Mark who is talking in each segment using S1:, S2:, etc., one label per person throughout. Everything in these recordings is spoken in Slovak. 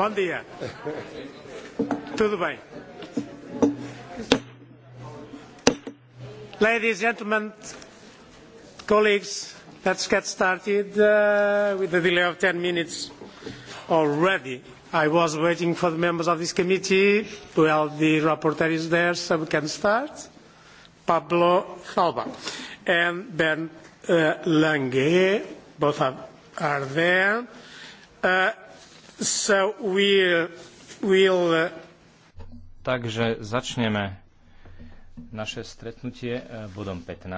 S1: Bom dia. Tudo bem. Ladies and gentlemen, colleagues, let's get started uh, with a delay of 10 minutes already. I was waiting for the members of this committee. Well, the rapporteur is there, so we can start. Pablo Zalba and Ben uh, Lange, both are, are there. Uh, so uh,
S2: Takže začneme naše stretnutie eh, bodom 15.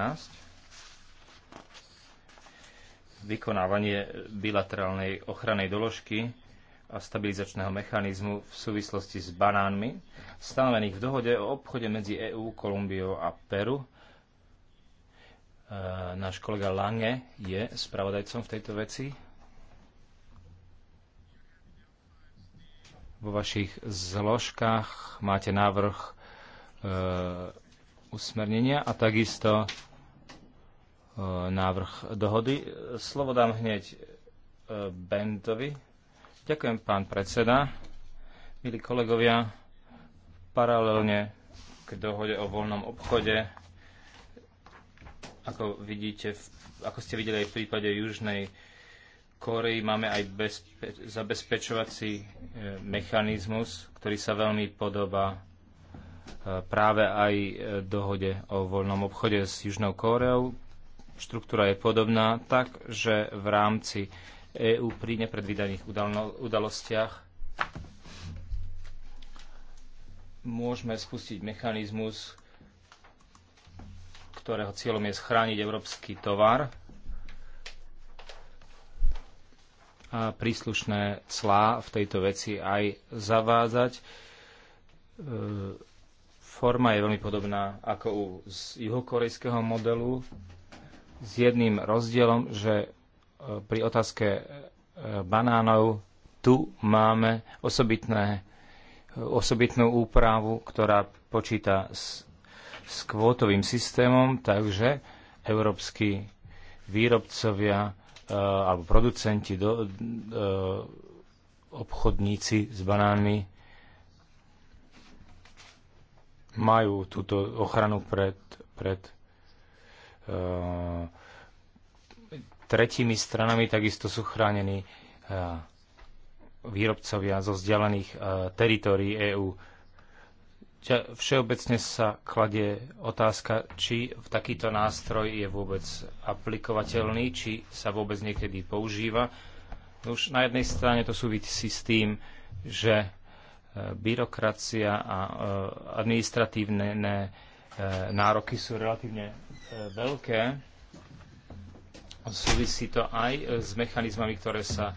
S2: Vykonávanie bilaterálnej ochranej doložky a stabilizačného mechanizmu v súvislosti s banánmi, stanovených v dohode o obchode medzi EÚ, Kolumbiou a Peru. Eh, náš kolega Lange je spravodajcom v tejto veci. vo vašich zložkách máte návrh e, usmernenia a takisto e, návrh dohody. Slovo dám hneď e, Bentovi. Ďakujem, pán predseda. Milí kolegovia, paralelne k dohode o voľnom obchode, ako vidíte, ako ste videli aj v prípade Južnej Koreji máme aj bezpe- zabezpečovací e, mechanizmus, ktorý sa veľmi podobá e, práve aj e, dohode o voľnom obchode s Južnou Kóreou. Štruktúra je podobná tak, že v rámci EÚ pri nepredvídaných udalostiach môžeme spustiť mechanizmus, ktorého cieľom je schrániť európsky tovar príslušné clá v tejto veci aj zavádzať. E, forma je veľmi podobná ako u z juhokorejského modelu s jedným rozdielom, že e, pri otázke e, banánov tu máme osobitné, osobitnú úpravu, ktorá počíta s, s kvótovým systémom, takže európsky výrobcovia Eh, alebo producenti, do, eh, obchodníci s banánmi majú túto ochranu pred, pred uh, tretími stranami, takisto sú chránení uh, výrobcovia zo vzdialených uh, teritórií EÚ všeobecne sa kladie otázka, či takýto nástroj je vôbec aplikovateľný, či sa vôbec niekedy používa. No už na jednej strane to súvisí s tým, že e, byrokracia a e, administratívne e, nároky sú relatívne veľké. Súvisí to aj s mechanizmami, ktoré sa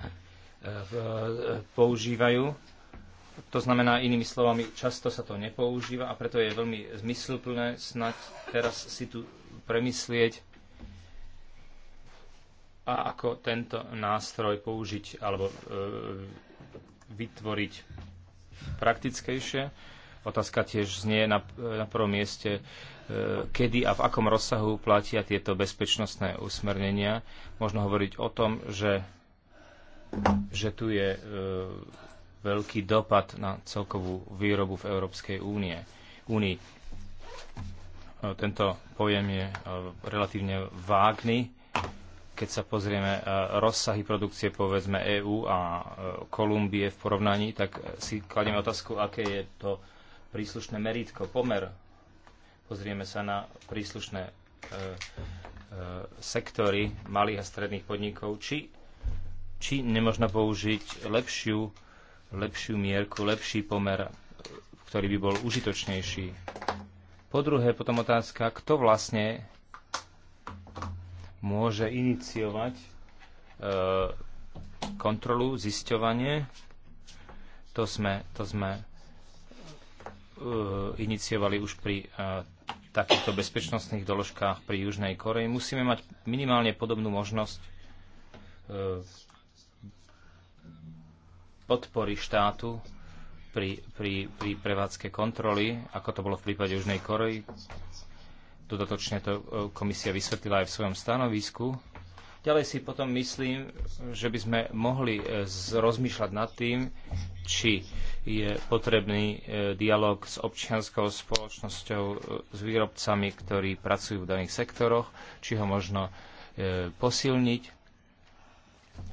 S2: používajú to znamená, inými slovami, často sa to nepoužíva a preto je veľmi zmysluplné snať teraz si tu premyslieť a ako tento nástroj použiť alebo e, vytvoriť praktickejšie. Otázka tiež znie na, na prvom mieste, e, kedy a v akom rozsahu platia tieto bezpečnostné usmernenia. Možno hovoriť o tom, že, že tu je e, veľký dopad na celkovú výrobu v Európskej únie. únii. No, tento pojem je e, relatívne vágny. Keď sa pozrieme e, rozsahy produkcie povedzme EÚ a e, Kolumbie v porovnaní, tak si kladieme otázku, aké je to príslušné meritko, pomer. Pozrieme sa na príslušné sektory malých a stredných podnikov, či, či nemožno použiť lepšiu lepšiu mierku, lepší pomer, ktorý by bol užitočnejší. Po druhé, potom otázka, kto vlastne môže iniciovať e, kontrolu, zisťovanie. To sme, to sme e, iniciovali už pri e, takýchto bezpečnostných doložkách pri Južnej Koreji. Musíme mať minimálne podobnú možnosť e, podpory štátu pri, pri, pri prevádzke kontroly, ako to bolo v prípade Južnej Korei. Dodatočne to e, komisia vysvetlila aj v svojom stanovisku. Ďalej si potom myslím, že by sme mohli e, rozmýšľať nad tým, či je potrebný e, dialog s občianskou spoločnosťou, s výrobcami, ktorí pracujú v daných sektoroch, či ho možno posilniť.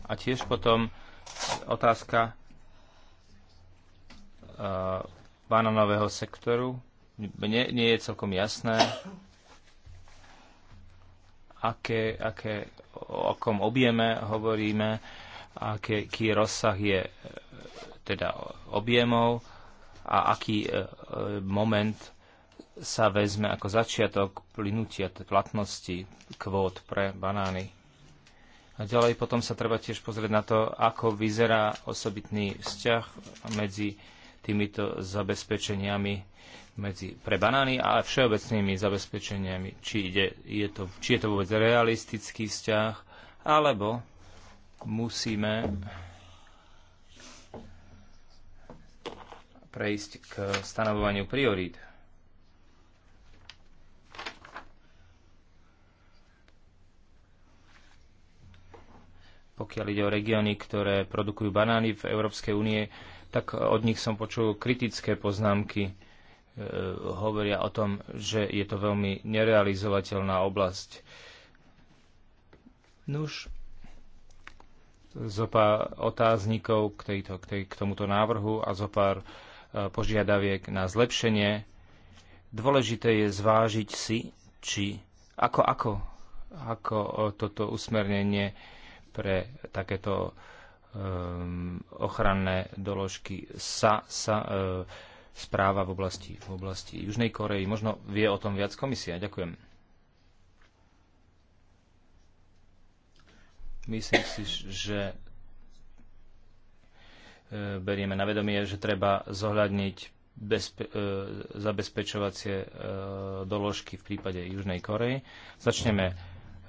S2: A tiež potom otázka Eh, bananového sektoru. Nie, nie je celkom jasné, aké, aké, o akom objeme hovoríme, aké, aký rozsah je eh, teda objemov a aký eh, moment sa vezme ako začiatok plynutia platnosti kvót pre banány. A ďalej potom sa treba tiež pozrieť na to, ako vyzerá osobitný vzťah medzi týmito zabezpečeniami medzi, pre banány a všeobecnými zabezpečeniami, či, ide, je to, či je to vôbec realistický vzťah, alebo musíme prejsť k stanovovaniu priorít. pokiaľ ide o regióny, ktoré produkujú banány v Európskej únie, tak od nich som počul kritické poznámky. E, hovoria o tom, že je to veľmi nerealizovateľná oblasť. Nuž, zopár otáznikov k, tejto, k, tej, k tomuto návrhu a zopár e, požiadaviek na zlepšenie. Dôležité je zvážiť si, či ako, ako, ako toto usmernenie pre takéto um, ochranné doložky sa, sa uh, správa v oblasti, v oblasti Južnej Korei. Možno vie o tom viac komisia. Ďakujem. Myslím si, že e, berieme na vedomie, že treba zohľadniť bezpe- e, zabezpečovacie doložky v prípade Južnej Korei. Začneme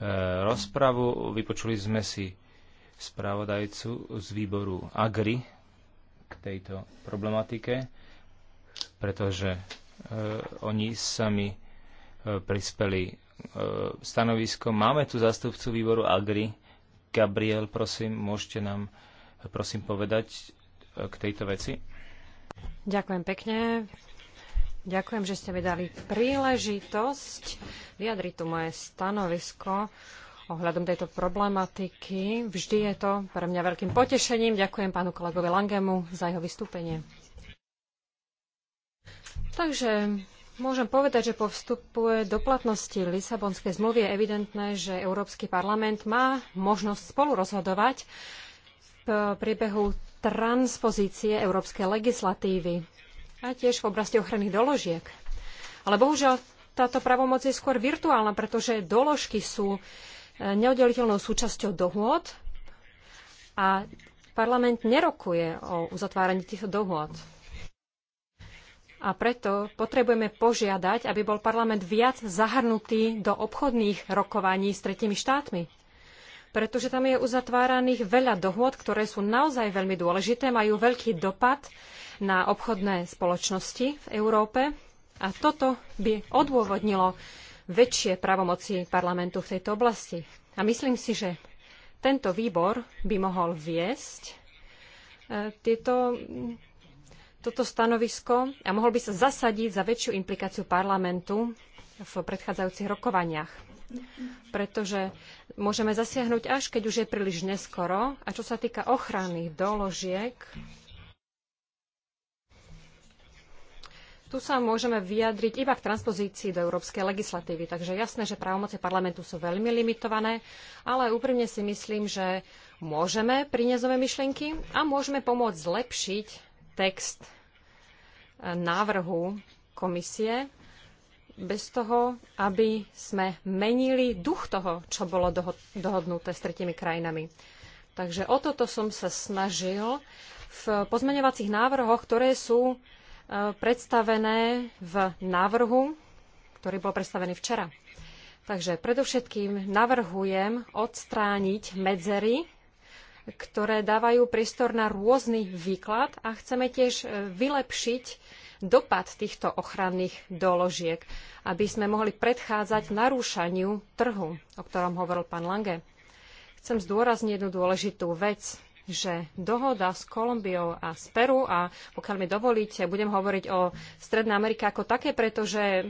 S2: E, rozpravu. Vypočuli sme si spravodajcu z výboru Agri k tejto problematike, pretože e, oni sami e, prispeli stanovisko. Máme tu zastupcu výboru Agri. Gabriel, prosím, môžete nám prosím povedať k tejto veci?
S3: Ďakujem pekne. Ďakujem, že ste mi dali príležitosť vyjadriť tu moje stanovisko ohľadom tejto problematiky. Vždy je to pre mňa veľkým potešením. Ďakujem pánu kolegovi Langemu za jeho vystúpenie. Takže môžem povedať, že po vstupu do platnosti Lisabonskej zmluvy je evidentné, že Európsky parlament má možnosť spolurozhodovať v priebehu transpozície európskej legislatívy a tiež v oblasti ochrany doložiek. Ale bohužiaľ táto pravomoc je skôr virtuálna, pretože doložky sú e, neoddeliteľnou súčasťou dohôd a parlament nerokuje o uzatváraní týchto dohôd. A preto potrebujeme požiadať, aby bol parlament viac zahrnutý do obchodných rokovaní s tretimi štátmi pretože tam je uzatváraných veľa dohôd, ktoré sú naozaj veľmi dôležité, majú veľký dopad na obchodné spoločnosti v Európe a toto by odôvodnilo väčšie právomoci parlamentu v tejto oblasti. A myslím si, že tento výbor by mohol viesť e, tieto, toto stanovisko a mohol by sa zasadiť za väčšiu implikáciu parlamentu v predchádzajúcich rokovaniach. Pretože môžeme zasiahnuť až keď už je príliš neskoro. A čo sa týka ochranných doložiek, tu sa môžeme vyjadriť iba k transpozícii do európskej legislatívy. Takže jasné, že právomoci parlamentu sú veľmi limitované, ale úprimne si myslím, že môžeme priniesť nové myšlienky a môžeme pomôcť zlepšiť text eh, návrhu komisie bez toho, aby sme menili duch toho, čo bolo dohodnuté s tretimi krajinami. Takže o toto som sa snažil v pozmeňovacích návrhoch, ktoré sú e, predstavené v návrhu, ktorý bol predstavený včera. Takže predovšetkým navrhujem odstrániť medzery, ktoré dávajú priestor na rôzny výklad a chceme tiež e, vylepšiť dopad týchto ochranných doložiek, aby sme mohli predchádzať narúšaniu trhu, o ktorom hovoril pán Lange. Chcem zdôrazniť jednu dôležitú vec že dohoda s Kolumbiou a s Peru, a pokiaľ mi dovolíte, budem hovoriť o Strednej Amerike ako také, pretože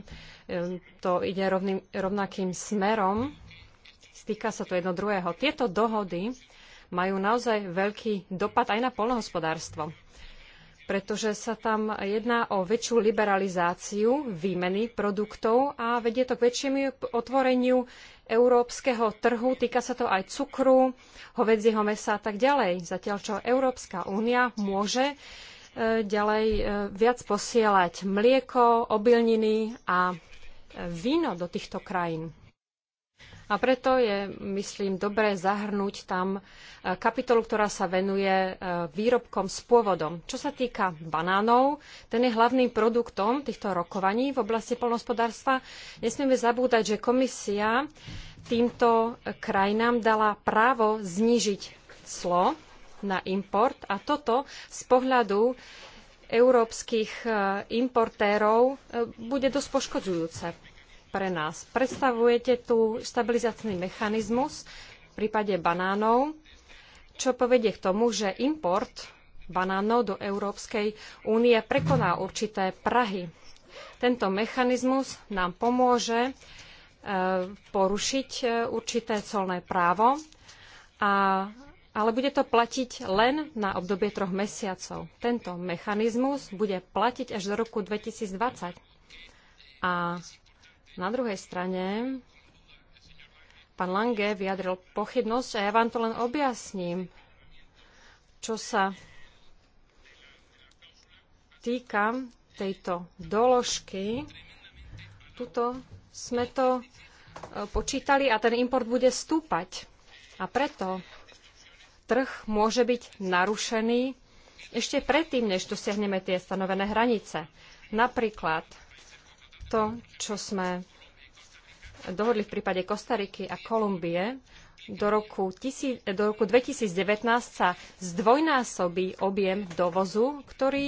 S3: to ide rovným, rovnakým smerom, stýka sa to jedno druhého. Tieto dohody majú naozaj veľký dopad aj na poľnohospodárstvo pretože sa tam jedná o väčšiu liberalizáciu výmeny produktov a vedie to k väčšiemu otvoreniu európskeho trhu. Týka sa to aj cukru, hovedzieho mesa a tak ďalej. Zatiaľ, čo Európska únia môže e, ďalej e, viac posielať mlieko, obilniny a e, víno do týchto krajín. A preto je, myslím, dobré zahrnúť tam e, kapitolu, ktorá sa venuje e, výrobkom s pôvodom. Čo sa týka banánov, ten je hlavným produktom týchto rokovaní v oblasti poľnohospodárstva. Nesmieme zabúdať, že komisia týmto krajinám dala právo znížiť clo na import a toto z pohľadu európskych e, importérov bude dosť poškodzujúce pre nás. Predstavujete tu stabilizačný mechanizmus v prípade banánov, čo povedie k tomu, že import banánov do Európskej únie prekoná určité prahy. Tento mechanizmus nám pomôže e, porušiť e, určité colné právo, a, ale bude to platiť len na obdobie troch mesiacov. Tento mechanizmus bude platiť až do roku 2020. A na druhej strane, pán Lange vyjadril pochybnosť a ja vám to len objasním, čo sa týka tejto doložky. Tuto sme to e, počítali a ten import bude stúpať. A preto trh môže byť narušený ešte predtým, než dosiahneme tie stanovené hranice. Napríklad to, čo sme dohodli v prípade Kostariky a Kolumbie, do roku, tisíc, do roku 2019 sa zdvojnásobí objem dovozu, ktorý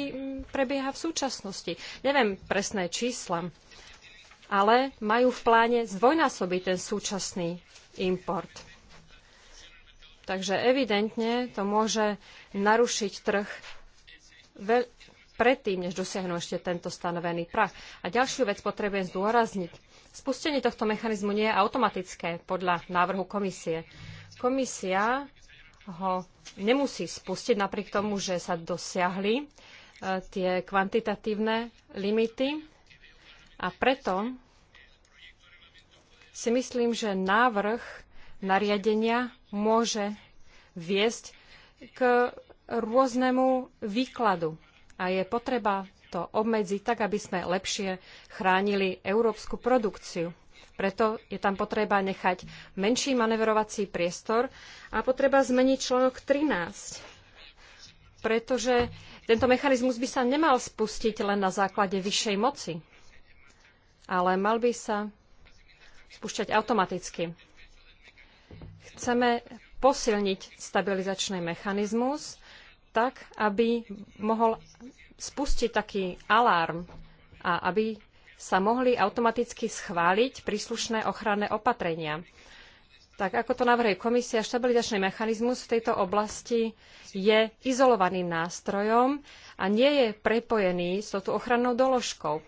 S3: prebieha v súčasnosti. Neviem presné čísla, ale majú v pláne zdvojnásobiť ten súčasný import. Takže evidentne to môže narušiť trh veľ- predtým, než dosiahnu ešte tento stanovený prach. A ďalšiu vec potrebujem zdôrazniť. Spustenie tohto mechanizmu nie je automatické podľa návrhu komisie. Komisia ho nemusí spustiť napriek tomu, že sa dosiahli e, tie kvantitatívne limity a preto si myslím, že návrh nariadenia môže viesť k rôznemu výkladu a je potreba to obmedziť tak, aby sme lepšie chránili európsku produkciu. Preto je tam potreba nechať menší manevrovací priestor a potreba zmeniť článok 13, pretože tento mechanizmus by sa nemal spustiť len na základe vyššej moci, ale mal by sa spúšťať automaticky. Chceme posilniť stabilizačný mechanizmus tak, aby mohol spustiť taký alarm a aby sa mohli automaticky schváliť príslušné ochranné opatrenia. Tak ako to navrhuje komisia, štabilizačný mechanizmus v tejto oblasti je izolovaným nástrojom a nie je prepojený s touto ochrannou doložkou.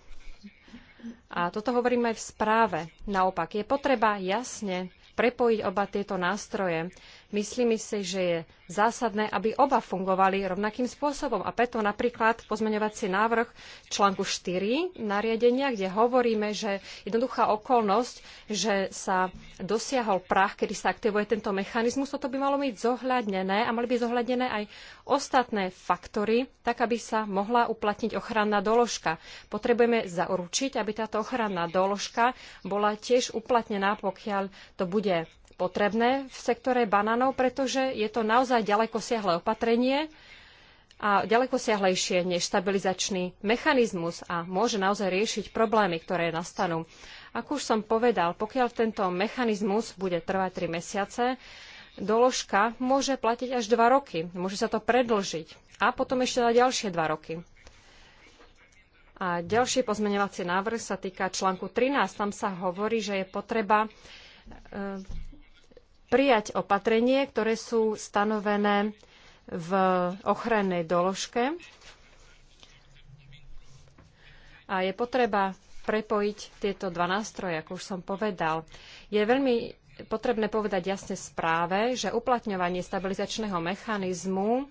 S3: A toto hovoríme aj v správe. Naopak, je potreba jasne prepojiť oba tieto nástroje. Myslím si, že je zásadné, aby oba fungovali rovnakým spôsobom. A preto napríklad pozmeňovací návrh článku 4 nariadenia, kde hovoríme, že jednoduchá okolnosť, že sa dosiahol prach, kedy sa aktivuje tento mechanizmus, toto by malo byť zohľadnené a mali by zohľadnené aj ostatné faktory, tak aby sa mohla uplatniť ochranná doložka. Potrebujeme zaručiť, aby táto ochranná doložka bola tiež uplatnená, pokiaľ to bude potrebné v sektore banánov, pretože je to naozaj ďalekosiahle opatrenie a ďalekosiahlejšie než stabilizačný mechanizmus a môže naozaj riešiť problémy, ktoré nastanú. Ako už som povedal, pokiaľ tento mechanizmus bude trvať 3 mesiace, doložka môže platiť až 2 roky. Môže sa to predlžiť a potom ešte na ďalšie 2 roky. A ďalší pozmeňovací návrh sa týka článku 13. Tam sa hovorí, že je potreba e, prijať opatrenie, ktoré sú stanovené v ochrannej doložke. A je potreba prepojiť tieto dva nástroje, ako už som povedal. Je veľmi potrebné povedať jasne správe, že uplatňovanie stabilizačného mechanizmu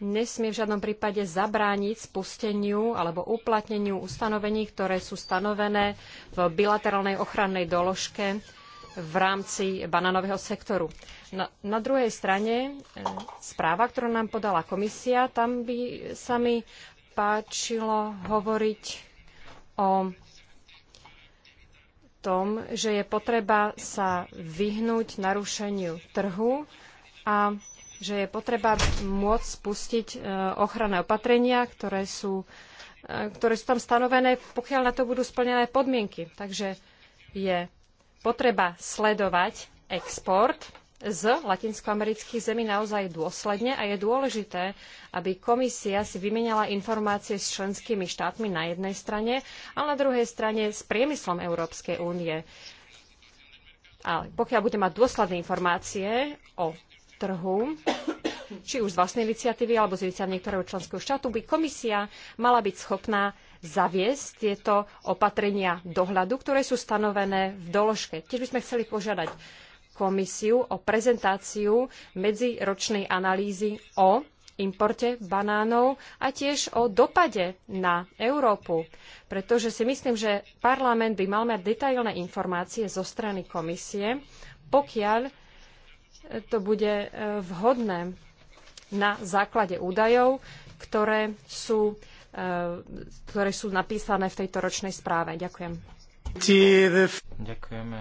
S3: nesmie v žiadnom prípade zabrániť spusteniu alebo uplatneniu ustanovení, ktoré sú stanovené v bilaterálnej ochrannej doložke v rámci banánového sektoru. Na, na druhej strane e, správa, ktorú nám podala komisia, tam by sa mi páčilo hovoriť o tom, že je potreba sa vyhnúť narušeniu trhu a že je potreba môcť spustiť e, ochranné opatrenia, ktoré sú, e, ktoré sú tam stanovené, pokiaľ na to budú splnené podmienky. Takže je potreba sledovať export z latinskoamerických zemí naozaj dôsledne a je dôležité, aby komisia si vymenala informácie s členskými štátmi na jednej strane a na druhej strane s priemyslom Európskej únie. Ale pokiaľ bude mať dôsledné informácie o trhu, či už z vlastnej iniciatívy alebo z iniciatívy niektorého členského štátu, by komisia mala byť schopná zaviesť tieto opatrenia dohľadu, ktoré sú stanovené v doložke. Tiež by sme chceli požiadať komisiu o prezentáciu medziročnej analýzy o importe banánov a tiež o dopade na Európu, pretože si myslím, že parlament by mal mať detailné informácie zo strany komisie, pokiaľ to bude eh, vhodné na základe údajov, ktoré sú Eh, ktoré sú napísané v tejto ročnej správe. Ďakujem.
S2: Ďakujeme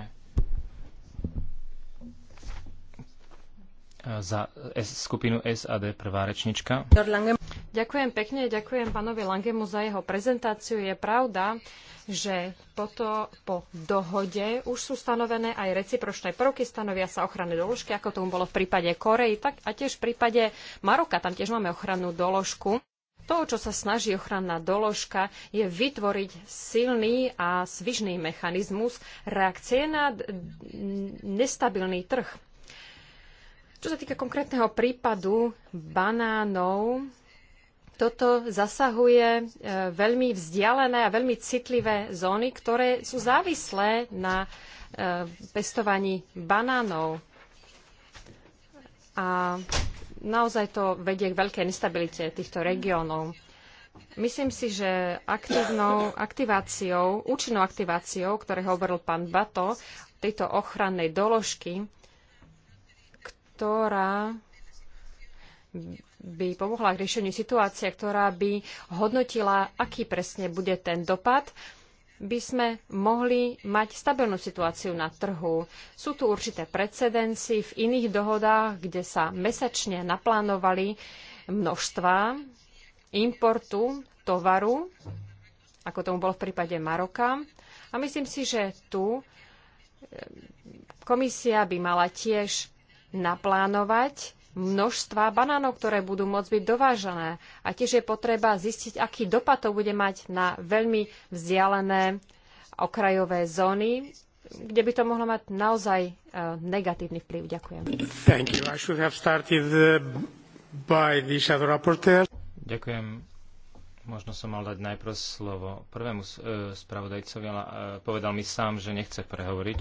S2: eh, za skupinu SAD prvá rečnička.
S3: Ďakujem pekne, ďakujem pánovi Langemu za jeho prezentáciu. Je pravda, že poto, po dohode už sú stanovené aj recipročné prvky, stanovia sa ochranné doložky, ako tomu bolo v prípade Korei, tak a tiež v prípade Maroka, tam tiež máme ochrannú doložku. To, čo sa snaží ochranná doložka, je vytvoriť silný a svižný mechanizmus reakcie na nestabilný trh. Čo sa týka konkrétneho prípadu banánov, toto zasahuje e, veľmi vzdialené a veľmi citlivé zóny, ktoré sú závislé na e, pestovaní banánov. A naozaj to vedie k veľkej nestabilite týchto regiónov. Myslím si, že aktívnou aktiváciou, účinnou aktiváciou, ktoré hovoril pán Bato, tejto ochrannej doložky, ktorá by pomohla k riešeniu situácie, ktorá by hodnotila, aký presne bude ten dopad by sme mohli mať stabilnú situáciu na trhu. Sú tu určité precedenci v iných dohodách, kde sa mesačne naplánovali množstva importu tovaru, ako tomu bolo v prípade Maroka. A myslím si, že tu e, komisia by mala tiež naplánovať množstva banánov, ktoré budú môcť byť dovážané. A tiež je potreba zistiť, aký dopad to bude mať na veľmi vzdialené okrajové zóny, kde by to mohlo mať naozaj e, negatívny vplyv. Ďakujem.
S1: Uh,
S2: Ďakujem. Možno som mal dať najprv slovo prvému e, spravodajcovi, ale e, povedal mi sám, že nechce prehovoriť.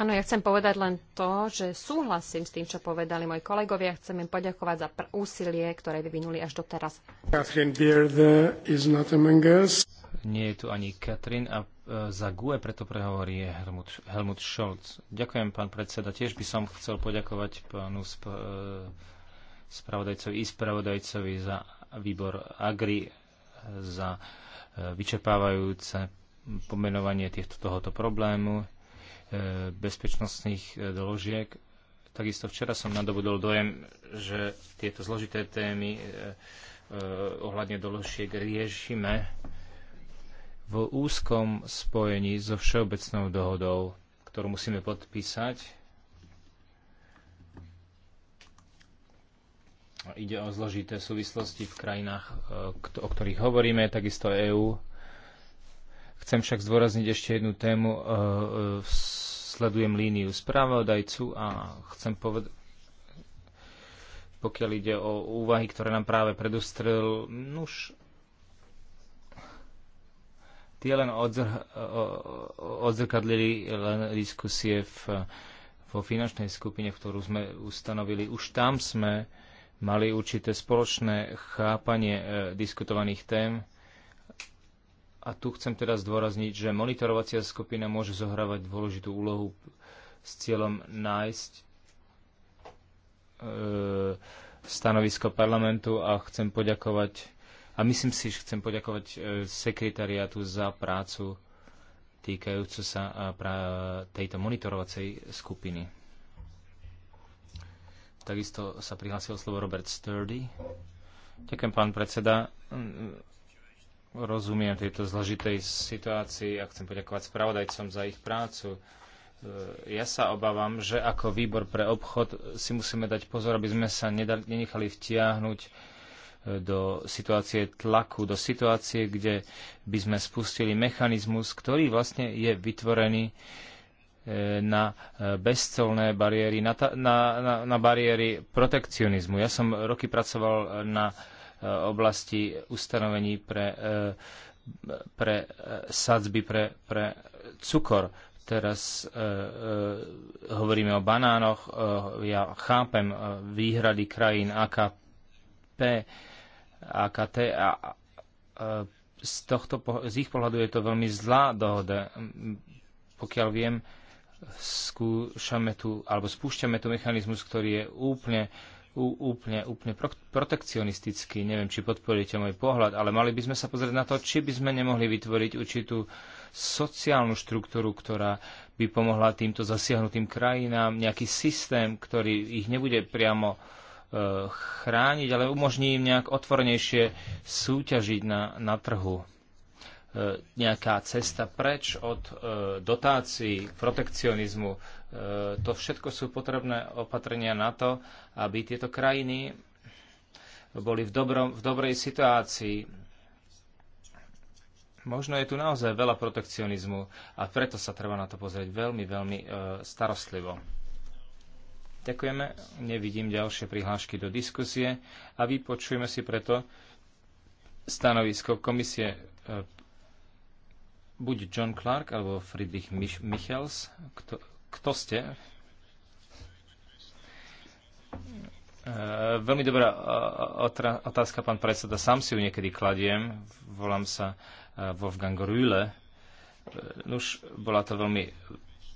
S3: Áno, ja chcem povedať len to, že súhlasím s tým, čo povedali moji kolegovia. Chcem im poďakovať za úsilie, ktoré vyvinuli až doteraz.
S2: Nie je tu ani Katrin a e, za GUE preto prehovorí Helmut, Helmut Scholz. Ďakujem, pán predseda. Tiež by som chcel poďakovať pánu sp- e, spravodajcovi i spravodajcovi za výbor Agri e, za vyčerpávajúce pomenovanie tohto tohoto problému bezpečnostných e, doložiek. Takisto včera som nadobudol dojem, že tieto zložité témy e, e, ohľadne doložiek riešime v úzkom spojení so všeobecnou dohodou, ktorú musíme podpísať. Ide o zložité súvislosti v krajinách, o ktorých hovoríme, takisto EÚ Chcem však zdôrazniť ešte jednu tému. E, e, sledujem líniu správodajcu a chcem povedať, pokiaľ ide o úvahy, ktoré nám práve predostrel, nuž, tie len odzr- odzrkadlili len diskusie v, vo finančnej skupine, ktorú sme ustanovili. Už tam sme mali určité spoločné chápanie e, diskutovaných tém a tu chcem teda zdôrazniť, že monitorovacia skupina môže zohrávať dôležitú úlohu s cieľom nájsť e, stanovisko parlamentu a chcem poďakovať a myslím si, že chcem poďakovať e, sekretariátu za prácu týkajúcu sa tejto monitorovacej skupiny. Takisto sa prihlásil slovo Robert Sturdy. Ďakujem, pán predseda. Rozumiem tejto zložitej situácii a chcem poďakovať spravodajcom za ich prácu. E, ja sa obávam, že ako výbor pre obchod si musíme dať pozor, aby sme sa nenechali vtiahnuť e, do situácie tlaku, do situácie, kde by sme spustili mechanizmus, ktorý vlastne je vytvorený e, na bezcelné bariéry, na, ta, na, na, na bariéry protekcionizmu. Ja som roky pracoval na oblasti ustanovení pre, e, pre e, sadzby pre, pre cukor. Teraz e, hovoríme o banánoch. ja chápem výhrady krajín AKP, AKT a z, tohto, z ich pohľadu je to veľmi zlá dohoda. Pokiaľ viem, skúšame tu, alebo spúšťame tu mechanizmus, ktorý je úplne úplne, úplne protekcionistický. Neviem, či podporíte môj pohľad, ale mali by sme sa pozrieť na to, či by sme nemohli vytvoriť určitú sociálnu štruktúru, ktorá by pomohla týmto zasiahnutým krajinám, nejaký systém, ktorý ich nebude priamo e, chrániť, ale umožní im nejak otvornejšie súťažiť na, na trhu. E, nejaká cesta preč od e, dotácií, protekcionizmu. E, to všetko sú potrebné opatrenia na to, aby tieto krajiny boli v, dobrom, v dobrej situácii. Možno je tu naozaj veľa protekcionizmu a preto sa treba na to pozrieť veľmi, veľmi starostlivo. Ďakujeme. Nevidím ďalšie prihlášky do diskusie a vypočujeme si preto stanovisko komisie buď John Clark alebo Friedrich Mich- Michels. Kto, kto ste? E, veľmi dobrá e, otázka, pán predseda. Sám si ju niekedy kladiem. Volám sa e, Wolfgang Rühle. E, Už bola to veľmi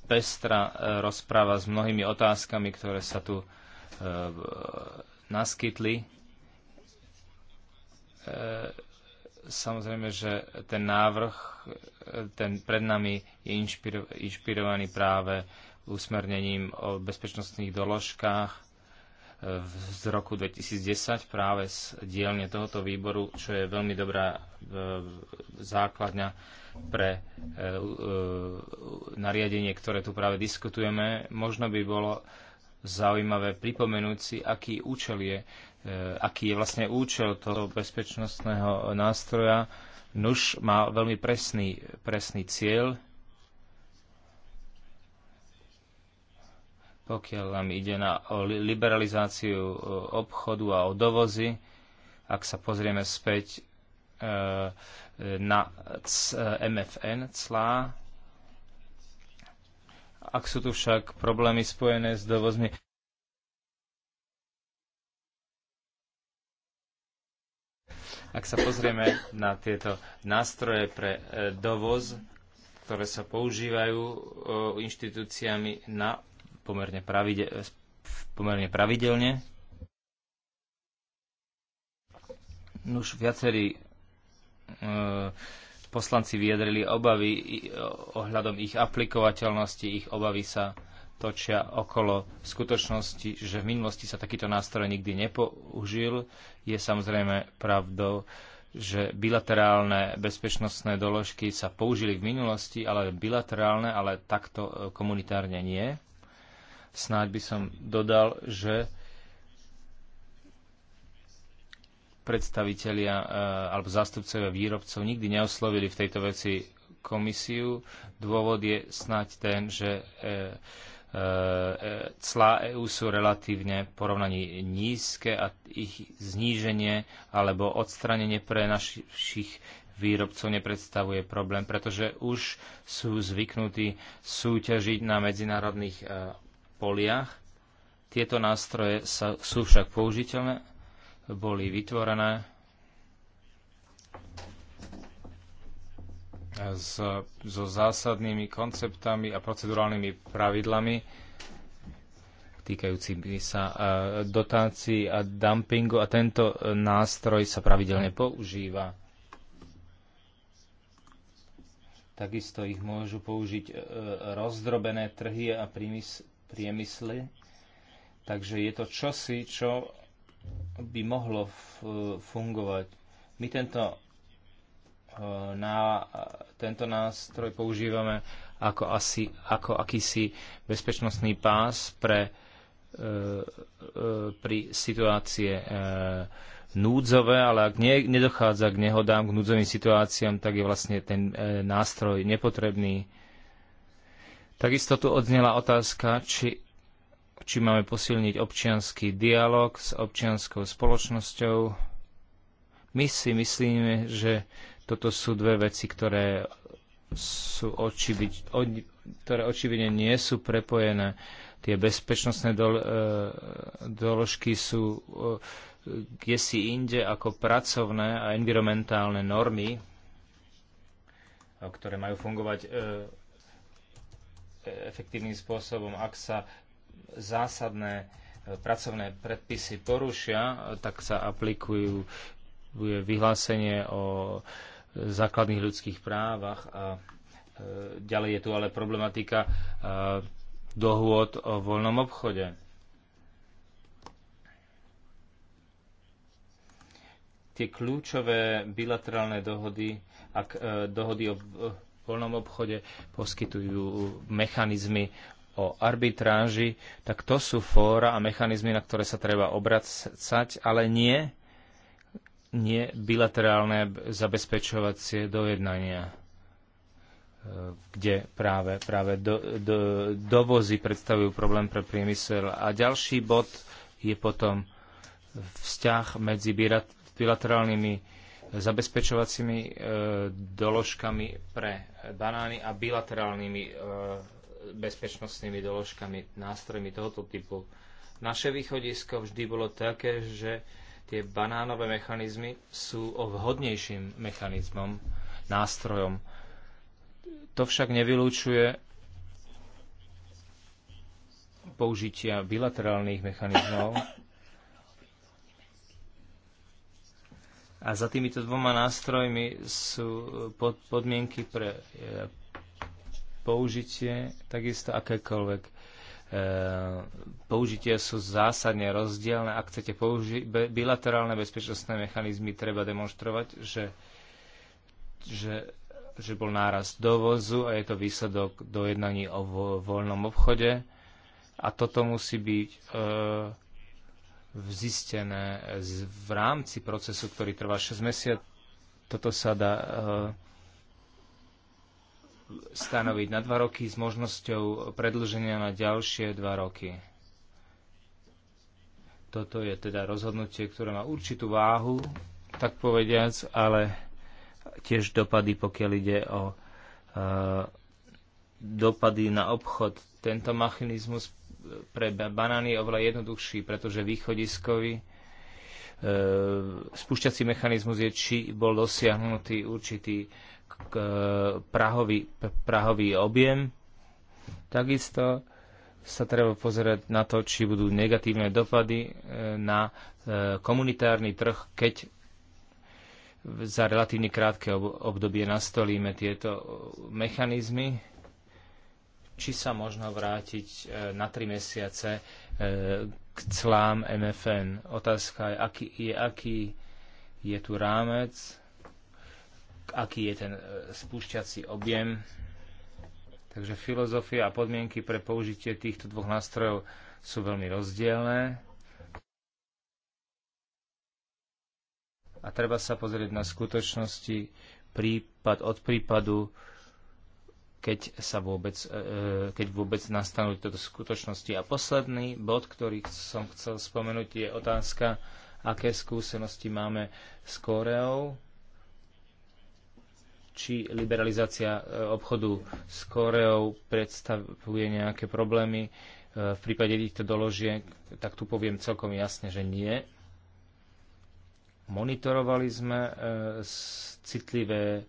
S2: pestrá rozpráva s mnohými otázkami, ktoré sa tu e, naskytli. E, Samozrejme, že ten návrh, ten pred nami je inšpiro, inšpirovaný práve usmernením o bezpečnostných doložkách e, z roku 2010 práve z dielne tohoto výboru, čo je veľmi dobrá e, základňa pre e, nariadenie, ktoré tu práve diskutujeme. Možno by bolo zaujímavé pripomenúť si, aký účel je E, aký je vlastne účel toho bezpečnostného nástroja. Nuž má veľmi presný, presný cieľ. Pokiaľ nám ide na, o liberalizáciu e, obchodu a o dovozy, ak sa pozrieme späť e, na MFN clá. Ak sú tu však problémy spojené s dovozmi Ak sa pozrieme na tieto nástroje pre e, dovoz, ktoré sa používajú e, inštitúciami na pomerne, pravide, pomerne pravidelne, už viacerí e, poslanci vyjadrili obavy ohľadom ich aplikovateľnosti, ich obavy sa točia okolo skutočnosti, že v minulosti sa takýto nástroj nikdy nepoužil. Je samozrejme pravdou, že bilaterálne bezpečnostné doložky sa použili v minulosti, ale bilaterálne, ale takto e, komunitárne nie. Snáď by som dodal, že predstavitelia e, alebo zástupcovia výrobcov nikdy neoslovili v tejto veci komisiu. Dôvod je snáď ten, že e, E, clá EÚ sú relatívne porovnaní nízke a ich zníženie alebo odstranenie pre našich výrobcov nepredstavuje problém, pretože už sú zvyknutí súťažiť na medzinárodných e, poliach. Tieto nástroje sa, sú však použiteľné, boli vytvorené s, so zásadnými konceptami a procedurálnymi pravidlami týkajúcimi sa e, dotácií a dumpingu a tento nástroj sa pravidelne používa. Takisto ich môžu použiť e, rozdrobené trhy a priemysly. Takže je to čosi, čo by mohlo fungovať. My tento Eh, na eh, tento nástroj používame ako, asi, ako akýsi bezpečnostný pás pre, eh, pri situácie núdzové, ale ak nie, nedochádza k nehodám, k núdzovým situáciám, tak je vlastne ten nástroj nepotrebný. Takisto tu odznela otázka, či, či máme posilniť občianský dialog s občianskou spoločnosťou. My si myslíme, že toto sú dve veci, ktoré sú očivi, ktoré očividne nie sú prepojené. Tie bezpečnostné dol, e, doložky sú e, kde si inde ako pracovné a environmentálne normy, ktoré majú fungovať e, efektívnym spôsobom. Ak sa zásadné pracovné predpisy porušia, tak sa aplikujú vyhlásenie o základných ľudských právach. A e, ďalej je tu ale problematika e, dohôd o voľnom obchode. Tie kľúčové bilaterálne dohody, ak e, dohody o voľnom obchode poskytujú mechanizmy o arbitráži, tak to sú fóra a mechanizmy, na ktoré sa treba obracať, ale nie nie bilaterálne zabezpečovacie dojednania, e, kde práve, práve do, do, dovozy predstavujú problém pre priemysel. A ďalší bod je potom vzťah medzi bilaterálnymi zabezpečovacími e, doložkami pre banány a bilaterálnymi e, bezpečnostnými doložkami, nástrojmi tohoto typu. Naše východisko vždy bolo také, že Tie banánové mechanizmy sú o vhodnejším mechanizmom, nástrojom. To však nevylúčuje použitia bilaterálnych mechanizmov. A za týmito dvoma nástrojmi sú podmienky pre e, použitie, takisto akékoľvek E, použitia sú zásadne rozdielne. Ak chcete použiť bilaterálne bezpečnostné mechanizmy, treba demonstrovať, že, že, že bol náraz dovozu a je to výsledok dojednaní o voľnom obchode. A toto musí byť e, zistené v rámci procesu, ktorý trvá 6 mesiacov. Toto sa dá e, stanoviť na dva roky s možnosťou predlženia na ďalšie dva roky. Toto je teda rozhodnutie, ktoré má určitú váhu, tak povediac, ale tiež dopady, pokiaľ ide o e, dopady na obchod. Tento mechanizmus pre banány je oveľa jednoduchší, pretože východiskový e, spúšťací mechanizmus je, či bol dosiahnutý určitý e, prahový, prahový objem. Takisto sa treba pozerať na to, či budú negatívne dopady e, na e, komunitárny trh, keď za relatívne krátke obdobie nastolíme tieto mechanizmy, či sa možno vrátiť e, na tri mesiace k clám MFN. Otázka je, aký je, aký je tu rámec, aký je ten e, spúšťací objem. Takže filozofia a podmienky pre použitie týchto dvoch nástrojov sú veľmi rozdielne. A treba sa pozrieť na skutočnosti prípad od prípadu, keď, sa vôbec, e, e, keď vôbec nastanú tieto skutočnosti. A posledný bod, ktorý som chcel spomenúť, je otázka, aké skúsenosti máme s Koreou či liberalizácia e, obchodu s Koreou predstavuje nejaké problémy e, v prípade týchto doložiek, tak tu poviem celkom jasne, že nie. Monitorovali sme e, citlivé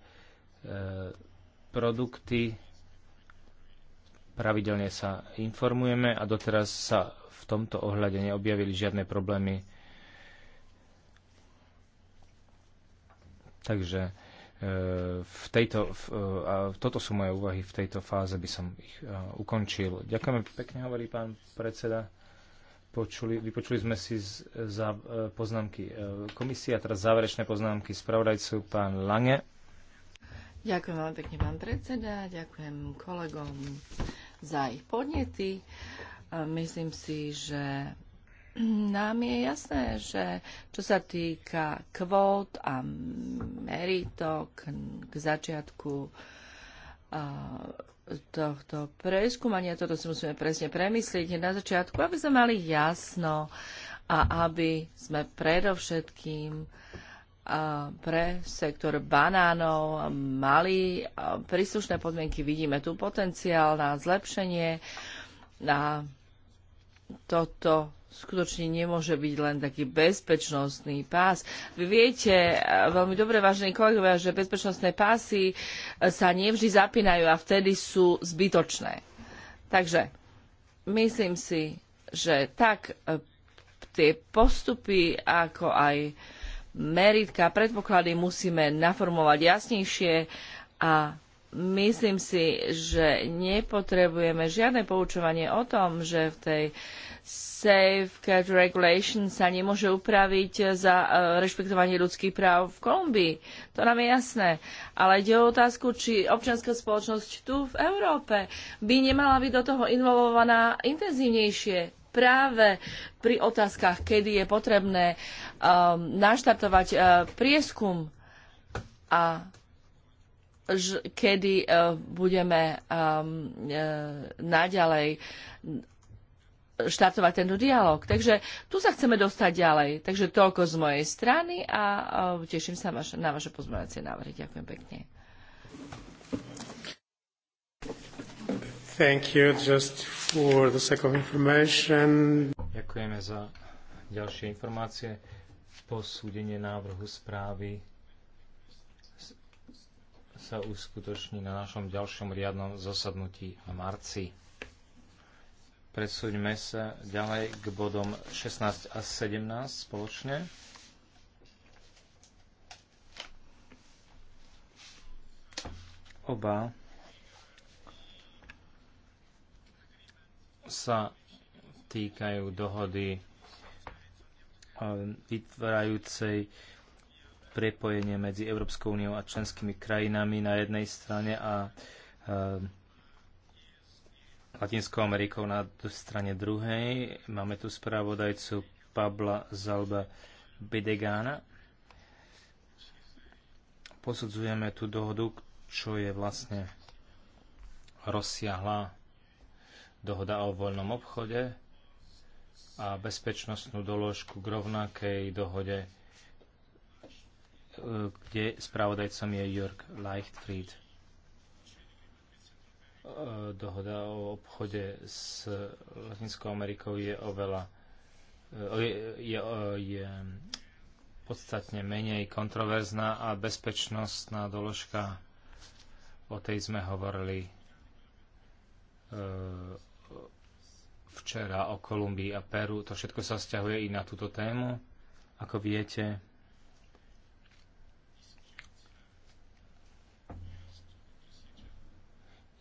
S2: produkty, pravidelne sa informujeme a doteraz sa v tomto ohľade neobjavili žiadne problémy. Takže Eh, v tejto, v, eh, a toto sú moje úvahy, v tejto fáze by som ich a, eh, ukončil. Ďakujeme pekne, hovorí pán predseda. Počuli, vypočuli sme si z, za poznámky a teraz záverečné poznámky spravodajcu pán Lange.
S4: Ďakujem veľmi pekne, pán predseda, ďakujem kolegom za ich podnety. Myslím si, že nám je jasné, že čo sa týka kvót a meritok k začiatku tohto preskúmania, toto si musíme presne premyslieť na začiatku, aby sme mali jasno a aby sme predovšetkým pre sektor banánov mali príslušné podmienky. Vidíme tu potenciál na zlepšenie, na toto skutočne nemôže byť len taký bezpečnostný pás. Vy viete e, veľmi dobre, vážení kolegovia, že bezpečnostné pásy e, sa nevždy zapínajú a vtedy sú zbytočné. Takže myslím si, že tak e, tie postupy, ako aj meritka, predpoklady musíme naformovať jasnejšie a myslím si, že nepotrebujeme žiadne poučovanie o tom, že v tej Safeguard Regulation sa nemôže upraviť za e, rešpektovanie ľudských práv v Kolumbii. To nám je jasné. Ale ide o otázku, či občianská spoločnosť tu v Európe by nemala byť do toho involvovaná intenzívnejšie práve pri otázkach, kedy je potrebné um, naštartovať uh, prieskum a kedy eh, budeme ehm, eh, naďalej štartovať tento dialog. Takže tu sa chceme dostať ďalej. Takže toľko z mojej strany a eh, teším sa na vaše pozmeňovacie návrhy. Ďakujem pekne.
S2: Thank you just for the information. Ďakujeme za ďalšie informácie. Posúdenie návrhu správy sa uskutoční na našom ďalšom riadnom zasadnutí v marci. Presúďme sa ďalej k bodom 16 a 17 spoločne. Oba sa týkajú dohody eh, vytvárajúcej prepojenie medzi Európskou úniou a členskými krajinami na jednej strane a eh, Latinskou Amerikou na strane druhej. Máme tu správodajcu Pabla Zalba Bedegána. Posudzujeme tú dohodu, čo je vlastne rozsiahla dohoda o voľnom obchode a bezpečnostnú doložku k rovnakej dohode kde spravodajcom je Jörg Leichtfried. E, dohoda o obchode s Latinskou Amerikou je oveľa e, je, je, e, je podstatne menej kontroverzná a bezpečnostná doložka, o tej sme hovorili včera o Kolumbii a Peru. To všetko sa vzťahuje i na túto tému. Ako viete,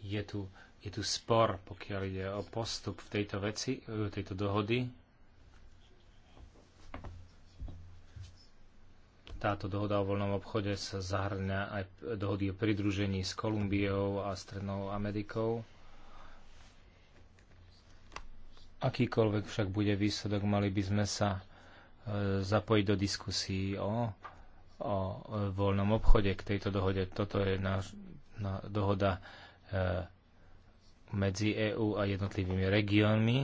S2: je tu, je tu spor, pokiaľ ide o postup v tejto veci, e, tejto dohody. Táto dohoda o voľnom obchode sa zahrňa aj dohody o pridružení s Kolumbiou a Strednou Amerikou. Akýkoľvek však bude výsledok, mali by sme sa e, zapojiť do diskusí o, o e, voľnom obchode k tejto dohode. Toto je náš, na dohoda E, medzi EÚ a jednotlivými regiónmi.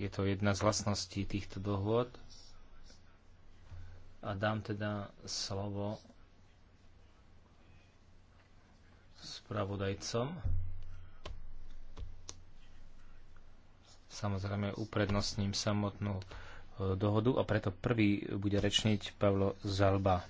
S2: Je to jedna z vlastností týchto dohôd. A dám teda slovo spravodajcom. Samozrejme uprednostním samotnú e, dohodu a preto prvý bude rečniť Pavlo Zalba.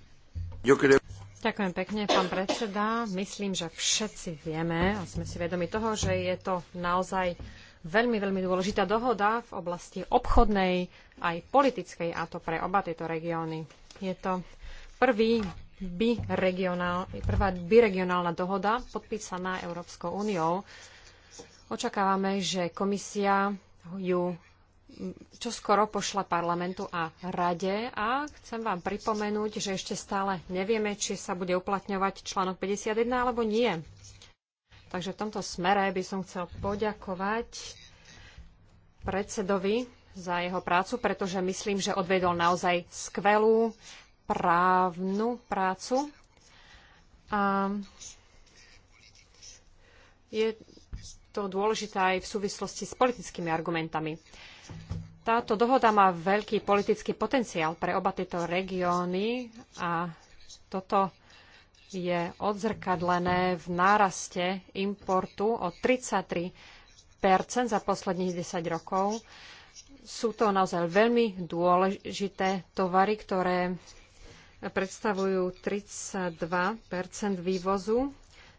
S2: Ďakujem.
S3: Ďakujem pekne, pán predseda. Myslím, že všetci vieme a sme si vedomi toho, že je to naozaj veľmi, veľmi dôležitá dohoda v oblasti obchodnej aj politickej, a to pre oba tieto regióny. Je to prvý biregionál, prvá biregionálna dohoda podpísaná Európskou úniou. Očakávame, že komisia ju čo skoro pošle parlamentu a rade a chcem vám pripomenúť, že ešte stále nevieme, či sa bude uplatňovať článok 51 alebo nie. Takže v tomto smere by som chcel poďakovať predsedovi za jeho prácu, pretože myslím, že odvedol naozaj skvelú právnu prácu. A je to dôležité aj v súvislosti s politickými argumentami. Táto dohoda má veľký politický potenciál pre oba tieto regióny a toto je odzrkadlené v náraste importu o 33 za posledných 10 rokov. Sú to naozaj veľmi dôležité tovary, ktoré predstavujú 32 vývozu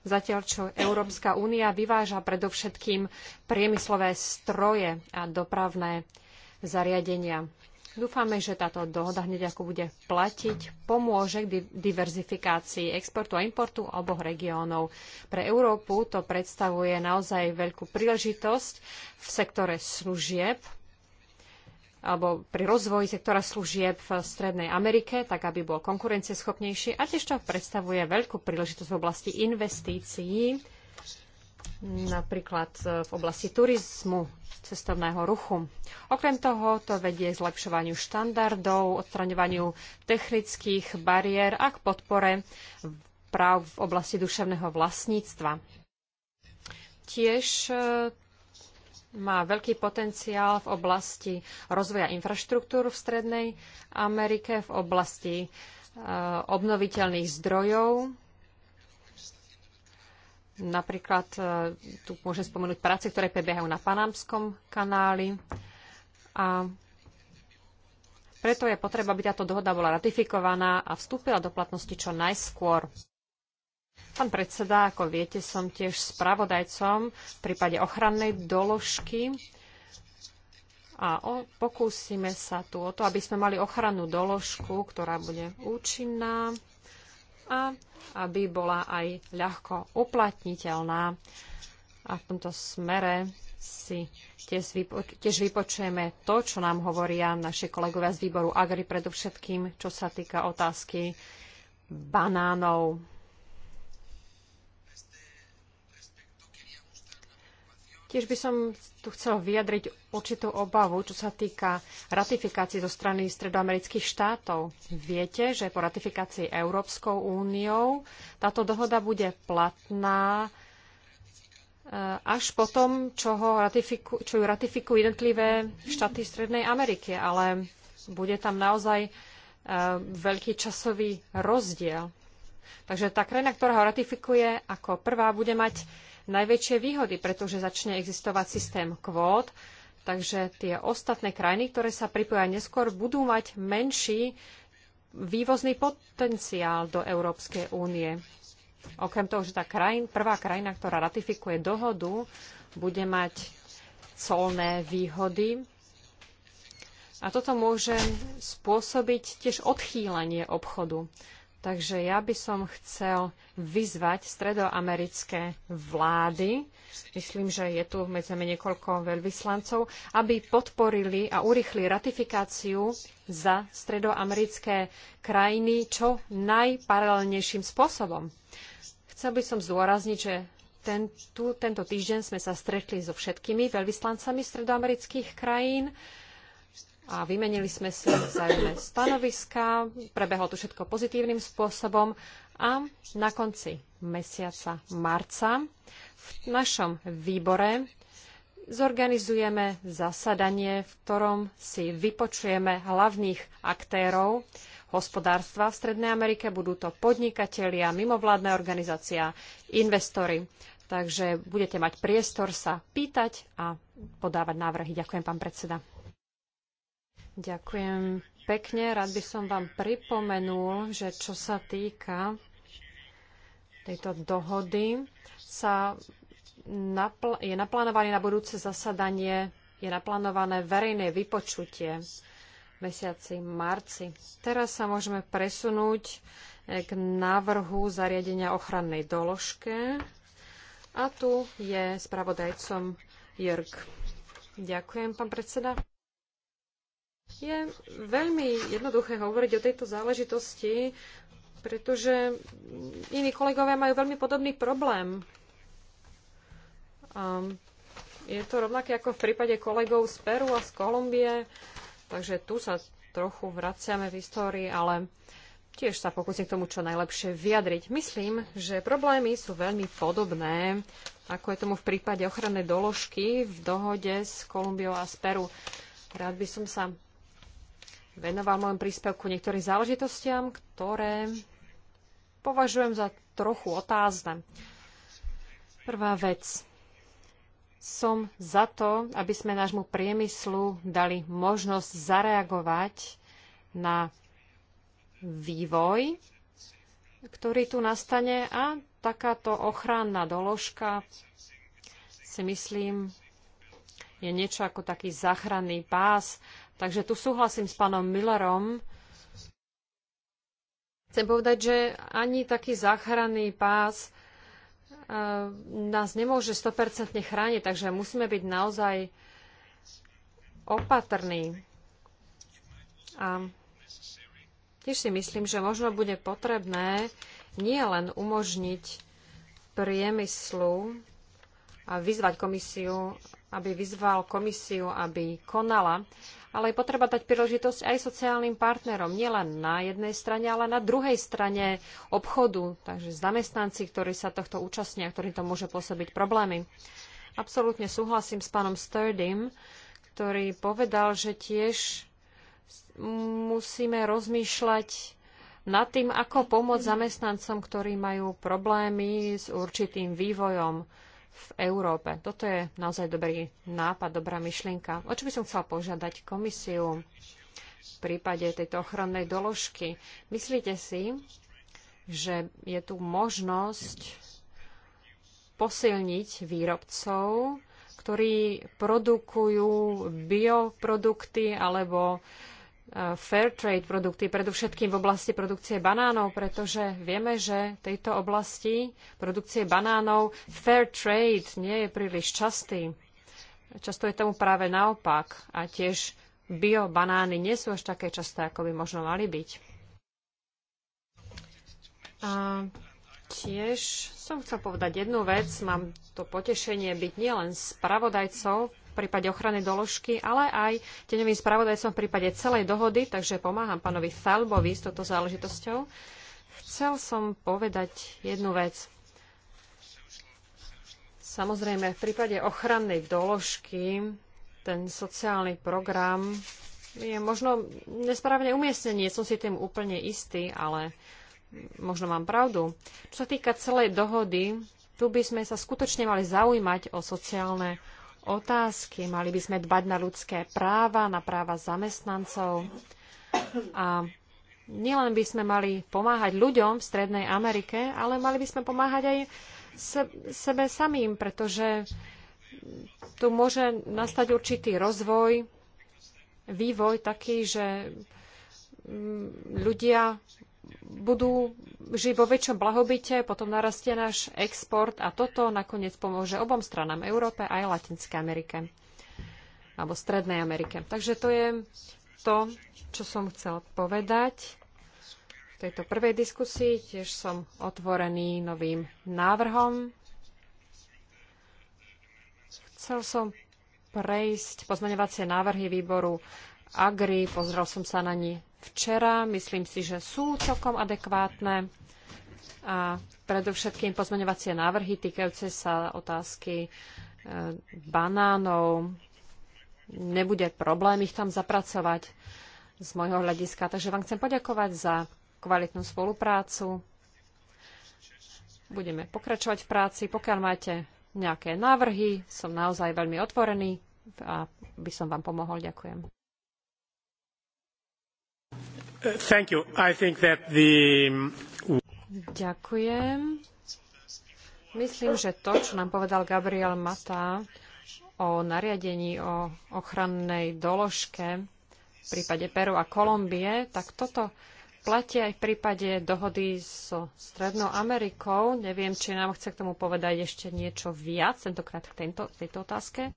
S3: zatiaľ čo Európska únia vyváža predovšetkým priemyslové stroje a dopravné zariadenia. Dúfame, že táto dohoda hneď ako bude platiť, pomôže k diverzifikácii exportu a importu oboch regiónov. Pre Európu to predstavuje naozaj veľkú príležitosť v sektore služieb, alebo pri rozvoji sektora služieb v Strednej Amerike, tak aby bol konkurencieschopnejší a tiež to predstavuje veľkú príležitosť v oblasti investícií, napríklad e, v oblasti turizmu, cestovného ruchu. Okrem toho to vedie k zlepšovaniu štandardov, odstraňovaniu technických bariér a k podpore práv v oblasti duševného vlastníctva. Tiež e, má veľký potenciál v oblasti rozvoja infraštruktúr v Strednej Amerike, v oblasti e, obnoviteľných zdrojov. Napríklad e, tu môžem spomenúť práce, ktoré prebiehajú na Panamskom kanáli. A preto je potreba, aby táto dohoda bola ratifikovaná a vstúpila do platnosti čo najskôr. Pán predseda, ako viete, som tiež spravodajcom v prípade ochrannej doložky a o, pokúsime sa tu o to, aby sme mali ochrannú doložku, ktorá bude účinná a aby bola aj ľahko uplatniteľná. A v tomto smere si tiež, vypo, tiež vypočujeme to, čo nám hovoria naši kolegovia z výboru Agri, predovšetkým čo sa týka otázky banánov. Tiež by som tu chcel vyjadriť určitú obavu, čo sa týka ratifikácií zo strany stredoamerických štátov. Viete, že po ratifikácii Európskou úniou táto dohoda bude platná eh, až po tom, čo, ho ratifiku, čo ju ratifikujú jednotlivé štáty Strednej Ameriky, ale bude tam naozaj eh, veľký časový rozdiel. Takže tá krajina, ktorá ho ratifikuje ako prvá, bude mať najväčšie výhody, pretože začne existovať systém kvót, takže tie ostatné krajiny, ktoré sa pripoja neskôr, budú mať menší vývozný potenciál do Európskej únie. Okrem toho, že tá prvá krajina, ktorá ratifikuje dohodu, bude mať colné výhody. A toto môže spôsobiť tiež odchýlenie obchodu. Takže ja by som chcel vyzvať stredoamerické vlády, myslím, že je tu medzi nami niekoľko veľvyslancov, aby podporili a urýchli ratifikáciu za stredoamerické krajiny čo najparalelnejším spôsobom. Chcel by som zdôrazniť, že ten, tu, tento týždeň sme sa stretli so všetkými veľvyslancami stredoamerických krajín a vymenili sme si vzájomné stanoviska, prebehlo to všetko pozitívnym spôsobom a na konci mesiaca marca v našom výbore zorganizujeme zasadanie, v ktorom si vypočujeme hlavných aktérov hospodárstva v Strednej Amerike. Budú to podnikatelia, mimovládne organizácia, investory. Takže budete mať priestor sa pýtať a podávať návrhy. Ďakujem, pán predseda. Ďakujem pekne. Rád by som vám pripomenul, že čo sa týka tejto dohody, sa napl je naplánované na budúce zasadanie, je naplánované verejné vypočutie v mesiaci marci. Teraz sa môžeme presunúť e, k návrhu zariadenia ochrannej doložke. A tu je spravodajcom Jörg. Ďakujem, pán predseda. Je veľmi jednoduché hovoriť o tejto záležitosti, pretože iní kolegovia majú veľmi podobný problém. A je to rovnaké ako v prípade kolegov z Peru a z Kolumbie, takže tu sa trochu vraciame v histórii, ale tiež sa pokúsim k tomu čo najlepšie vyjadriť. Myslím, že problémy sú veľmi podobné, ako je tomu v prípade ochranné doložky v dohode s Kolumbiou a z Peru. Rád by som sa venoval môjom príspevku niektorým záležitostiam, ktoré považujem za trochu otázne. Prvá vec. Som za to, aby sme nášmu priemyslu dali možnosť zareagovať na vývoj, ktorý tu nastane a takáto ochranná doložka si myslím je niečo ako taký záchranný pás Takže tu súhlasím s pánom Millerom. Chcem povedať, že ani taký záchranný pás e, nás nemôže 100% chrániť, takže musíme byť naozaj opatrní. A tiež si myslím, že možno bude potrebné nie len umožniť priemyslu a vyzvať komisiu, aby vyzval komisiu, aby konala, ale je potreba dať príležitosť aj sociálnym partnerom, nielen na jednej strane, ale na druhej strane obchodu, takže zamestnanci, ktorí sa tohto účastnia, ktorým to môže pôsobiť problémy. Absolútne súhlasím s pánom Sturdym, ktorý povedal, že tiež musíme rozmýšľať nad tým, ako pomôcť zamestnancom, ktorí majú problémy s určitým vývojom v Európe. Toto je naozaj dobrý nápad, dobrá myšlienka. O čo by som chcel požiadať komisiu v prípade tejto ochrannej doložky? Myslíte si, že je tu možnosť posilniť výrobcov, ktorí produkujú bioprodukty alebo fair trade produkty, predovšetkým v oblasti produkcie banánov, pretože vieme, že v tejto oblasti produkcie banánov fair trade nie je príliš častý. Často je tomu práve naopak a tiež bio banány nie sú až také časté, ako by možno mali byť. A tiež som chcel povedať jednu vec. Mám to potešenie byť nielen spravodajcov prípade ochrany doložky, ale aj teňovým spravodajcom v prípade celej dohody, takže pomáham pánovi Falbovi s touto záležitosťou. Chcel som povedať jednu vec. Samozrejme, v prípade ochrannej doložky ten sociálny program je možno nesprávne umiestnenie, som si tým úplne istý, ale možno mám pravdu. Čo sa týka celej dohody, tu by sme sa skutočne mali zaujímať o sociálne otázky. Mali by sme dbať na ľudské práva, na práva zamestnancov. A nielen by sme mali pomáhať ľuďom v Strednej Amerike, ale mali by sme pomáhať aj sebe samým, pretože tu môže nastať určitý rozvoj, vývoj taký, že mm, ľudia budú žiť vo väčšom blahobite, potom narastie náš export a toto nakoniec pomôže obom stranám Európe aj Latinskej Amerike alebo Strednej Amerike. Takže to je to, čo som chcel povedať v tejto prvej diskusii. Tiež som otvorený novým návrhom. Chcel som prejsť pozmeňovacie návrhy výboru Agri, pozrel som sa na ne včera, myslím si, že sú celkom adekvátne a predovšetkým pozmeňovacie návrhy týkajúce sa otázky e, banánov. Nebude problém ich tam zapracovať z môjho hľadiska. Takže vám chcem poďakovať za kvalitnú spoluprácu. Budeme pokračovať v práci. Pokiaľ máte nejaké návrhy, som naozaj veľmi otvorený a by som vám pomohol. Ďakujem. Um, Ďakujem. Myslím, že to, čo nám povedal Gabriel Mata o nariadení o ochrannej doložke v prípade Peru a Kolumbie, tak toto platí aj v prípade dohody so Strednou Amerikou. Neviem, či nám chce k tomu povedať ešte niečo viac, tentokrát k tejto, tejto otázke.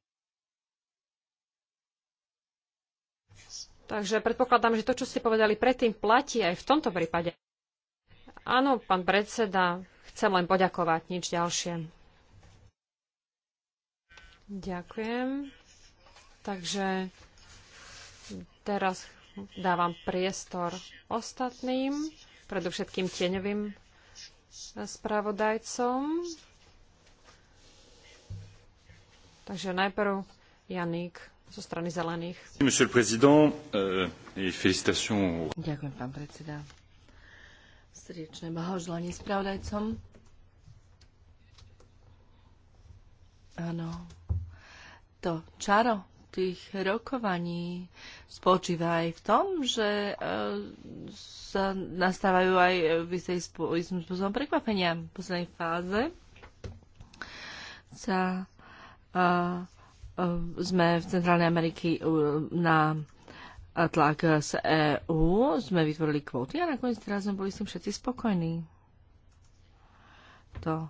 S3: Takže predpokladám, že to, čo ste povedali predtým, platí aj v tomto prípade. Áno, pán predseda, chcem len poďakovať, nič ďalšie. Ďakujem. Takže teraz dávam priestor ostatným, predovšetkým tieňovým spravodajcom. Takže najprv Janík zo strany zelených.
S2: Euh,
S4: Ďakujem, pán predseda. Srdečné blahoželanie spravodajcom. Áno. To čaro tých rokovaní spočíva aj v tom, že e, sa nastávajú aj v istým spôsobom prekvapenia. V poslednej fáze sa uh, Ehm, sme v Centrálnej Ameriky e, na e, tlak z EÚ, sme vytvorili kvóty a nakoniec teraz sme boli s tým všetci spokojní. To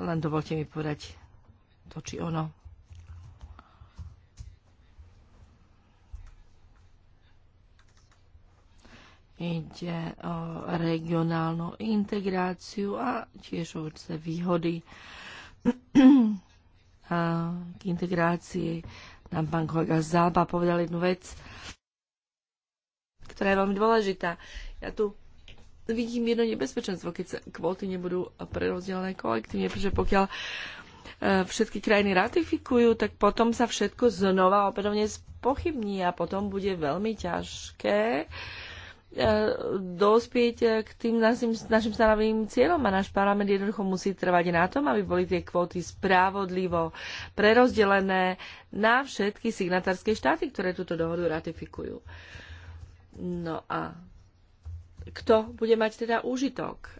S4: len dovolte mi povedať to či ono. Ide o regionálnu integráciu a tiež o výhody k integrácii. Nám pán kolega Zába povedal jednu vec, ktorá je veľmi dôležitá. Ja tu vidím jedno nebezpečenstvo, keď sa kvóty nebudú prerozdelené kolektívne, pretože pokiaľ e, všetky krajiny ratifikujú, tak potom sa všetko znova opätovne spochybní a potom bude veľmi ťažké uh, E, dospieť k tým našim, našim stanovým cieľom a náš parlament jednoducho musí trvať na tom, aby boli tie kvóty správodlivo prerozdelené na všetky signatárske štáty, ktoré túto dohodu ratifikujú. No a kto bude mať teda úžitok e,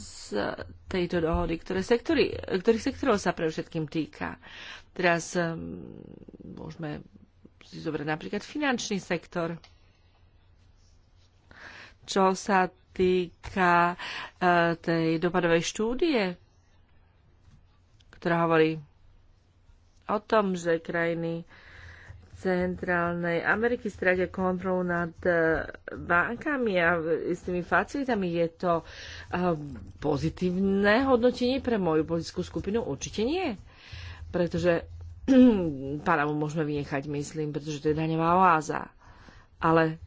S4: z tejto dohody, ktoré sektory, ktorých sektorov sa pre všetkým týka. Teraz e, môžeme si zobrať napríklad finančný sektor, čo sa týka eh, tej dopadovej štúdie, ktorá hovorí o tom, že krajiny Centrálnej Ameriky stratia kontrolu nad eh, bankami a s tými facilitami. Je to eh, pozitívne hodnotenie pre moju politickú skupinu? Určite nie. Pretože Panamu môžeme vynechať, myslím, pretože to je daňová oáza. Ale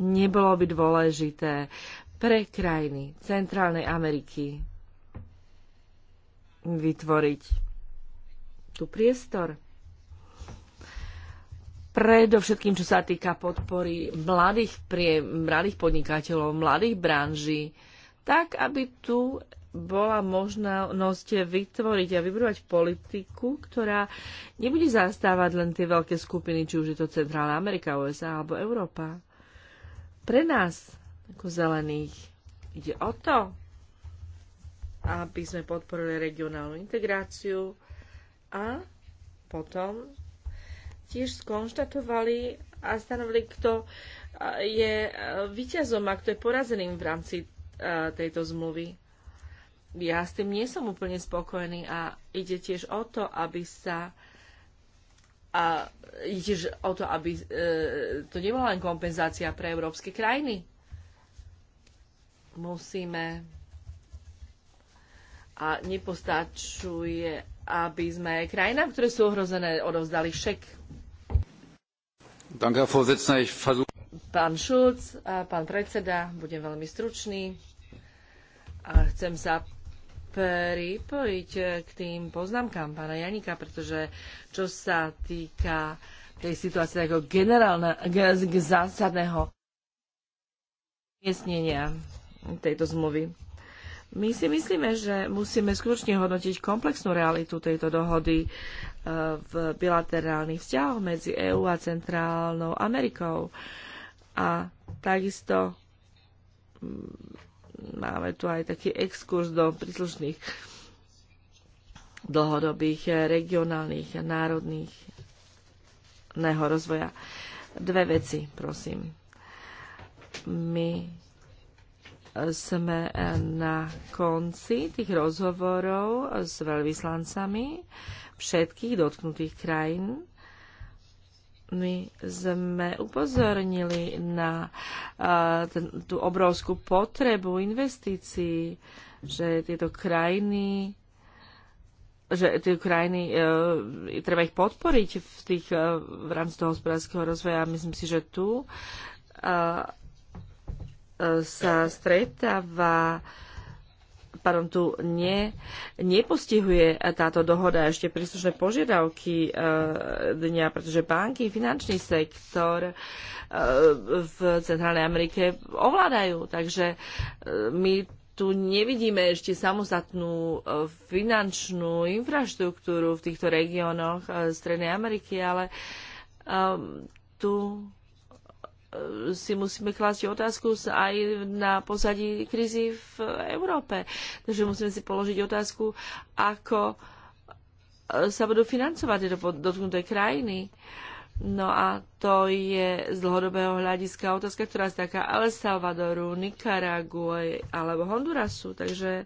S4: nebolo by dôležité pre krajiny Centrálnej Ameriky vytvoriť tu priestor. Predovšetkým, čo sa týka podpory mladých, prie, mladých podnikateľov, mladých branží, tak aby tu bola možnosť vytvoriť a vybrovať politiku, ktorá nebude zastávať len tie veľké skupiny, či už je to Centrálna Amerika, USA alebo Európa. Pre nás, ako zelených, ide o to, aby sme podporili regionálnu integráciu a potom tiež skonštatovali a stanovili, kto je e, víťazom a kto je porazeným v rámci e, tejto zmluvy. Ja s tým nie som úplne spokojný a ide tiež o to, aby sa a ide o to, aby e, to nebola len kompenzácia pre európske krajiny. Musíme a nepostačuje, aby sme krajinám, ktoré sú ohrozené, odovzdali šek. Pán Šulc, pán predseda, budem veľmi stručný. A chcem sa pripojiť k tým poznámkám pána Janika, pretože čo sa týka tej situácie ako generálne, zásadného miestnenia tejto zmluvy. My si myslíme, že musíme skutočne hodnotiť komplexnú realitu tejto dohody eh, v bilaterálnych vzťahoch medzi EÚ a Centrálnou Amerikou. A takisto mm, máme tu aj taký exkurs do príslušných dlhodobých eh, regionálnych a národných rozvoja. Dve veci, prosím. My sme eh, na konci tých rozhovorov s veľvyslancami všetkých dotknutých krajín my sme upozornili na uh, ten, tú obrovskú potrebu investícií, že tieto krajiny že tie krajiny, e, treba ich podporiť v, tých, e, v rámci toho hospodárskeho rozvoja. Myslím si, že tu e, e, sa stretáva e, pardon, tu nepostihuje táto dohoda ešte príslušné požiadavky e, dňa, pretože banky, finančný sektor e, v Centrálnej Amerike ovládajú. Takže e, my tu nevidíme ešte samostatnú e, finančnú infraštruktúru v týchto regiónoch e, Strednej Ameriky, ale e, tu si musíme klásť otázku aj na pozadí krízy v Európe. Takže musíme si položiť otázku, ako e, sa budú financovať do dotknuté krajiny. No a to je z dlhodobého hľadiska otázka, ktorá sa taká El Salvadoru, Nikaraguj alebo Hondurasu. Takže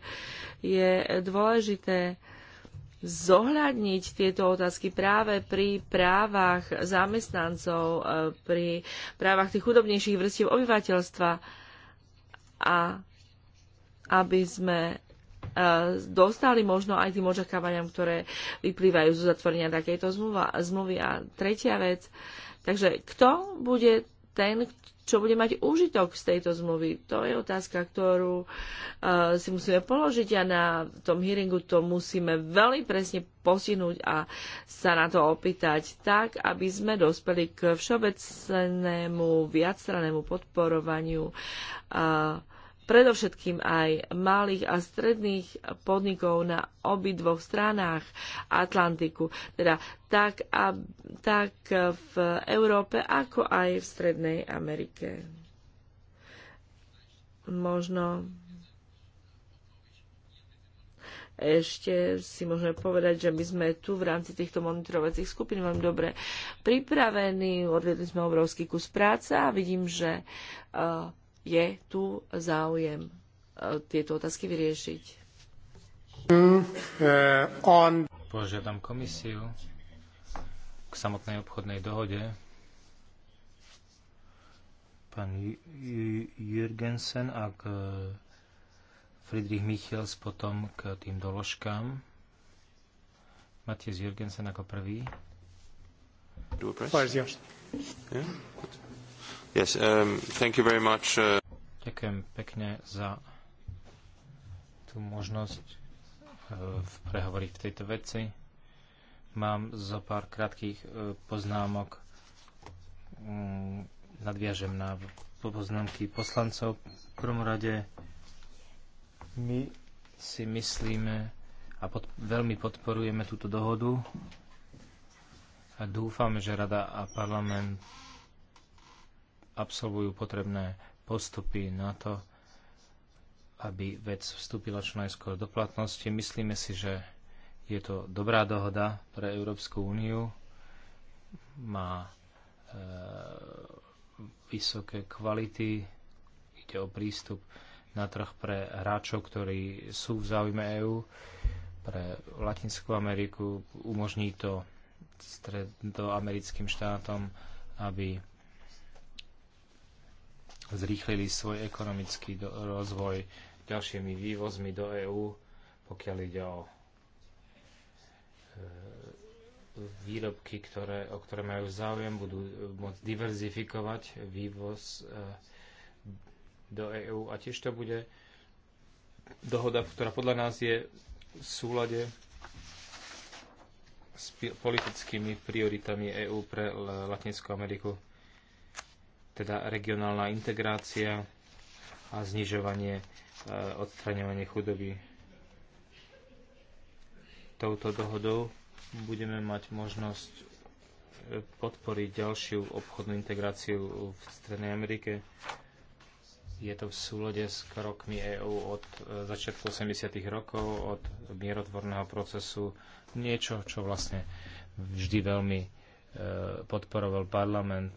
S4: je dôležité zohľadniť tieto otázky práve pri právach zamestnancov, e, pri právach tých chudobnejších vrstiev obyvateľstva a aby sme e, dostali možno aj tým očakávaniam, ktoré vyplývajú zo zatvorenia takejto zmluvy. A tretia vec, takže kto bude ten, čo bude mať úžitok z tejto zmluvy. To je otázka, ktorú uh, si musíme položiť a na tom hearingu to musíme veľmi presne postihnúť a sa na to opýtať tak, aby sme dospeli k všeobecnému viacstranému podporovaniu uh, predovšetkým aj malých a stredných podnikov na obidvoch stranách Atlantiku, teda tak, a, tak v Európe, ako aj v Strednej Amerike. Možno ešte si môžeme povedať, že my sme tu v rámci týchto monitorovacích skupín veľmi dobre pripravení, odvedli sme obrovský kus práce a vidím, že uh, je tu záujem e, tieto otázky vyriešiť.
S2: Mm, e, Požiadam komisiu k samotnej obchodnej dohode. Pán Jürgensen a k e, Friedrich Michels potom k tým doložkám. Matthias Jürgensen ako prvý. Do a press? Fires, Yeah, good. Yes, um, thank you very much. Uh, Ďakujem pekne za tú možnosť uh, prehovoriť v tejto veci. Mám zo pár krátkých uh, poznámok. Mm, nadviažem na poznámky poslancov. V prvom rade my si myslíme a pod, veľmi podporujeme túto dohodu a dúfame, že Rada a parlament absolvujú potrebné postupy na to, aby vec vstúpila čo najskôr do platnosti. Myslíme si, že je to dobrá dohoda pre Európsku úniu. Má e, vysoké kvality, ide o prístup na trh pre hráčov, ktorí sú v záujme EÚ, pre Latinskú Ameriku. Umožní to stredoamerickým štátom, aby zrýchlili svoj ekonomický rozvoj ďalšími vývozmi do EÚ, pokiaľ ide o e, výrobky, ktoré, o ktoré majú záujem, budú e, môcť diverzifikovať vývoz e, do EÚ a tiež to bude dohoda, ktorá podľa nás je v súlade s politickými prioritami EÚ pre Latinskú Ameriku teda regionálna integrácia a znižovanie, e, odstraňovanie chudoby. Touto dohodou budeme mať možnosť e, podporiť ďalšiu obchodnú integráciu v Strednej Amerike. Je to v súlade s krokmi EÚ od e, začiatku 80. rokov, od mierotvorného procesu, niečo, čo vlastne vždy veľmi podporoval parlament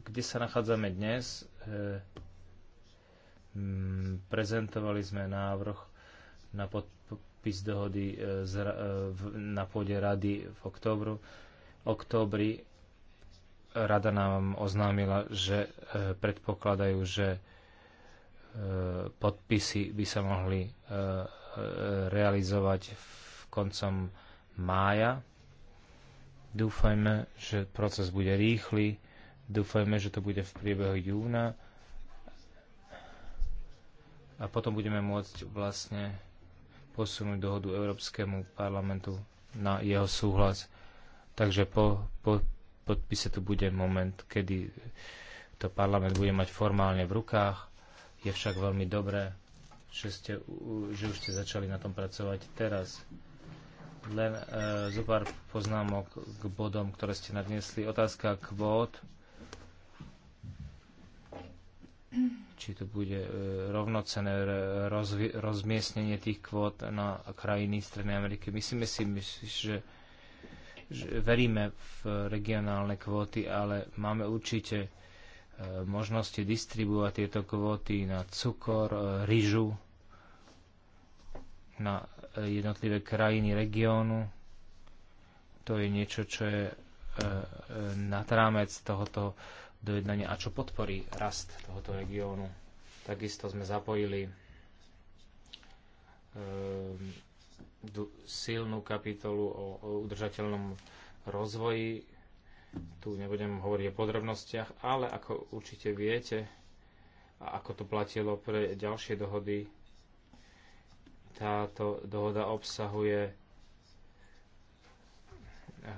S2: kde sa nachádzame dnes, e, prezentovali sme návrh na podpis dohody e, e, na pôde rady v októbru. Októbri rada nám oznámila, že predpokladajú, že podpisy by sa mohli realizovať v koncom mája. Dúfajme, že proces bude rýchly Dúfajme, že to bude v priebehu júna a potom budeme môcť vlastne posunúť dohodu Európskemu parlamentu na jeho súhlas. Takže po, po podpise tu bude moment, kedy to parlament bude mať formálne v rukách. Je však veľmi dobré, že, ste, že už ste začali na tom pracovať teraz. Len e, zo pár poznámok k bodom, ktoré ste nadniesli. Otázka kvót. E, či to bude e, rovnocené rozmiestnenie tých kvót na krajiny Strednej Ameriky. Myslíme si, myslí, že, že veríme v regionálne kvóty, ale máme určite e, možnosti distribuovať tieto kvóty na cukor, e, ryžu, na jednotlivé krajiny regiónu. To je niečo, čo je nad rámec tohoto dojednania a čo podporí rast tohoto regiónu. Takisto sme zapojili ehm, silnú kapitolu o, o udržateľnom rozvoji. Tu nebudem hovoriť o podrobnostiach, ale ako určite viete, a ako to platilo pre ďalšie dohody, táto dohoda obsahuje Eh,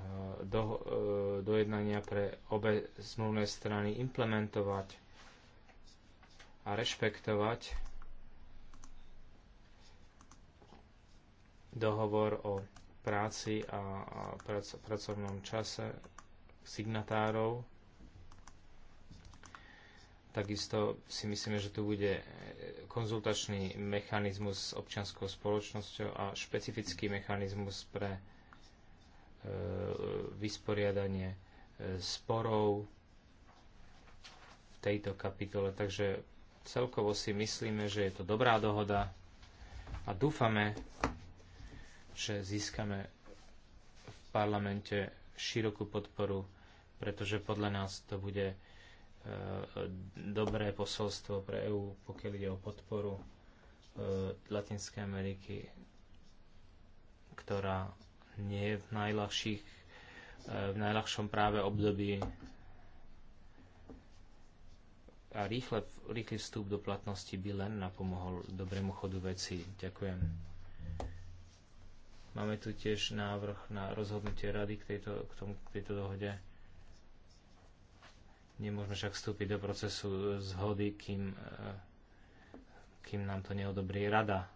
S2: do, eh, dojednania pre obe zmluvné strany implementovať a rešpektovať dohovor o práci a, a prac, pracovnom čase signatárov. Takisto si myslíme, že tu bude konzultačný mechanizmus s občianskou spoločnosťou a špecifický mechanizmus pre E, vysporiadanie e, sporov v tejto kapitole. Takže celkovo si myslíme, že je to dobrá dohoda a dúfame, že získame v parlamente širokú podporu, pretože podľa nás to bude e, dobré posolstvo pre EÚ, pokiaľ ide o podporu Latinskej Ameriky, ktorá nie je v, najľahších, e, v najľahšom práve období a rýchle, rýchly vstup do platnosti by len napomohol dobrému chodu veci. Ďakujem. Máme tu tiež návrh na rozhodnutie rady k tejto, k tomu, k tejto dohode. Nemôžeme však vstúpiť do procesu zhody, kým, e, kým nám to neodobrí rada.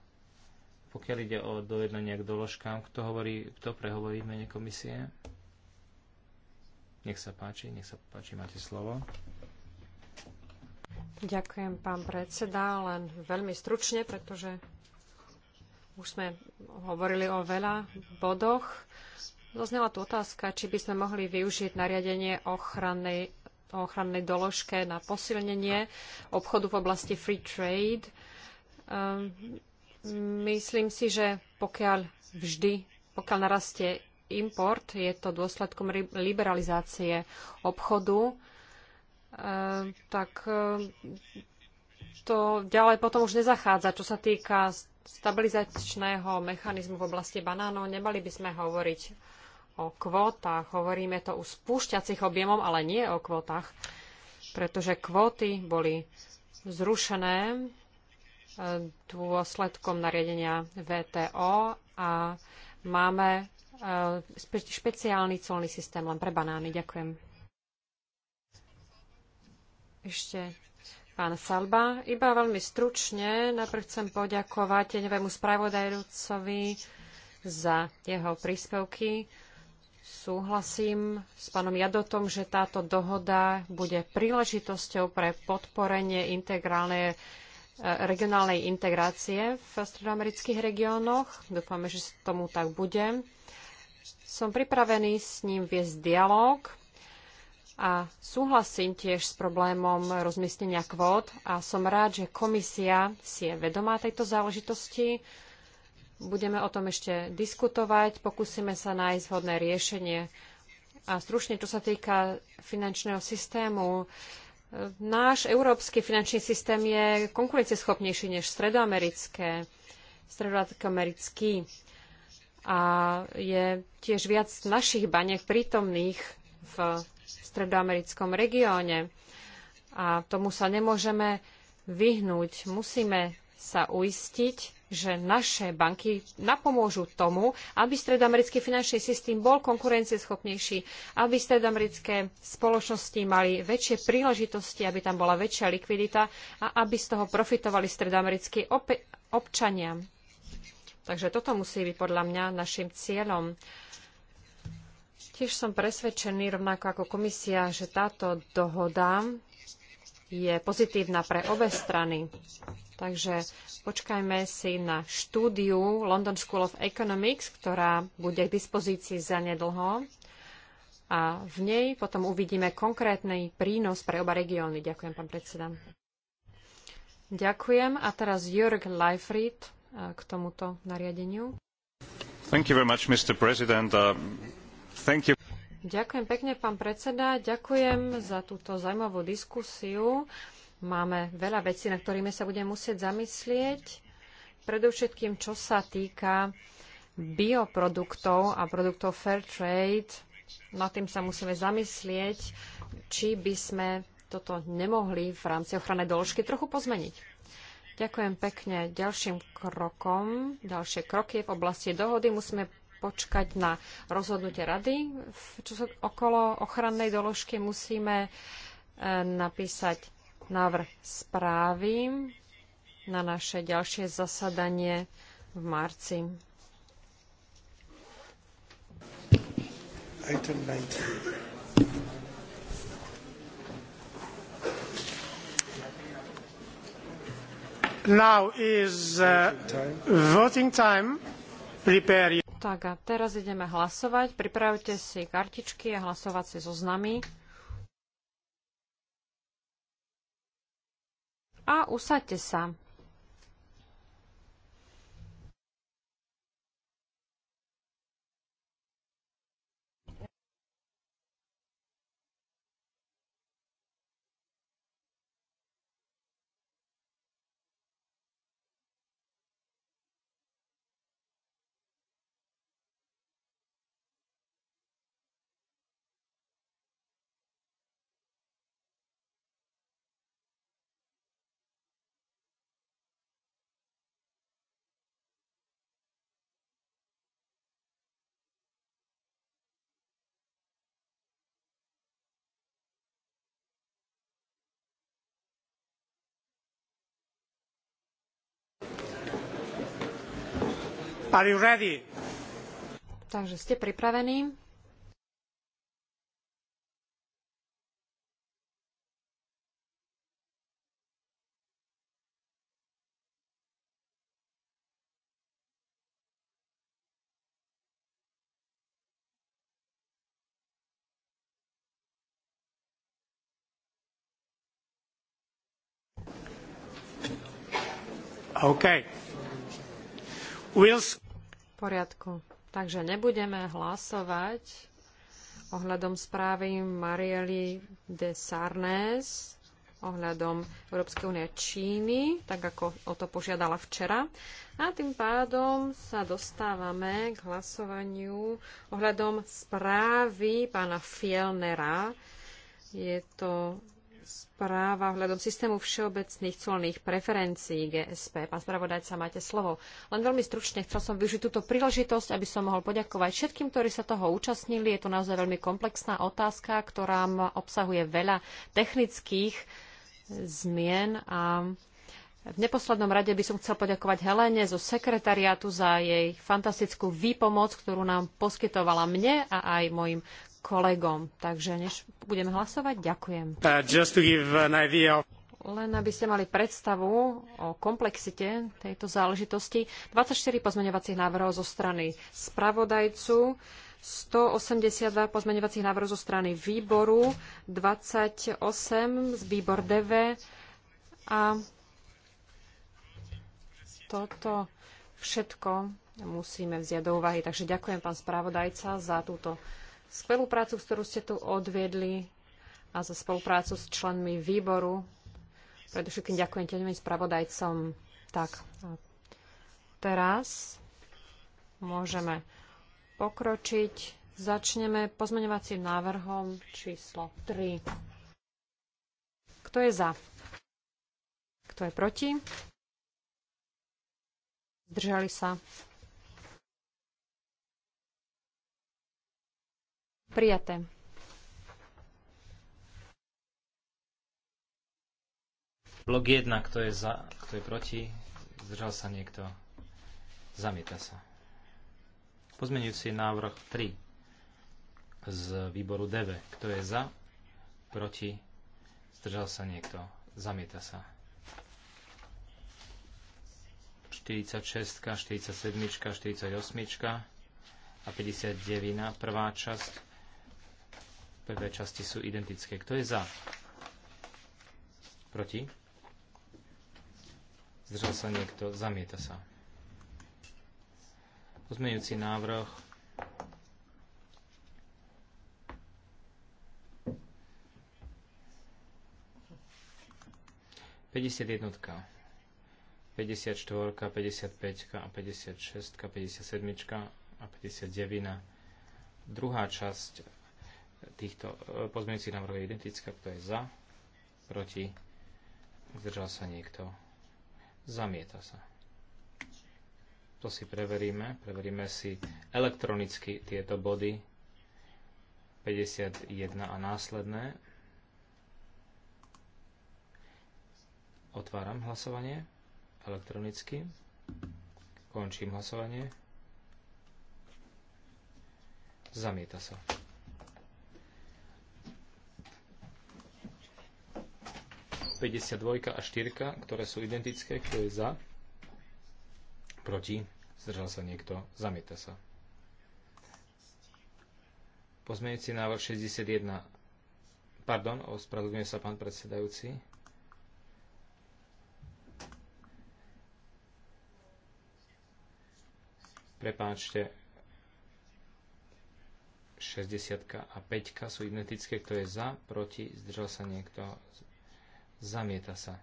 S2: Pokiaľ ide o dojednanie k doložkám, kto, hovorí, kto prehovorí v mene komisie? Nech sa páči, nech sa páči, máte slovo.
S3: Ďakujem, pán predseda, len veľmi stručne, pretože už sme hovorili o veľa bodoch. Zaznela tu otázka, či by sme mohli využiť nariadenie ochrannej, o ochrannej doložke na posilnenie obchodu v oblasti free trade. Um, Myslím si, že pokiaľ vždy, pokiaľ narastie import, je to dôsledkom liberalizácie obchodu, e, tak e, to ďalej potom už nezachádza. Čo sa týka stabilizačného mechanizmu v oblasti banánov, nemali by sme hovoriť o kvótach. Hovoríme to u spúšťacích objemov, ale nie o kvótach, pretože kvóty boli zrušené dôsledkom nariadenia VTO a máme e, špeciálny colný systém len pre banány. Ďakujem. Ešte pán Salba. Iba veľmi stručne najprv chcem poďakovať tenevému spravodajúcovi za jeho príspevky. Súhlasím s pánom Jadotom, že táto dohoda bude príležitosťou pre podporenie integrálnej E, regionálnej integrácie v stredoamerických regiónoch. Dúfame, že tomu tak bude. Som pripravený s ním viesť dialog a súhlasím tiež s problémom rozmiestnenia kvót a som rád, že komisia si je vedomá tejto záležitosti. Budeme o tom ešte diskutovať, pokúsime sa nájsť vhodné riešenie. A stručne, čo sa týka finančného systému, náš európsky finančný systém je konkurencieschopnejší než stredoamerické, stredoamerický a je tiež viac našich baniek prítomných v stredoamerickom regióne. A tomu sa nemôžeme vyhnúť. Musíme sa uistiť, že naše banky napomôžu tomu, aby stredoamerický finančný systém bol konkurencieschopnejší, aby stredoamerické spoločnosti mali väčšie príležitosti, aby tam bola väčšia likvidita a aby z toho profitovali stredoamerickí občania. Takže toto musí byť podľa mňa našim cieľom. Tiež som presvedčený, rovnako ako komisia, že táto dohoda je pozitívna pre obe strany. Takže počkajme si na štúdiu London School of Economics, ktorá bude k dispozícii zanedlho. A v nej potom uvidíme konkrétny prínos pre oba regióny. Ďakujem, pán predseda. Ďakujem. A teraz Jörg Leifried eh, k tomuto nariadeniu. Much, uh, Ďakujem pekne, pán predseda. Ďakujem za túto zaujímavú diskusiu. Máme veľa vecí, na ktorými sa budeme musieť zamyslieť. Predovšetkým, čo sa týka bioproduktov a produktov fair trade, nad tým sa musíme zamyslieť, či by sme toto nemohli v rámci ochrannej doložky trochu pozmeniť. Ďakujem pekne. Ďalším krokom, ďalšie kroky v oblasti dohody musíme počkať na rozhodnutie rady. Čo sa okolo ochrannej doložky musíme e, napísať návrh správy na naše ďalšie zasadanie v marci.
S1: Item 19. now is uh, voting time. Prepare. you.
S3: Tak a teraz ideme hlasovať. Pripravte si kartičky a hlasovacie zoznamy. So a usaďte sa.
S1: Are you ready?
S3: Takže ste pripravení?
S1: Okay. V
S3: poriadku. Takže nebudeme hlasovať ohľadom správy Marielly de Sarnes ohľadom Európskej únie Číny, tak ako o to požiadala včera. A tým pádom sa dostávame k hlasovaniu ohľadom správy pána Fielnera. Je to práva hľadom systému všeobecných colných preferencií GSP. Pán spravodajca, máte slovo. Len veľmi stručne chcel som využiť túto príležitosť, aby som mohol poďakovať všetkým, ktorí sa toho účastnili. Je to naozaj veľmi komplexná otázka, ktorá obsahuje veľa technických zmien a v neposlednom rade by som chcel poďakovať Helene zo sekretariátu za jej fantastickú výpomoc, ktorú nám poskytovala mne a aj mojim kolegom. Takže než budeme hlasovať, ďakujem.
S1: Uh,
S3: Len aby ste mali predstavu o komplexite tejto záležitosti, 24 pozmeňovacích návrhov zo strany spravodajcu, 182 pozmeňovacích návrhov zo strany výboru, 28 z výbor DV a toto všetko musíme vziať do úvahy. Takže ďakujem pán spravodajca za túto skvelú prácu, ktorú ste tu odviedli a za spoluprácu s členmi výboru. Predovšetkým ďakujem teňovým spravodajcom. Tak, teraz môžeme pokročiť. Začneme pozmeňovacím návrhom číslo 3. Kto je za? Kto je proti? Zdržali sa? Prijaté.
S2: Blok 1, kto je za, kto je proti, zdržal sa niekto, zamieta sa. Pozmenujúci návrh 3 z výboru DV. Kto je za, proti, zdržal sa niekto, zamieta sa. 46, 47, 48 a 59, prvá časť prvé časti sú identické. Kto je za? Proti? Zdržal sa niekto? Zamieta sa. Pozmeňujúci návrh. Päťdesiat jednotka. 54, 55 a 56, 57 a 59. Druhá časť týchto e, pozmeňujúcich návrhov je identická. Kto je za? Proti? Zdržal sa niekto? Zamieta sa. To si preveríme. Preveríme si elektronicky tieto body 51 a následné. Otváram hlasovanie elektronicky. Končím hlasovanie. Zamieta sa. 52 a 4, ktoré sú identické, kto je za, proti, zdržal sa niekto, zamieta sa. Pozmeňujúci návrh 61, pardon, ospravedlňuje sa pán predsedajúci. Prepáčte, 60 a 5 sú identické, kto je za, proti, zdržal sa niekto, Zamieta sa.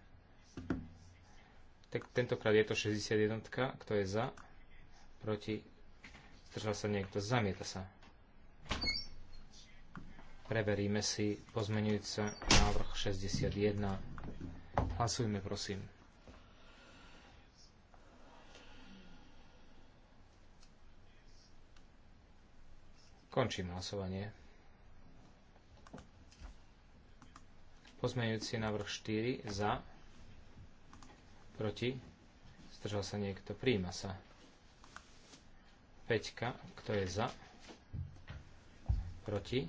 S2: Tak tentokrát je to 61, kto je za, proti, zdržal sa niekto, zamieta sa. Preveríme si pozmenujúca návrh 61. Hlasujme, prosím. Končím hlasovanie. Pozmeňujúci návrh 4 za, proti, zdržal sa niekto, príjma sa. 5, kto je za, proti,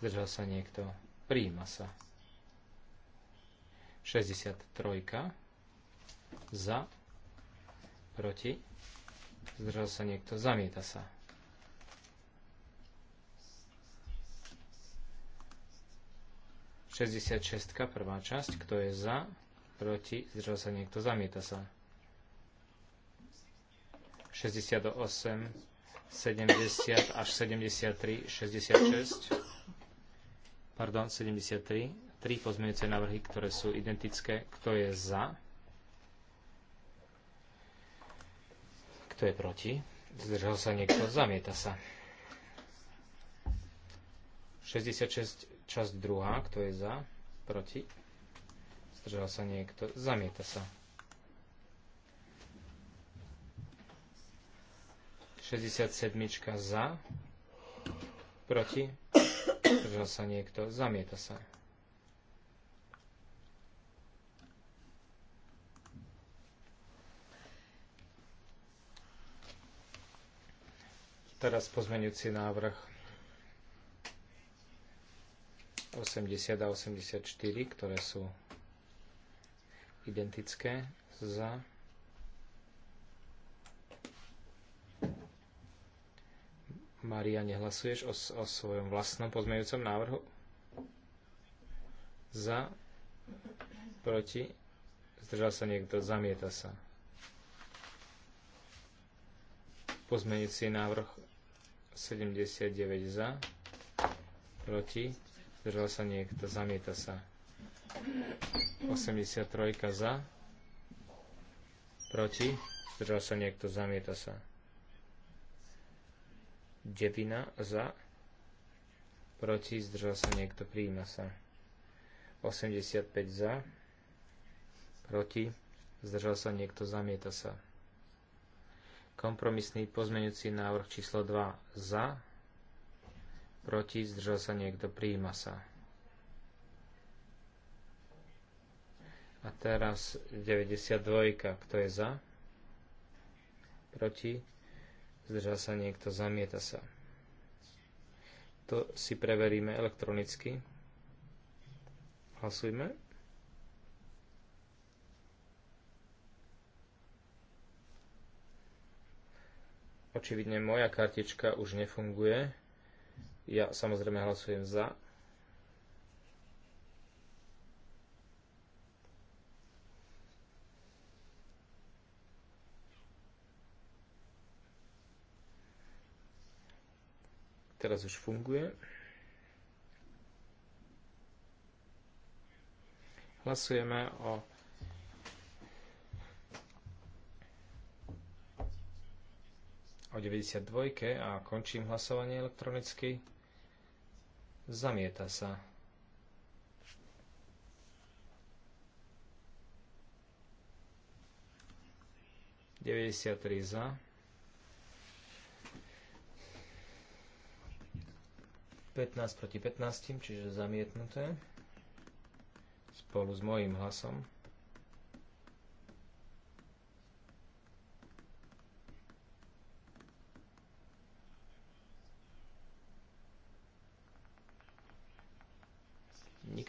S2: zdržal sa niekto, príjma sa. 63 za, proti, zdržal sa niekto, zamieta sa. 66. prvá časť. Kto je za? Proti? Zdržal sa niekto? Zamieta sa. 68, 70 až 73, 66. Pardon, 73. Tri pozmeňujúce návrhy, ktoré sú identické. Kto je za? Kto je proti? Zdržal sa niekto? Zamieta sa. 66 Časť druhá, kto je za, proti, zdržal sa niekto, zamieta sa. 67 za, proti, zdržal sa niekto, zamieta sa. Teraz pozmenujúci návrh 80 a 84, ktoré sú identické za Maria, nehlasuješ o, o svojom vlastnom pozmeňujúcom návrhu? Za, proti, zdržal sa niekto, zamieta sa. Pozmeňujúci návrh 79 za, proti, Zdržal sa niekto, zamieta sa. 83 za. Proti. Zdržal sa niekto, zamieta sa. Devina za. Proti. Zdržal sa niekto, prijíma sa. 85 za. Proti. Zdržal sa niekto, zamieta sa. Kompromisný pozmeňujúci návrh číslo 2 za proti, zdržal sa niekto, prijíma sa. A teraz 92, kto je za, proti, zdržal sa niekto, zamieta sa. To si preveríme elektronicky. Hlasujme. Očividne moja kartička už nefunguje. Ja samozrejme hlasujem za. Teraz už funguje. Hlasujeme o o 92 a končím hlasovanie elektronicky. Zamieta sa. Deväťdesiat tri za. 15 proti 15, čiže zamietnuté spolu s mojím hlasom.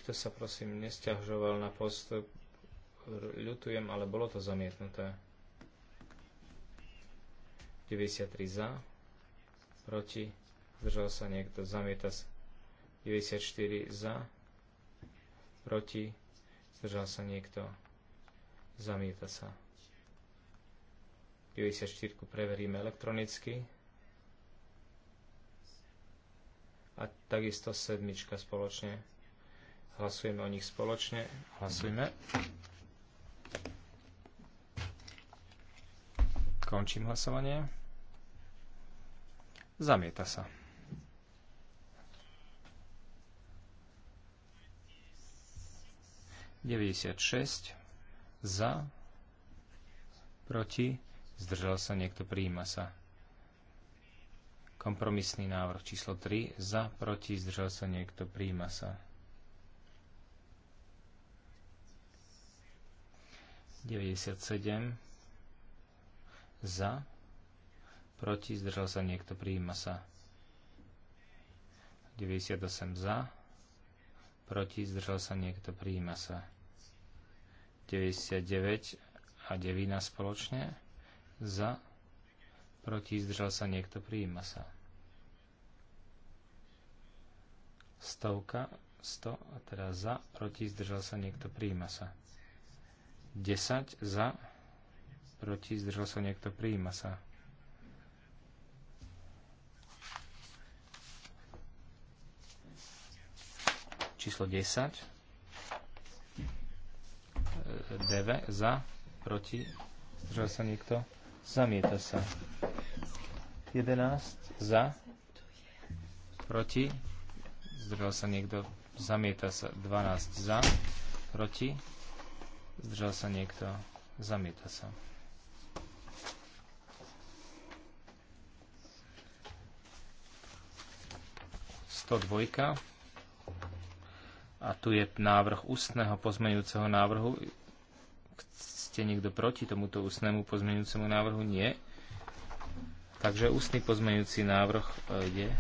S2: Nikto sa prosím nestiažoval na postup. Ľutujem, ale bolo to zamietnuté. 93 za, proti, zdržal sa niekto, zamieta sa. 94 za, proti, zdržal sa niekto, zamieta sa. 94 preveríme elektronicky. A takisto sedmička spoločne. Hlasujeme o nich spoločne. hlasujeme. Končím hlasovanie. Zamieta sa. Deväťdesiat šesť za, proti, zdržal sa niekto, prijíma sa. Kompromisný návrh číslo 3 za, proti, zdržal sa niekto, prijíma sa. 97 za, proti, zdržal sa niekto, prijíma sa. 98 za, proti, zdržal sa niekto, prijíma sa. 99 a 9 spoločne, za, proti, zdržal sa niekto, prijíma sa. Stovka, 100, a teda za, proti, zdržal sa niekto, prijíma sa. 10 za, proti, zdržal sa niekto, prijíma sa. Číslo 10. E, DV za, proti, zdržal sa niekto, zamieta sa. 11 za, proti, zdržal sa niekto, zamieta sa. 12 za, proti, Zdržal sa niekto? Zamieta sa. Sto dvojka. A tu je návrh ústneho pozmeňujúceho návrhu. Ste niekto proti tomuto ústnemu pozmeňujúcemu návrhu? Nie. Takže ústny pozmeňujúci návrh e, je e,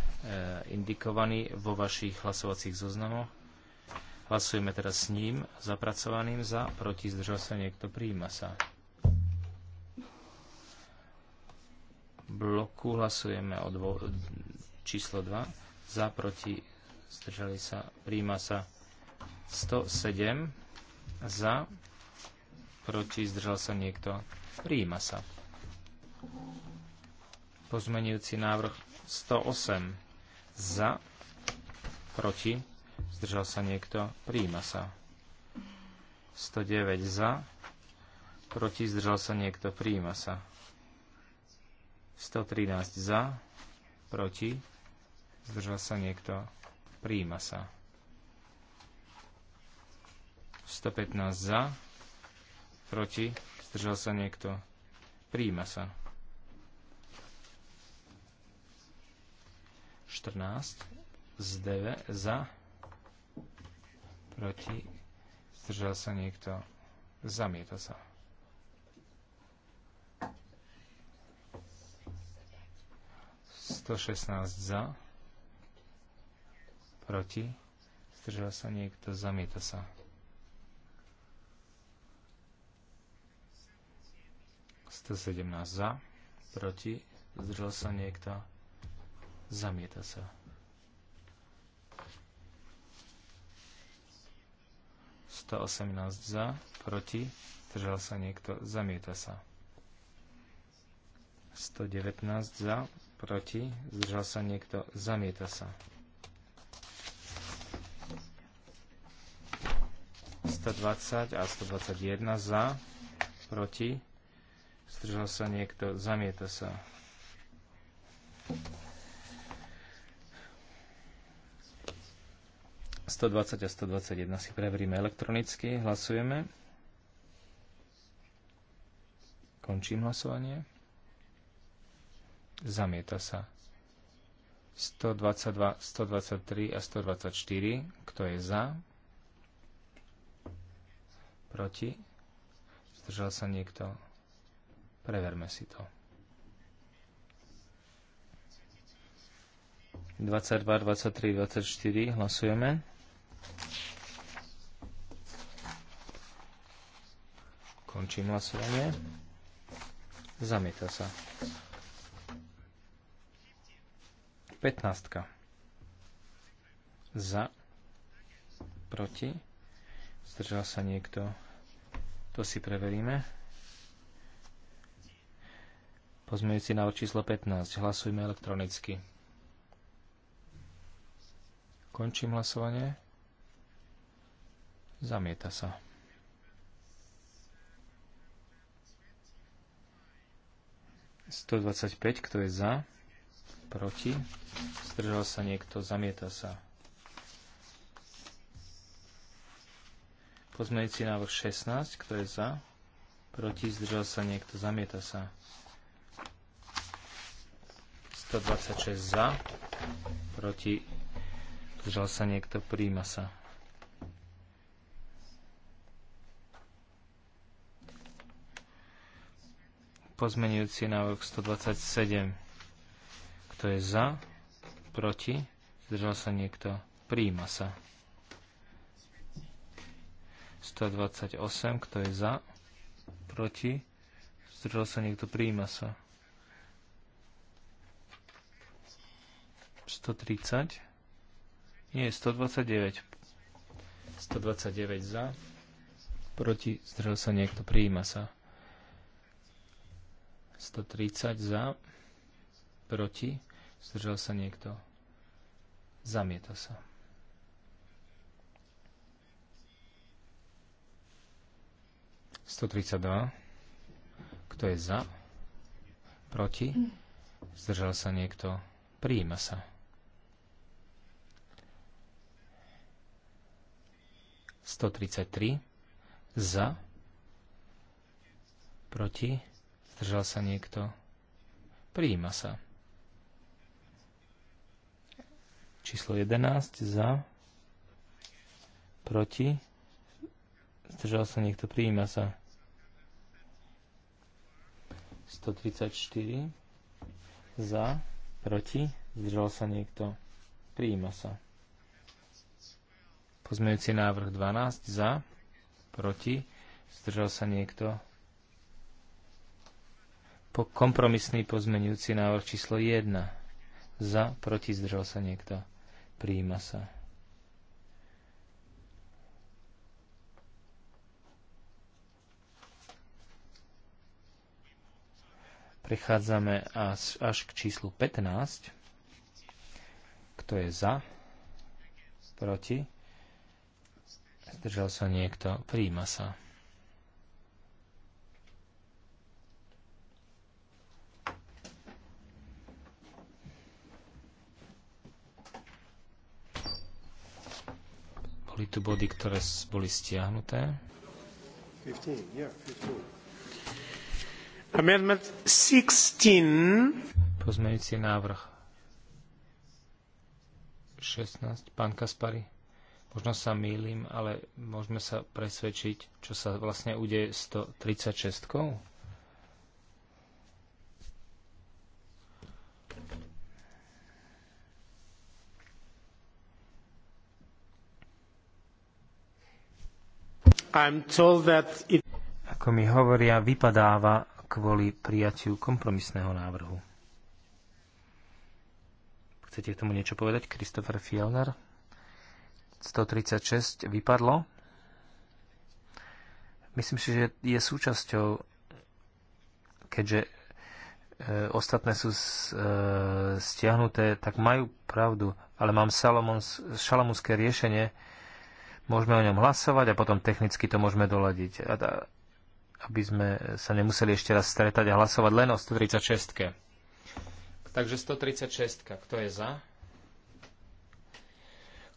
S2: indikovaný vo vašich hlasovacích zoznamoch. Hlasujeme teraz s ním, zapracovaným za, proti, zdržal sa niekto, príjima sa. Bloku hlasujeme o dvo, číslo 2, za, proti, zdržali sa, príjima sa 107, za, proti, zdržal sa niekto, príjima sa. Pozmenujúci návrh 108, za, proti, zdržal sa niekto, Príjima sa. 109 za, proti, zdržal sa niekto, Príjima sa. 113 za, proti, zdržal sa niekto, Príjima sa. 115 za, proti, zdržal sa niekto, Príjima sa. 14 z 9 za, proti, zdržal sa niekto, zamieta sa. Sto šestnáct za, proti, zdržal sa niekto, zamieta sa. Sto sedemnáct za, proti, zdržal sa niekto, zamieta sa. 118 za, proti, zdržal sa niekto, zamieta sa. 119 za, proti, zdržal sa niekto, zamieta sa. 120 a 121 za, proti, zdržal sa niekto, zamieta sa. 120 a 121 si preveríme elektronicky. Hlasujeme. Končím hlasovanie. Zamieta sa. 122, 123 a 124. Kto je za? Proti? Zdržal sa niekto? Preverme si to. 22, 23, 24. Hlasujeme. Končím hlasovanie. Zamieta sa. 15. Za. Proti. Zdržal sa niekto. To si preveríme. Pozmejúci na číslo 15. Hlasujme elektronicky. Končím hlasovanie. Zamieta sa. Sto dvadsať päť, kto je za? Proti? Zdržal sa niekto? Zamieta sa. Pozmeňujúci návrh 16, kto je za? Proti? Zdržal sa niekto? Zamieta sa. 126 za, proti, zdržal sa niekto, príjma sa. Pozmenujúci návrh 127. Kto je za? Proti? Zdržal sa niekto? Príjima sa. 128. Kto je za? Proti? Zdržal sa niekto? Príjima sa. 130. Nie, 129. 129 za. Proti? Zdržal sa niekto? Príjima sa. 130 za, proti, zdržal sa niekto, zamieta sa. Sto tridsaťdva. Kto je za? Proti? Zdržal sa niekto? Prijíma sa. 133 za proti Zdržal sa niekto? Prijíma sa. Číslo 11 za. Proti. Zdržal sa niekto? Prijíma sa. 134 za. Proti. Zdržal sa niekto? Prijíma sa. Pozmejúci návrh 12 za. Proti. Zdržal sa niekto? Po kompromisný pozmenujúci návrh číslo 1. Za, proti, zdržal sa niekto. Prijíma sa. Prechádzame až, až k číslu 15. Kto je za? Proti? Zdržal sa niekto? Príjima sa. Boli tu body, ktoré boli stiahnuté.
S1: 15, yeah,
S2: 15. Pozmeňujúci návrh 16. Pán Kaspari, možno sa mýlim, ale môžeme sa presvedčiť, čo sa vlastne udeje 136. 136. Ako mi hovoria, vypadáva kvôli prijatiu kompromisného návrhu. Chcete k tomu niečo povedať, Christopher Fielner? 136 vypadlo. Myslím si, že je súčasťou, keďže e, ostatné sú s, e, stiahnuté, tak majú pravdu, ale mám šalamúnske riešenie, môžeme o ňom hlasovať a potom technicky to môžeme doladiť, aby sme sa nemuseli ešte raz stretať a hlasovať len o 136. Takže 136. Kto je za?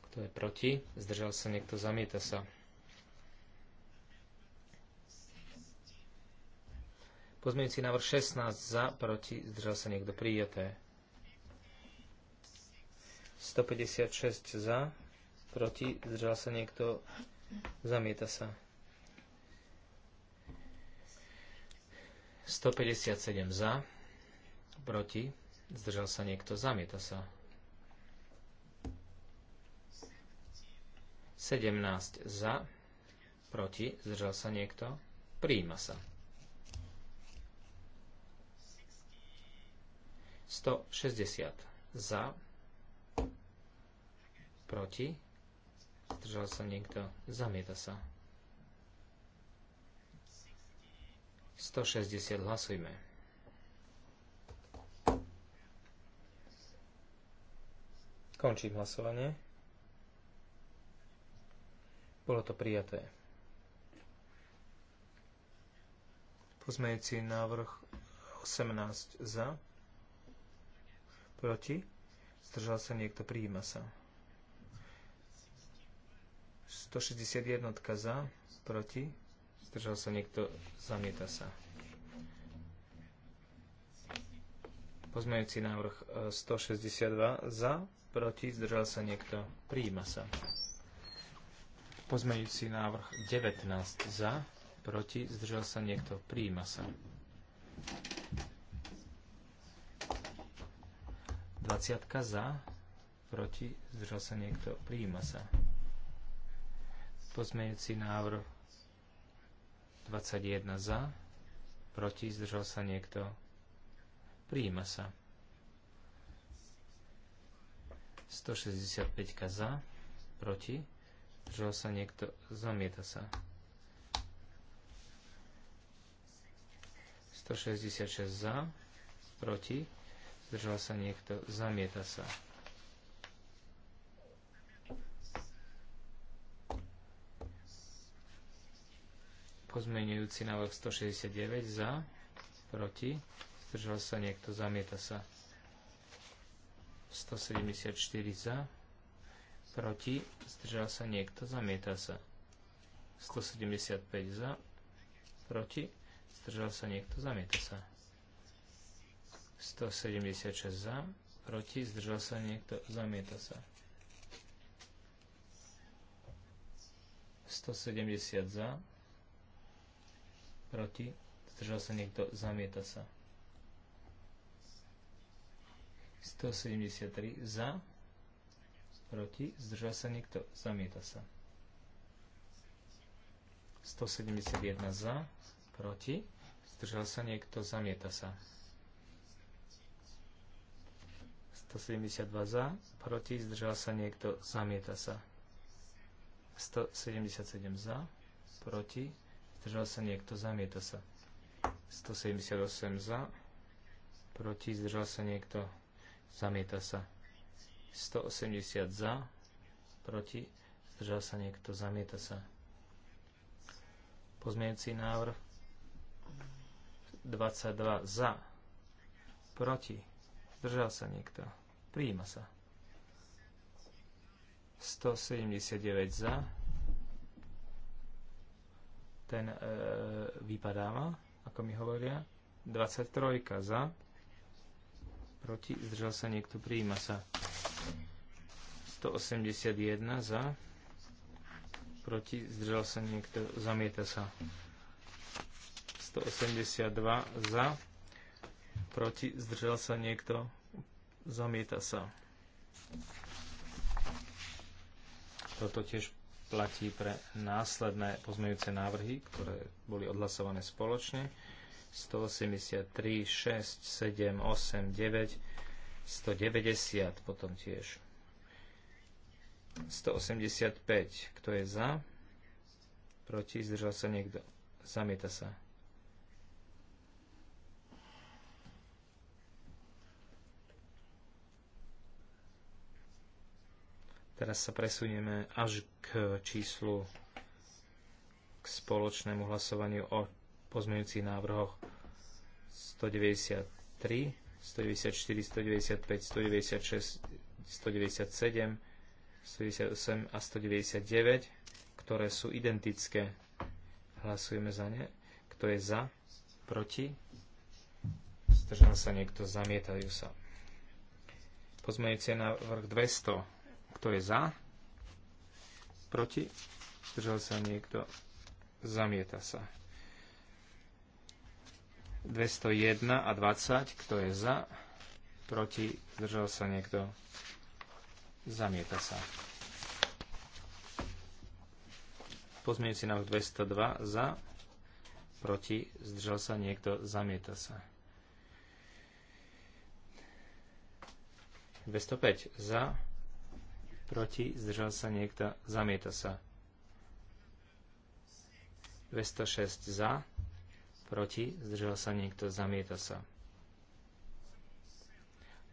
S2: Kto je proti? Zdržal sa niekto, zamieta sa. si návrh 16 za, proti, zdržal sa niekto, prijaté. 156 za, proti, zdržal sa niekto, zamieta sa. 157 za, proti, zdržal sa niekto, zamieta sa. 17 za, proti, zdržal sa niekto, príjima sa. 160 za, proti, Zdržal sa niekto? Zamieta sa. 160 hlasujme. Končím hlasovanie. Bolo to prijaté. Pozmejúci návrh 18 za. Proti. Zdržal sa niekto, prijíma sa. 161 za, proti, zdržal sa niekto, zamieta sa. Pozmejúci návrh 162 e, za, proti, zdržal sa niekto, prijíma sa. Pozmejúci návrh 19 za, proti, zdržal sa niekto, prijíma sa. 20 za, proti, zdržal sa niekto, prijíma sa. Pozmeňujúci návrh 21 za, proti, zdržal sa niekto. Prijíma sa. 165 za, proti, zdržal sa niekto, zamieta sa. 166 za, proti, zdržal sa niekto, zamieta sa. pozmeňujúci návrh 169 za, proti, zdržal sa niekto, zamieta sa. 174 za, proti, zdržal sa niekto, zamieta sa. 175 za, proti, zdržal sa niekto, zamieta sa. 176 za, proti, zdržal sa niekto, zamieta sa. 170 za, proti, zdržal sa niekto, zamieta sa. 173 za, proti, zdržal sa niekto, zamieta sa. 171 za, proti, zdržal sa niekto, zamieta sa. 172 za, proti, zdržal sa niekto, zamieta sa. 177 za, proti, Zdržal sa niekto? Zamieta sa. 178 za. Proti? Zdržal sa niekto? Zamieta sa. 180 za. Proti? Zdržal sa niekto? Zamieta sa. Pozmienci návrh 22 za. Proti? Zdržal sa niekto? Prijíma sa. 179 za ten e, vypadáva, ako mi hovoria. 23 za, proti, zdržal sa niekto, prijíma sa. 181 za, proti, zdržal sa niekto, zamieta sa. 182 za, proti, zdržal sa niekto, zamieta sa. Toto tiež platí pre následné pozmeňujúce návrhy, ktoré boli odhlasované spoločne. 183, 6, 7, 8, 9, 190 potom tiež. 185, kto je za? Proti, zdržal sa niekto? Zamieta sa. Teraz sa presunieme až k číslu k spoločnému hlasovaniu o pozmeňujúcich návrhoch 193, 194, 195, 196, 197, 198 a 199, ktoré sú identické. Hlasujeme za ne. Kto je za? Proti? Zdržal sa niekto, zamietajú sa. Pozmeňujúci návrh 200 kto je za? Proti? Zdržal sa niekto? Zamieta sa. 201 a 20. Kto je za? Proti? Zdržal sa niekto? Zamieta sa. si návrh 202 za, proti, zdržal sa niekto, zamieta sa. 205 za, proti, zdržal sa niekto, zamieta sa. 206 za, proti, zdržal sa niekto, zamieta sa.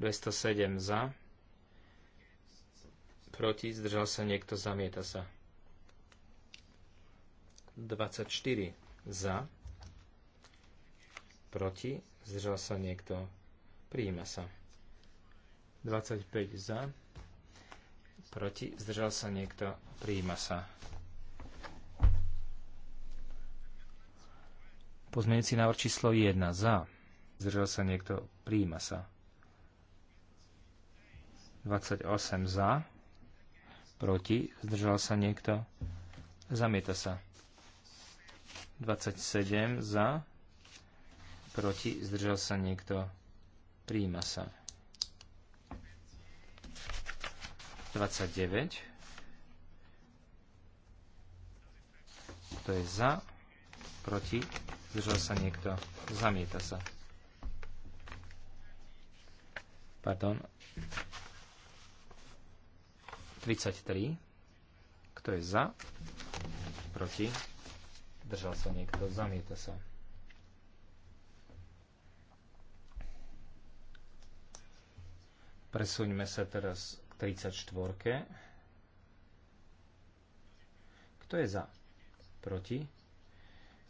S2: 207 za, proti, zdržal sa niekto, zamieta sa. 24 za, proti, zdržal sa niekto, prijíma sa. 25 za, proti, zdržal sa niekto, prijíma sa. Pozmeňujúci návrh číslo 1 za, zdržal sa niekto, prijíma sa. 28 za, proti, zdržal sa niekto, zamieta sa. 27 za, proti, zdržal sa niekto, prijíma sa. 29. Kto je za? Proti? Zdržal sa niekto? Zamieta sa. Pardon. 33. Kto je za? Proti? zdržal sa niekto? Zamieta sa. Presuňme sa teraz 34. Kto je za? Proti?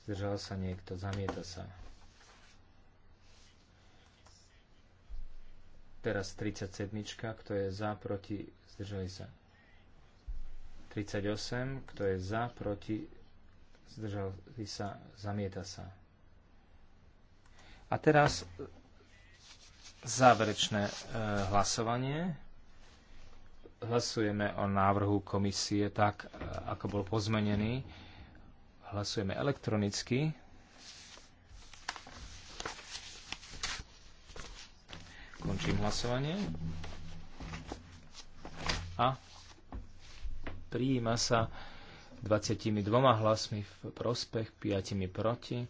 S2: Zdržal sa niekto? Zamieta sa. Teraz 37. Kto je za? Proti? Zdržali sa. 38. Kto je za? Proti? Zdržali sa. Zamieta sa. A teraz záverečné e, hlasovanie. Hlasujeme o návrhu komisie tak, ako bol pozmenený. Hlasujeme elektronicky. Končím hlasovanie. A prijíma sa 22 hlasmi v prospech, 5 proti.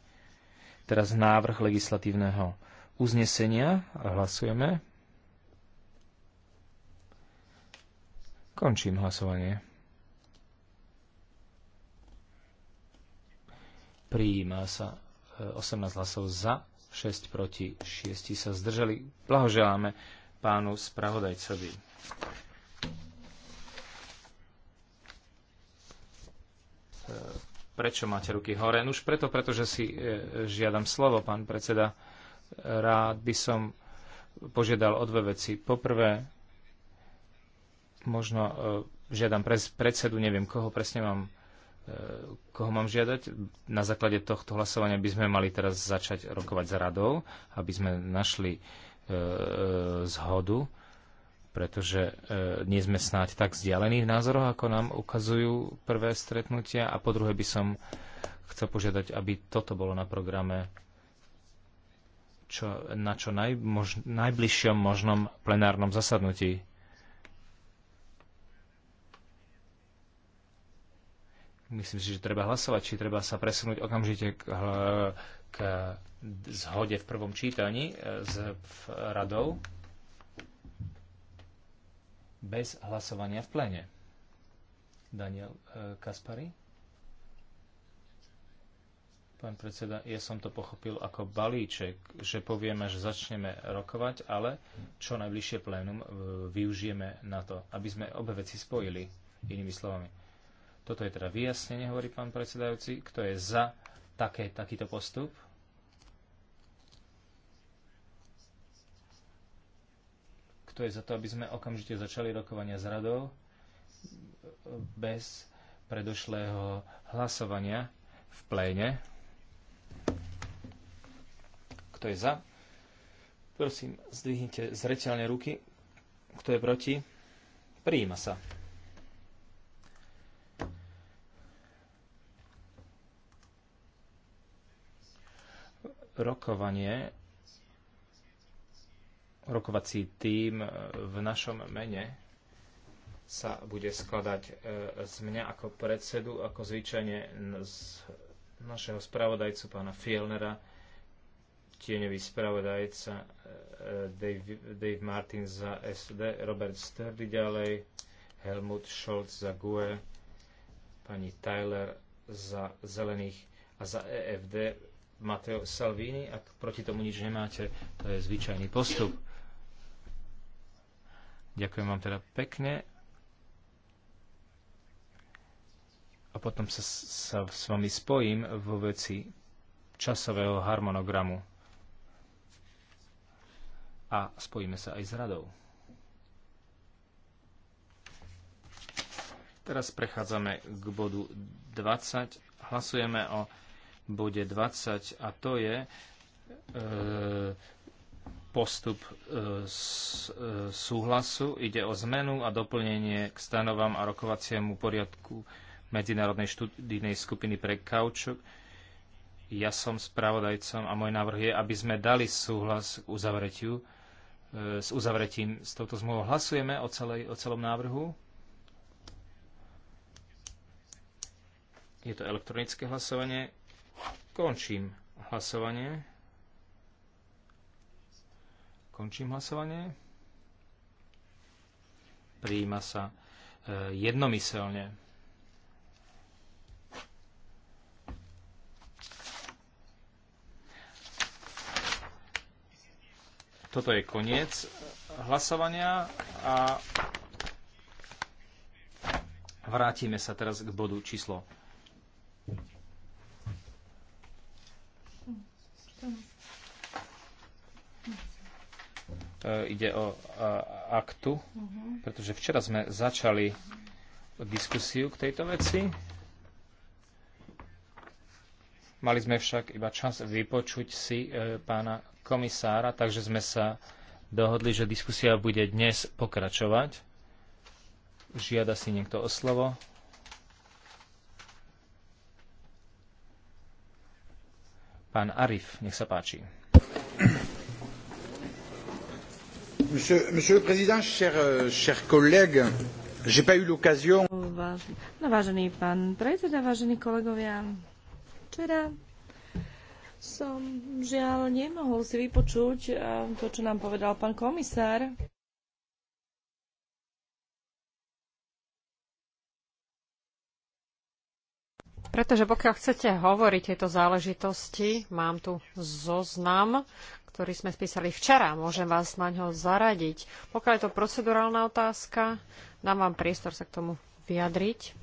S2: Teraz návrh legislatívneho uznesenia. Hlasujeme. Končím hlasovanie. Prijíma sa 18 e, hlasov za, 6 proti, 6 sa zdržali. Blahoželáme pánu spravodajcovi. E, prečo máte ruky hore? Už preto, pretože si e, žiadam slovo, pán predseda. Rád by som požiadal o dve veci. Poprvé, možno e, žiadam pre predsedu, neviem koho presne mám, e, koho mám žiadať. Na základe tohto hlasovania by sme mali teraz začať rokovať s radou, aby sme našli e, zhodu, pretože nie sme snáď tak vzdialení v názoroch, ako nám ukazujú prvé stretnutia. A po druhé by som chcel požiadať, aby toto bolo na programe čo, na čo najmož, najbližšom možnom plenárnom zasadnutí Myslím si, že treba hlasovať, či treba sa presunúť okamžite k, k zhode v prvom čítaní e, s radou bez hlasovania v plene. Daniel e, Kaspari. Pán predseda, ja som to pochopil ako balíček, že povieme, že začneme rokovať, ale čo najbližšie plénum e, využijeme na to, aby sme obe veci spojili, inými slovami. Toto je teda vyjasnenie, hovorí pán predsedajúci. Kto je za také, takýto postup? Kto je za to, aby sme okamžite začali rokovania s radou bez predošlého hlasovania v pléne? Kto je za? Prosím, zdvihnite zreteľne ruky. Kto je proti? Prijíma sa. rokovanie, rokovací tým v našom mene sa bude skladať e, z mňa ako predsedu, ako zvyčajne z našeho spravodajcu pána Fielnera, tieňový spravodajca e, Dave, Dave Martin za SD, Robert Sturdy ďalej, Helmut Scholz za GUE, pani Tyler za Zelených a za EFD Mateo Salvini, ak proti tomu nič nemáte, to je zvyčajný postup. Ďakujem vám teda pekne. A potom sa, sa s vami spojím vo veci časového harmonogramu. A spojíme sa aj s radou. Teraz prechádzame k bodu 20. Hlasujeme o bode 20 a to je e, postup e, s, e, súhlasu. Ide o zmenu a doplnenie k stanovám a rokovaciemu poriadku Medzinárodnej študijnej skupiny pre kaučuk. Ja som spravodajcom a môj návrh je, aby sme dali súhlas k uzavretiu e, s uzavretím s touto zmluvou. Hlasujeme o, celej, o celom návrhu. Je to elektronické hlasovanie. Končím hlasovanie. Končím hlasovanie. Prijíma sa e, jednomyselne. Toto je koniec hlasovania a vrátime sa teraz k bodu číslo E, ide o aktu, mhm. pretože včera sme začali diskusiu k tejto veci. Mali sme však iba čas vypočuť si e, pána komisára, takže sme sa dohodli, že diskusia bude dnes pokračovať. Žiada si niekto o slovo? Pán Arif, nech sa páči.
S1: Monsieur, monsieur le Président, chers, euh, chers collègues, j'ai pas eu l'occasion...
S4: No, vážený pán predseda, vážení kolegovia, včera som žiaľ nemohol si vypočuť eh, to, čo nám povedal pán komisár.
S3: Pretože pokiaľ chcete hovoriť tieto záležitosti, mám tu zoznam, ktorý sme spísali včera. Môžem vás na ňo zaradiť. Pokiaľ je to procedurálna otázka, dám vám priestor sa k tomu
S4: vyjadriť.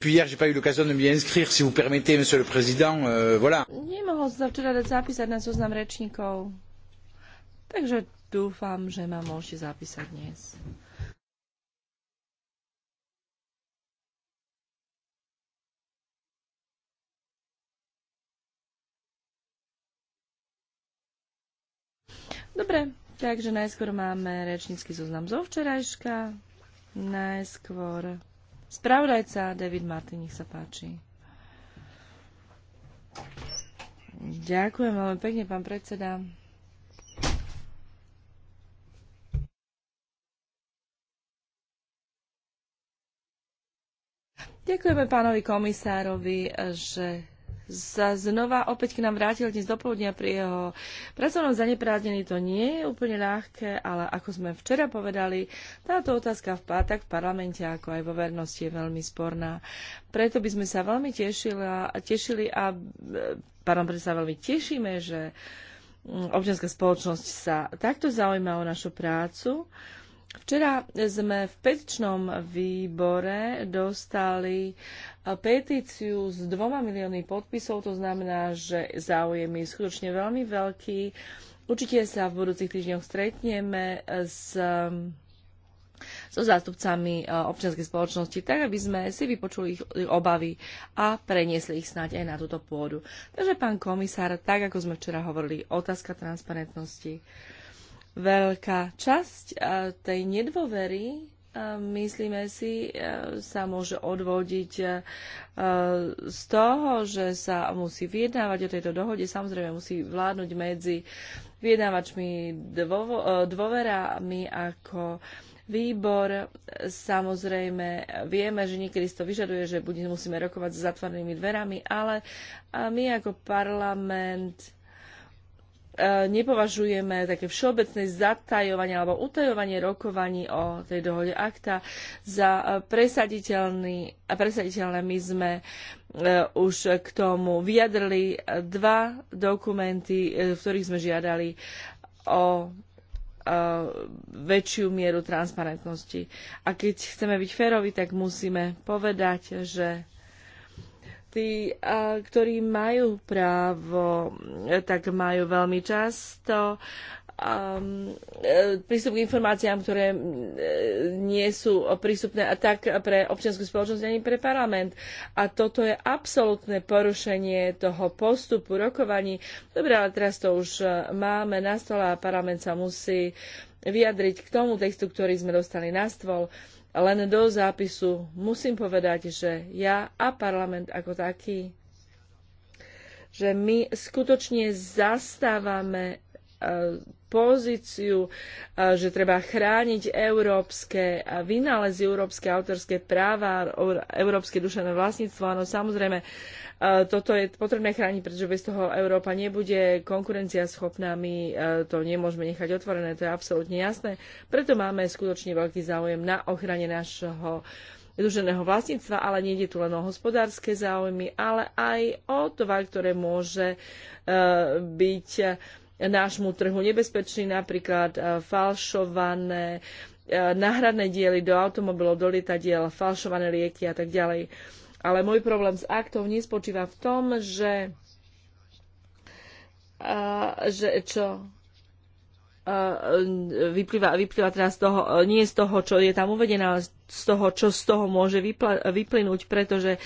S1: Puis hier, j'ai pas eu l'occasion de m'y inscrire, si vous permettez, Monsieur le Président, euh, voilà.
S4: Nemohol sa včera dať zapísať na zoznam rečníkov. Takže dúfam, že ma môžete zapísať dnes. Dobre, takže najskôr máme rečnícky zoznam zo včerajška. Najskôr spravodajca David Martin, nech sa páči. Ďakujem veľmi pekne, pán predseda. Ďakujeme pánovi komisárovi, že sa znova opäť k nám vrátil dnes do poludnia pri jeho pracovnom zaneprádnení To nie je úplne ľahké, ale ako sme včera povedali, táto otázka v pátak v parlamente ako aj vo vernosti je veľmi sporná. Preto by sme sa veľmi a, tešili a pardon, preto sa veľmi tešíme, že mm, občianská spoločnosť sa takto zaujíma o našu prácu Včera sme v petičnom výbore dostali eh, petíciu s dvoma miliónmi podpisov, to znamená, že záujem je skutočne veľmi veľký. Určite sa v budúcich týždňoch stretneme s eh, so zástupcami eh, občianskej spoločnosti, tak aby sme si vypočuli ich obavy a preniesli ich snáď aj na túto pôdu. Takže, pán komisár, tak ako sme včera hovorili, otázka transparentnosti veľká časť tej nedôvery, myslíme si, e, sa môže odvodiť e, z toho, že sa musí vyjednávať o tejto dohode. Samozrejme musí vládnuť medzi vyjednávačmi dôvo, e, dôverami ako výbor. Samozrejme, vieme, že niekedy si to vyžaduje, že musíme rokovať s zatvorenými dverami, ale my ako parlament E, nepovažujeme také všeobecné zatajovanie alebo utajovanie rokovaní o tej dohode akta za e, presaditeľný, presaditeľné. My sme e, už k tomu vyjadrili dva dokumenty, v ktorých sme žiadali o väčšiu mieru transparentnosti. A keď chceme byť férovi, tak musíme povedať, že tí, ktorí majú právo, e, tak majú veľmi často um, e, prístup k informáciám, ktoré e, nie sú prístupné a tak pre občianskú spoločnosť ani pre parlament. A toto je absolútne porušenie toho postupu rokovaní. Dobre, ale teraz to už máme na stole a parlament sa musí vyjadriť k tomu textu, ktorý sme dostali na stôl. Uh, len do zápisu musím povedať, že ja a parlament ako taký, že my skutočne zastávame e, pozíciu, e, že treba chrániť európske vynálezy, európske autorské práva, európske duševné vlastníctvo. Áno, samozrejme, toto je potrebné chrániť, pretože bez toho Európa nebude konkurencia schopná. My e, to nemôžeme nechať otvorené, to je absolútne jasné. Preto máme skutočne veľký záujem na ochrane nášho duševného vlastníctva, ale nie je tu len o hospodárske záujmy, ale aj o tovar, ktoré môže e, byť nášmu trhu nebezpečný, napríklad e, falšované náhradné diely do automobilov, do lietadiel, falšované lieky a tak ďalej. Ale môj problém s aktou nespočíva v tom, že, uh, že čo uh, vyplýva, vyplýva teda z toho, nie z toho, čo je tam uvedené, ale z toho, čo z toho môže vypla, vyplynúť, pretože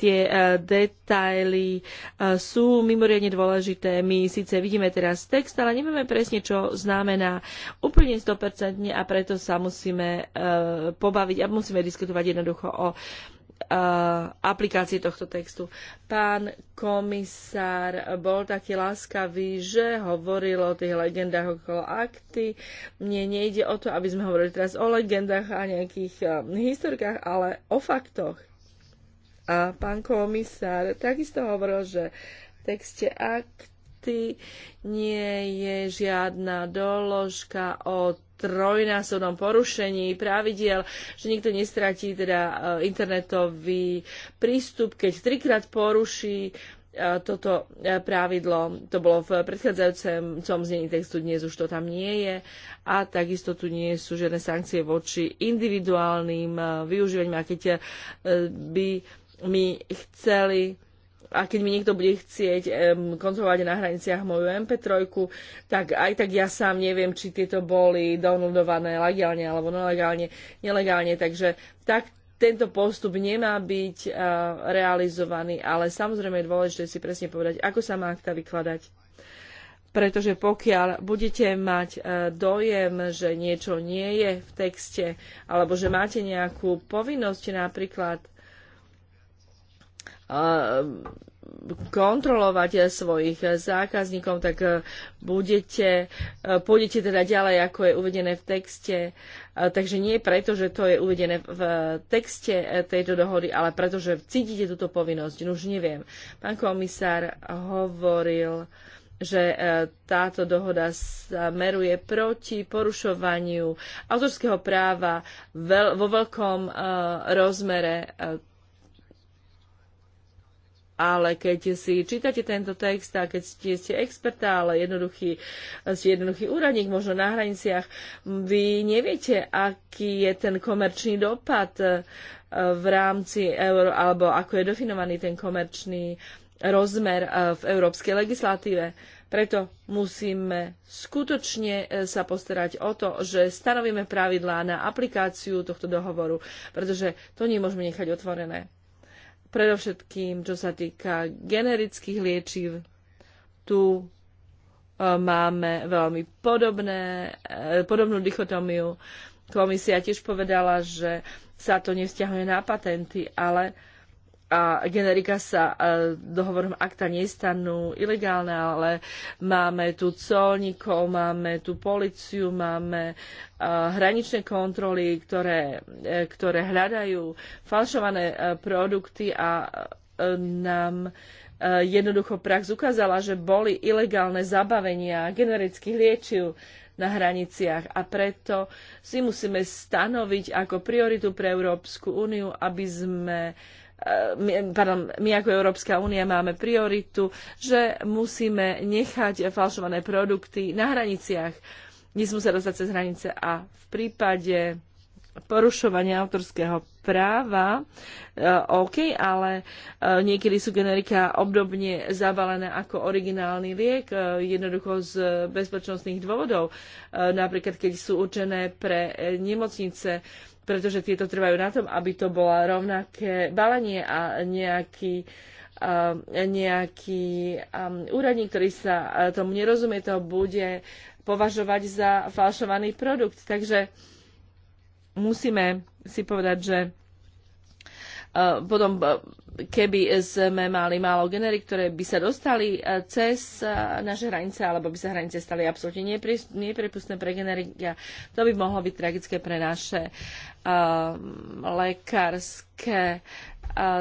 S4: tie uh, detaily uh, sú mimoriadne dôležité. My síce vidíme teraz text, ale nevieme presne, čo znamená úplne 100% a preto sa musíme uh, pobaviť a musíme diskutovať jednoducho o Eh, aplikácii tohto textu. Pán komisár bol taký láskavý, že hovoril o tých legendách okolo akty. Mne nejde o to, aby sme hovorili teraz o legendách a nejakých eh, historikách, ale o faktoch. A pán komisár takisto hovoril, že v texte akt fakty, nie je žiadna doložka o trojnásobnom porušení pravidiel, že nikto nestratí teda e, internetový prístup, keď trikrát poruší e, toto e, pravidlo, to bolo v predchádzajúcom znení textu, dnes už to tam nie je a takisto tu nie sú žiadne sankcie voči individuálnym využívaním a keď by my chceli a keď mi niekto bude chcieť um, kontrolovať na hraniciach moju MP3, tak aj tak ja sám neviem, či tieto boli downloadované legálne alebo nelegálne, nelegálne. Takže tak tento postup nemá byť uh, realizovaný, ale samozrejme je dôležité si presne povedať, ako sa má akta vykladať. Pretože pokiaľ budete mať uh, dojem, že niečo nie je v texte, alebo že máte nejakú povinnosť napríklad kontrolovať svojich zákazníkov, tak e, budete, e, pôjdete teda ďalej, ako je uvedené v texte. E, takže nie preto, že to je uvedené v texte tejto dohody, ale preto, že cítite túto povinnosť. No už neviem. Pán komisár hovoril, že táto dohoda smeruje proti porušovaniu autorského práva vo veľkom rozmere ale keď si čítate tento text a keď ste, ste experta, ale jednoduchý, ste jednoduchý úradník, možno na hraniciach, vy neviete, aký je ten komerčný dopad eh, v rámci eur, alebo ako je definovaný ten komerčný rozmer eh, v európskej legislatíve. Preto musíme skutočne eh, sa postarať o to, že stanovíme pravidlá na aplikáciu tohto dohovoru, pretože to nemôžeme nechať otvorené. Predovšetkým, čo sa týka generických liečiv, tu e, máme veľmi podobné, e, podobnú dichotómiu. Komisia tiež povedala, že sa to nevzťahuje na patenty, ale a generika sa e, dohovorom akta nestanú ilegálne, ale máme tu colníkov, máme tu policiu, máme e, hraničné kontroly, ktoré, e, ktoré hľadajú falšované produkty a nám jednoducho prax ukázala, že boli ilegálne zabavenia generických liečiv na hraniciach a preto si musíme stanoviť ako prioritu pre Európsku úniu, aby sme Eh, my, pardon, my ako Európska únia máme prioritu, že musíme nechať falšované produkty na hraniciach. Nesmú sa dostať cez hranice a v prípade porušovania autorského práva, eh, OK, ale eh, niekedy sú generika obdobne zabalené ako originálny liek, jednoducho z bezpečnostných dôvodov, napríklad keď sú určené pre nemocnice, pretože tieto trvajú na tom, aby to bola rovnaké balenie a nejaký nejaký úradník, ktorý sa tomu nerozumie, to bude považovať za falšovaný produkt. Takže musíme si povedať, že Eh, potom, eh, keby sme mali málo generík, ktoré by sa dostali eh, cez naše hranice, alebo by sa hranice stali absolútne nepripustné pre generiky, to by mohlo byť tragické pre naše lekárske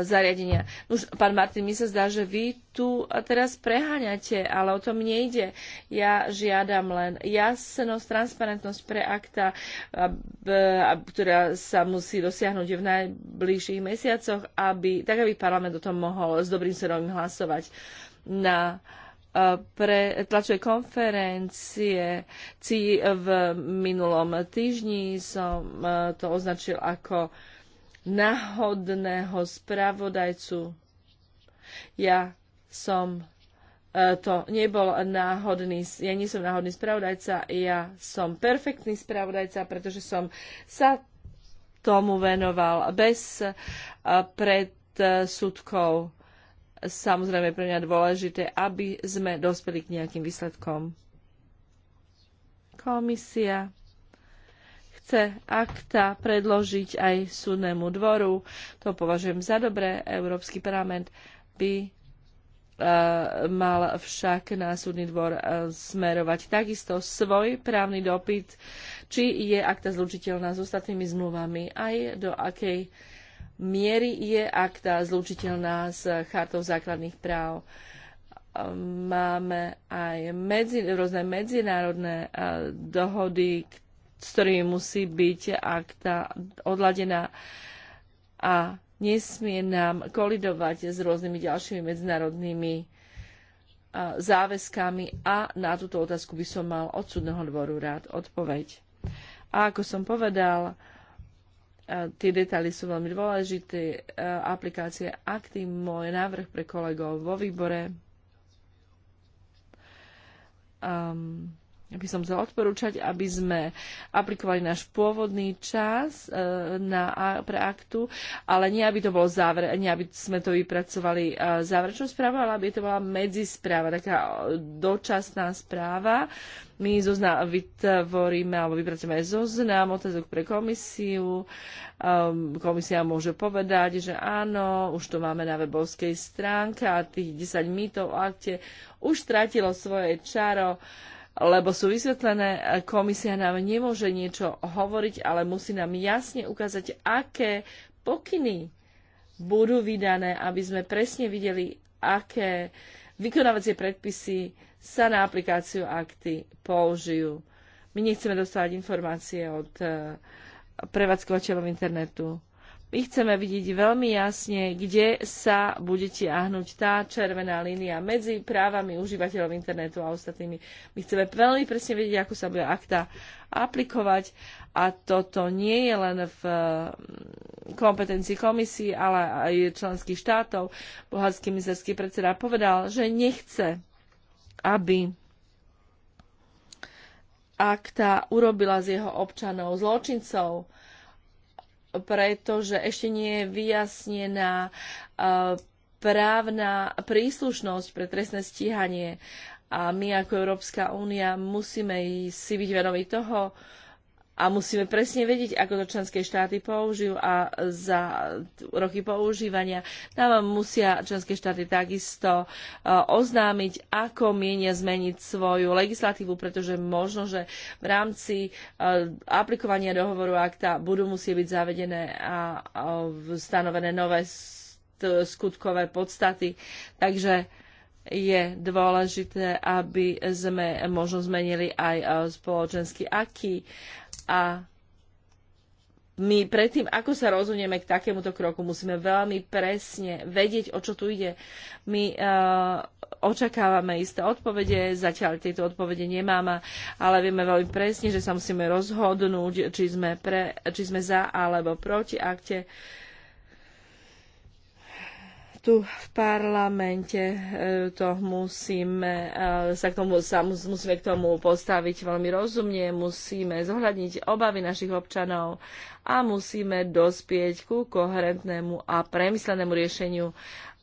S4: zariadenia. No už, pán Martin, mi sa zdá, že vy tu teraz preháňate, ale o tom nejde. Ja žiadam len jasnosť, transparentnosť pre akta, ktorá sa musí dosiahnuť v najbližších mesiacoch, aby, tak aby parlament o tom mohol s dobrým svedomím hlasovať na pre tlačové konferencie v minulom týždni som to označil ako uh, náhodného spravodajcu. Ja som e, to nebol náhodný, ja nie som náhodný spravodajca, ja som perfektný spravodajca, pretože som sa tomu venoval bez e, predsudkov. Samozrejme pre mňa dôležité, aby sme dospeli k nejakým výsledkom. Komisia chce akta predložiť aj súdnemu dvoru. To považujem za dobré. Európsky parlament by e, mal však na súdny dvor e, smerovať takisto svoj právny dopyt, či je akta zlučiteľná s ostatnými zmluvami, aj do akej miery je akta zlučiteľná s chartou základných práv. Máme aj medzi, rôzne medzinárodné e, dohody, s ktorými musí byť akta odladená a nesmie nám kolidovať s rôznymi ďalšími medzinárodnými záväzkami a na túto otázku by som mal od súdneho dvoru rád odpoveď. A ako som povedal, tie detaily sú veľmi dôležité. Aplikácie Akty, môj návrh pre kolegov vo výbore. Um, by som chcela odporúčať, aby sme aplikovali náš pôvodný čas e, na, pre aktu, ale nie aby to bolo záver, nie aby sme to vypracovali e, záverečnú správu, ale aby to bola medzispráva, taká e, dočasná správa. My zoznam vytvoríme alebo vypracujeme aj zoznam otázok pre komisiu. Ehm, komisia môže povedať, že áno, už to máme na webovskej stránke a tých 10 mýtov o akte už stratilo svoje čaro. Uh, lebo sú vysvetlené, komisia nám nemôže niečo hovoriť, ale musí nám jasne ukázať, aké pokyny budú vydané, aby sme presne videli, aké vykonávacie predpisy sa na aplikáciu akty použijú. My nechceme dostávať informácie od eh, prevádzkovateľov internetu. My chceme vidieť veľmi jasne, kde sa bude tiahnuť tá červená línia medzi právami užívateľov internetu a ostatnými. My chceme veľmi presne vedieť, ako sa bude akta aplikovať a toto nie je len v mm, kompetencii komisii, ale aj členských štátov. Bulharský ministerský predseda povedal, že nechce, aby akta urobila z jeho občanov zločincov, pretože ešte nie je vyjasnená e, právna príslušnosť pre trestné stíhanie. A my ako Európska únia musíme si byť vedomi toho, a musíme presne vedieť, ako to členské štáty použijú a za roky používania nám musia členské štáty takisto e, oznámiť, ako mienia zmeniť svoju legislatívu, pretože možno, že v rámci e, aplikovania dohovoru akta budú musieť byť zavedené a stanovené nové skutkové podstaty. Takže je dôležité, aby sme možno zmenili aj e, spoločenský aký a my predtým, ako sa rozhodneme k takémuto kroku, musíme veľmi presne vedieť, o čo tu ide. My uh, očakávame isté odpovede, zatiaľ tieto odpovede nemáme, ale vieme veľmi presne, že sa musíme rozhodnúť, či sme, pre, či sme za alebo proti akte. Uh, tu v parlamente e, to musíme, e, sa k tomu, sa musíme k tomu postaviť veľmi rozumne, musíme zohľadniť obavy našich občanov a musíme dospieť ku koherentnému a premyslenému riešeniu.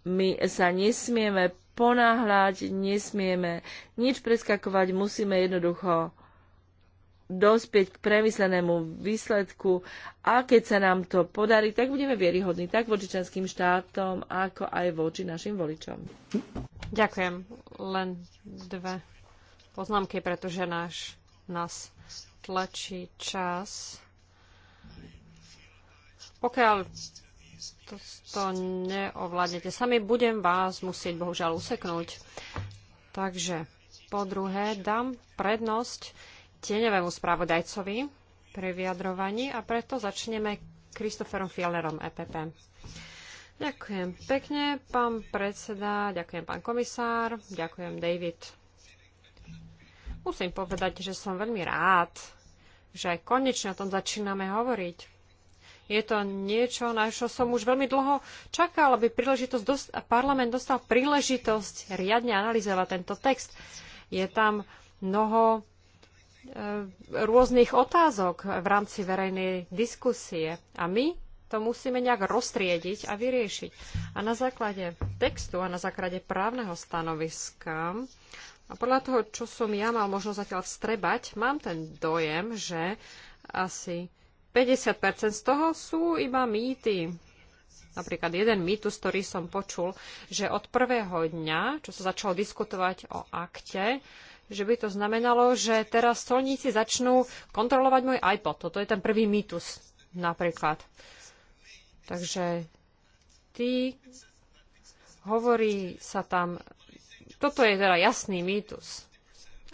S4: My sa nesmieme ponáhľať, nesmieme nič preskakovať, musíme jednoducho dospieť k premyslenému výsledku a keď sa nám to podarí, tak budeme vieryhodní tak voči členským štátom, ako aj voči našim voličom. Ďakujem. Len dve
S3: poznámky, pretože náš, nás tlačí čas. Pokiaľ to, to neovládnete sami, budem vás musieť bohužiaľ useknúť. Takže po druhé dám prednosť tieňovému spravodajcovi pre vyjadrovaní a preto začneme Kristoferom Fielerom EPP. Ďakujem pekne, pán predseda, ďakujem pán komisár, ďakujem David. Musím povedať, že som veľmi rád, že konečne o tom začíname hovoriť. Je to niečo, na čo som už veľmi dlho čakal, aby príležitosť dost- parlament dostal príležitosť riadne analyzovať tento text. Je tam mnoho E, rôznych otázok v rámci verejnej diskusie a my to musíme nejak roztriediť a vyriešiť. A na základe textu a na základe právneho stanoviska a podľa toho, čo som ja mal možno zatiaľ vstrebať, mám ten dojem, že asi 50% z toho sú iba mýty. Napríklad jeden mýtus, ktorý som počul, že od prvého dňa, čo sa začalo diskutovať o akte, že by to znamenalo, že teraz colníci začnú kontrolovať môj iPod. Toto je ten prvý mýtus napríklad. Takže tí hovorí sa tam, toto je teda jasný mýtus,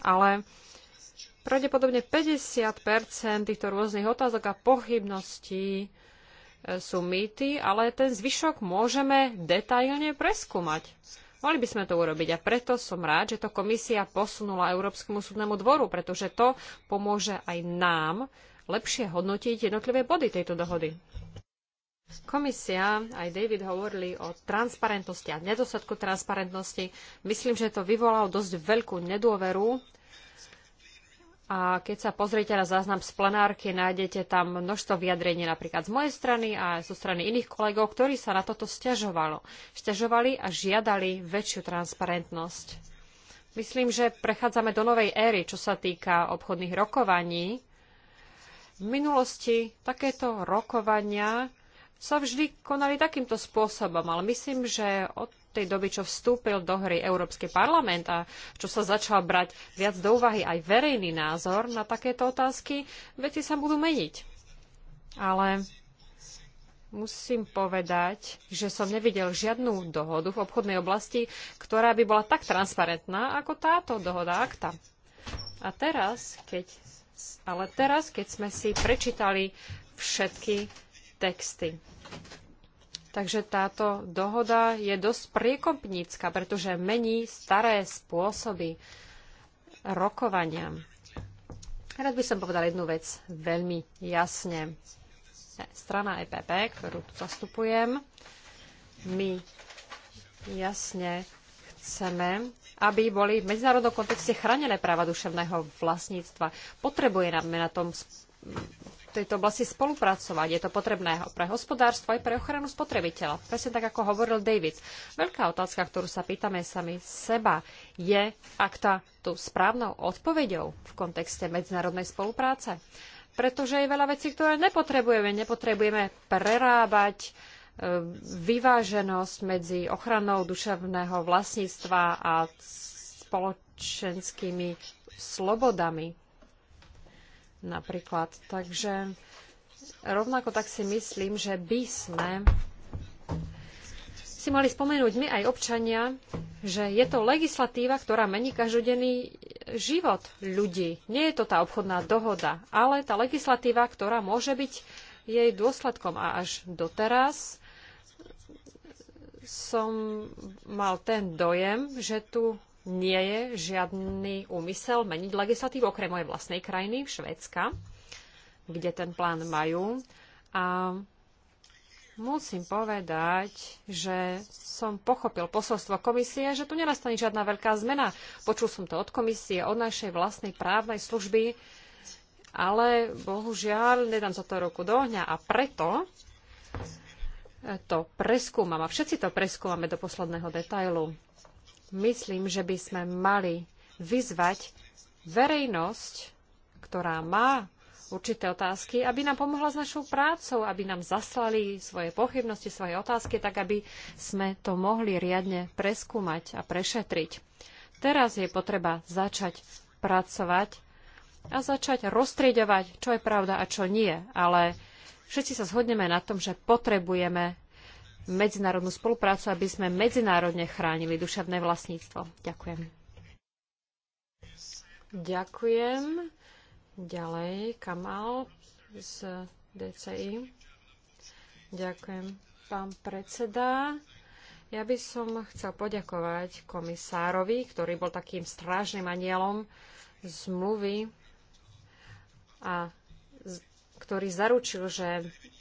S3: ale pravdepodobne 50% týchto rôznych otázok a pochybností e, sú mýty, ale ten zvyšok môžeme detailne preskúmať. Mali by sme to urobiť a preto som rád, že to komisia posunula Európskemu súdnemu dvoru, pretože to pomôže aj nám lepšie hodnotiť jednotlivé body tejto dohody. Komisia aj David hovorili o transparentnosti a nedostatku transparentnosti. Myslím, že to vyvolalo dosť veľkú nedôveru a keď sa pozriete na záznam z plenárky, nájdete tam množstvo vyjadrení napríklad z mojej strany a zo strany iných kolegov, ktorí sa na toto stiažovalo. Stiažovali a žiadali väčšiu transparentnosť. Myslím, že prechádzame do novej éry, čo sa týka obchodných rokovaní. V minulosti takéto rokovania sa vždy konali takýmto spôsobom, ale myslím, že od tej doby, čo vstúpil do hry Európsky parlament a čo sa začal brať viac do úvahy aj verejný názor na takéto otázky, veci sa budú meniť. Ale musím povedať, že som nevidel žiadnu dohodu v obchodnej oblasti, ktorá by bola tak transparentná ako táto dohoda akta. A teraz, keď, ale teraz, keď sme si prečítali všetky texty, Takže táto dohoda je dosť priekopnícka, pretože mení staré spôsoby rokovania. Rád by som povedal jednu vec veľmi jasne. Strana EPP, ktorú tu zastupujem, my jasne chceme, aby boli v medzinárodnom kontexte chránené práva duševného vlastníctva. Potrebujeme na tom tejto oblasti spolupracovať. Je to potrebné pre hospodárstvo aj pre ochranu spotrebiteľa. Presne tak, ako hovoril David. Veľká otázka, ktorú sa pýtame sami seba, je, ak tá tu správnou odpoveďou v kontexte medzinárodnej spolupráce. Pretože je veľa vecí, ktoré nepotrebujeme. Nepotrebujeme prerábať e, vyváženosť medzi ochranou duševného vlastníctva a spoločenskými slobodami napríklad. Takže rovnako tak si myslím, že by sme si mali spomenúť my aj občania, že je to legislatíva, ktorá mení každodenný život ľudí. Nie je to tá obchodná dohoda, ale tá legislatíva, ktorá môže byť jej dôsledkom. A až doteraz som mal ten dojem, že tu nie je žiadny úmysel meniť legislatívu okrem mojej vlastnej krajiny, Švédska, kde ten plán majú. A musím povedať, že som pochopil posolstvo komisie, že tu nenastane žiadna veľká zmena. Počul som to od komisie, od našej vlastnej právnej služby, ale bohužiaľ nedám za to roku do ohňa a preto to preskúmam a všetci to preskúmame do posledného detailu myslím, že by sme mali vyzvať verejnosť, ktorá má určité otázky, aby nám pomohla s našou prácou, aby nám zaslali svoje pochybnosti, svoje otázky, tak aby sme to mohli riadne preskúmať a prešetriť. Teraz je potreba začať pracovať a začať roztrieďovať, čo je pravda a čo nie. Ale všetci sa zhodneme na tom, že potrebujeme medzinárodnú spoluprácu, aby sme medzinárodne chránili duševné vlastníctvo. Ďakujem. Ďakujem. Ďalej Kamal z DCI. Ďakujem, pán predseda. Ja by som chcel poďakovať komisárovi, ktorý bol takým strážnym anielom zmluvy a ktorý zaručil, že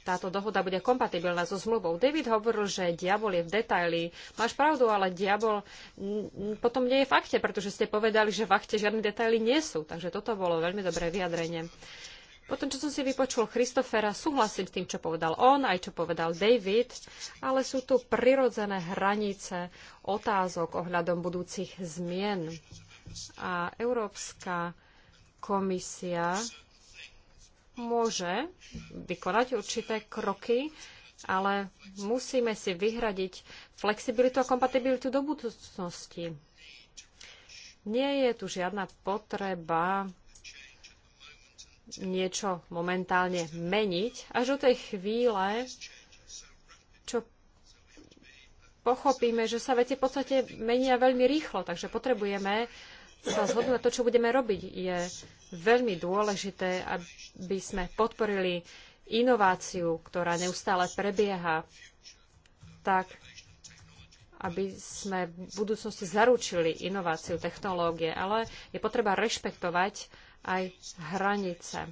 S3: táto dohoda bude kompatibilná so zmluvou. David hovoril, že diabol je v detaily. Máš pravdu, ale diabol potom nie je v akte, pretože ste povedali, že v akte žiadne detaily nie sú. Takže toto bolo veľmi dobré vyjadrenie. Potom, čo som si vypočul Christofera, súhlasím s tým, čo povedal on, aj čo povedal David, ale sú tu prirodzené hranice otázok ohľadom budúcich zmien. A Európska komisia môže vykonať určité kroky, ale musíme si vyhradiť flexibilitu a kompatibilitu do budúcnosti. Nie je tu žiadna potreba niečo momentálne meniť, až do tej chvíle, čo pochopíme, že sa veci v podstate menia veľmi rýchlo, takže potrebujeme sa zhodnú na to, čo budeme robiť. Je veľmi dôležité, aby sme podporili inováciu, ktorá neustále prebieha, tak aby sme v budúcnosti zaručili inováciu technológie, ale je potreba rešpektovať aj hranice.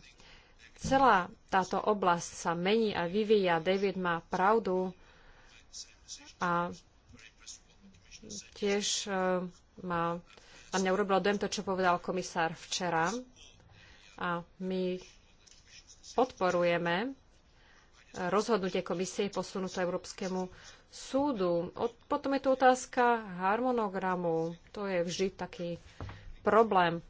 S3: Celá táto oblasť sa mení a vyvíja. David má pravdu a tiež e, má na mňa urobilo dojem to, čo povedal komisár včera. A my podporujeme rozhodnutie komisie posunúť to Európskemu súdu. Od, potom je tu otázka harmonogramu. To je vždy taký problém.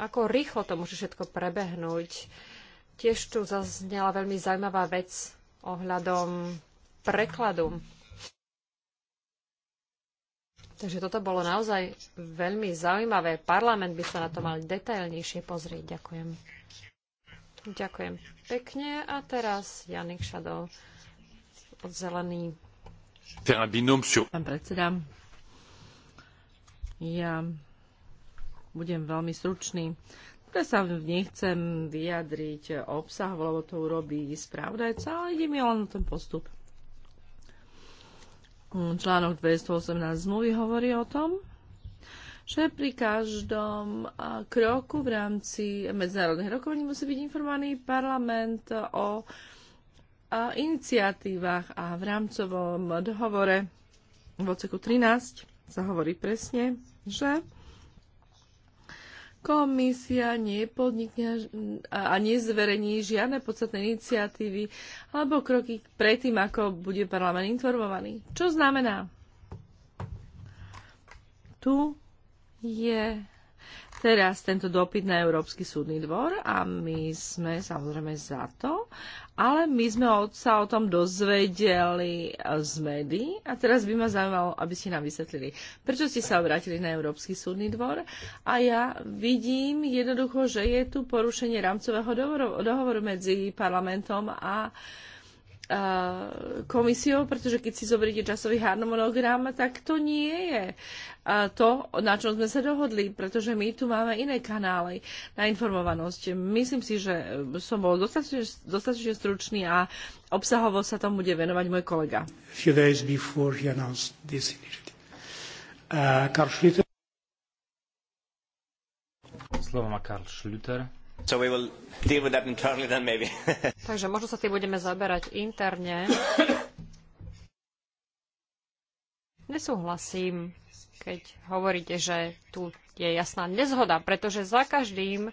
S3: Ako rýchlo to môže všetko prebehnúť. Tiež tu zaznela veľmi zaujímavá vec ohľadom prekladu. Takže toto bolo naozaj veľmi zaujímavé. Parlament by sa na to mal detailnejšie pozrieť. Ďakujem. Ďakujem pekne. A teraz Janik Šadov od Zelený.
S4: Pán predseda, ja budem veľmi stručný. Ja sa nechcem vyjadriť obsah, lebo to urobí spravodajca, ale ide mi len o ten postup. Článok 218 zmluvy hovorí o tom, že pri každom kroku v rámci medzinárodných rokovaní musí byť informovaný parlament o iniciatívach a v rámcovom dohovore v oceku 13 sa hovorí presne, že komisia nepodnikne a nezverejní žiadne podstatné iniciatívy alebo kroky predtým, ako bude parlament informovaný. Čo znamená? Tu je teraz tento dopyt na Európsky súdny dvor a my sme samozrejme za to, ale my sme sa o tom dozvedeli eh, z médií a teraz by ma zaujímalo, aby ste nám vysvetlili, prečo ste sa obrátili na Európsky súdny dvor a ja vidím jednoducho, že je tu porušenie rámcového dohovoru, medzi parlamentom a uh, komisiou, pretože keď si zoberiete časový harmonogram, tak to nie je to, na čom sme sa dohodli, pretože my tu máme iné kanály na informovanosť. Myslím si, že som bol dostatočne, dostatočne stručný a obsahovo sa tomu bude venovať môj kolega. Uh,
S2: Slovo má Karl Schlüter. So we will deal with that internally then maybe. Takže možno sa
S3: tým budeme zaberať interne. Nesúhlasím, keď hovoríte, že tu je jasná nezhoda, pretože za každým,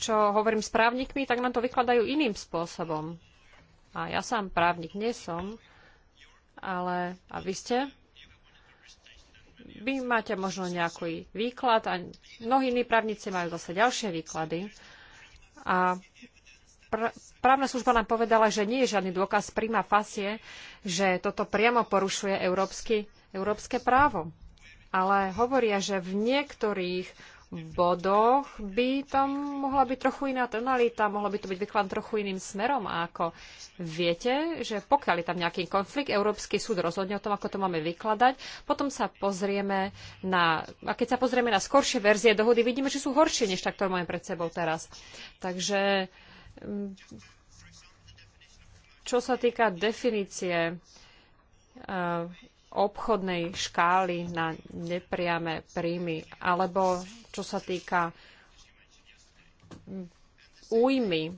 S3: čo hovorím s právnikmi, tak nám to vykladajú iným spôsobom. A ja sám právnik nie som, ale a vy ste? Vy máte možno nejaký výklad a mnohí iní právnici majú zase ďalšie výklady. A pr- právna služba nám povedala, že nie je žiadny dôkaz prima facie, že toto priamo porušuje európsky, európske právo. Ale hovoria, že v niektorých bodoch by tam mohla byť trochu iná tonalita, mohla by to byť vykladané trochu iným smerom. A ako viete, že pokiaľ je tam nejaký konflikt, Európsky súd rozhodne o tom, ako to máme vykladať. Potom sa pozrieme na, a keď sa pozrieme na skoršie verzie dohody, vidíme, že sú horšie, než tak, ktoré máme pred sebou teraz. Takže mm, čo sa týka definície, eh, obchodnej škály na nepriame príjmy, alebo čo sa týka újmy.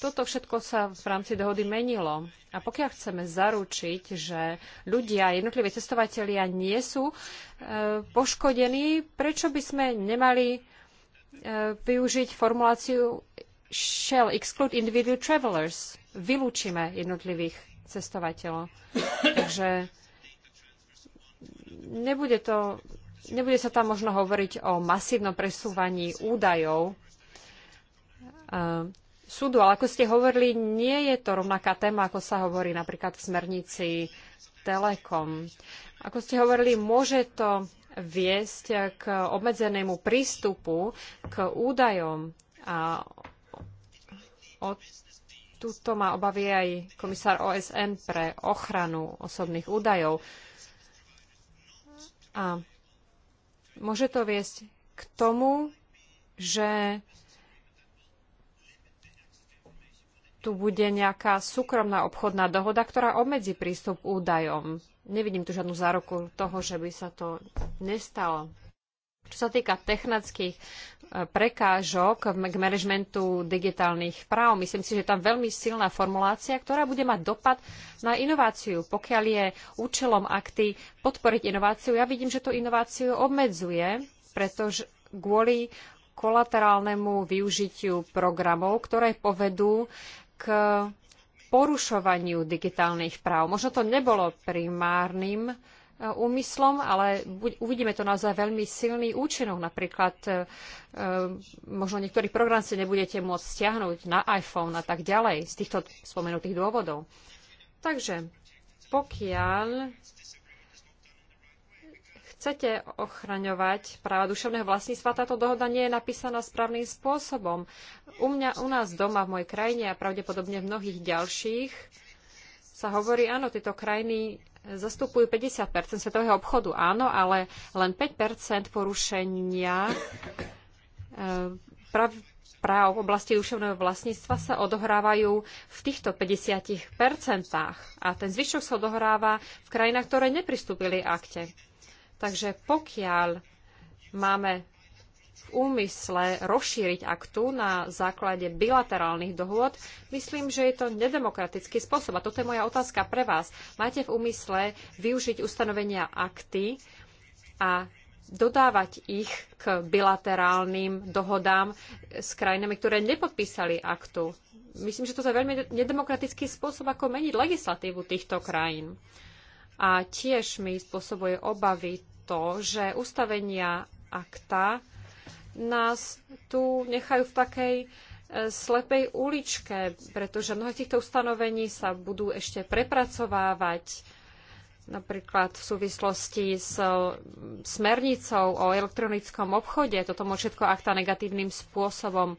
S3: Toto všetko sa v rámci dohody menilo. A pokiaľ chceme zaručiť, že ľudia, jednotliví cestovatelia nie sú e, poškodení, prečo by sme nemali e, využiť formuláciu shall exclude individual travelers? Vylúčime jednotlivých cestovateľov. Takže nebude, to, nebude sa tam možno hovoriť o masívnom presúvaní údajov súdu, ale ako ste hovorili, nie je to rovnaká téma, ako sa hovorí napríklad v smernici Telekom. Ako ste hovorili, môže to viesť k obmedzenému prístupu k údajom a o tuto má obavy aj komisár OSN pre ochranu osobných údajov. A môže to viesť k tomu, že tu bude nejaká súkromná obchodná dohoda, ktorá obmedzi prístup k údajom. Nevidím tu žiadnu záruku toho, že by sa to nestalo. Čo sa týka technických e, prekážok k manažmentu digitálnych práv, myslím si, že je tam veľmi silná formulácia, ktorá bude mať dopad na inováciu. Pokiaľ je účelom akty podporiť inováciu, ja vidím, že to inováciu obmedzuje, pretože kvôli kolaterálnemu využitiu programov, ktoré povedú k porušovaniu digitálnych práv. Možno to nebolo primárnym úmyslom, ale uvidíme to naozaj veľmi silný účinok. Napríklad e, e, možno niektorý program si nebudete môcť stiahnuť na iPhone a tak ďalej z týchto spomenutých dôvodov. Takže pokiaľ chcete ochraňovať práva duševného vlastníctva, táto dohoda nie je napísaná správnym spôsobom. U mňa, u nás doma, v mojej krajine a pravdepodobne v mnohých ďalších sa hovorí, áno, tieto krajiny zastupujú 50 svetového obchodu, áno, ale len 5 porušenia eh, prav, práv v oblasti duševného vlastníctva sa odohrávajú v týchto 50 A ten zvyšok sa odohráva v krajinách, ktoré nepristúpili akte. Takže pokiaľ máme v úmysle rozšíriť aktu na základe bilaterálnych dohôd, myslím, že je to nedemokratický spôsob. A toto je moja otázka pre vás. Máte v úmysle využiť ustanovenia akty a dodávať ich k bilaterálnym dohodám s krajinami, ktoré nepodpísali aktu. Myslím, že toto je veľmi nedemokratický spôsob, ako meniť legislatívu týchto krajín. A tiež mi spôsobuje obavy to, že ustavenia akta nás tu nechajú v takej e, slepej uličke, pretože mnohé týchto ustanovení sa budú ešte prepracovávať napríklad v súvislosti s e, smernicou o elektronickom obchode. Toto môže všetko akta negatívnym spôsobom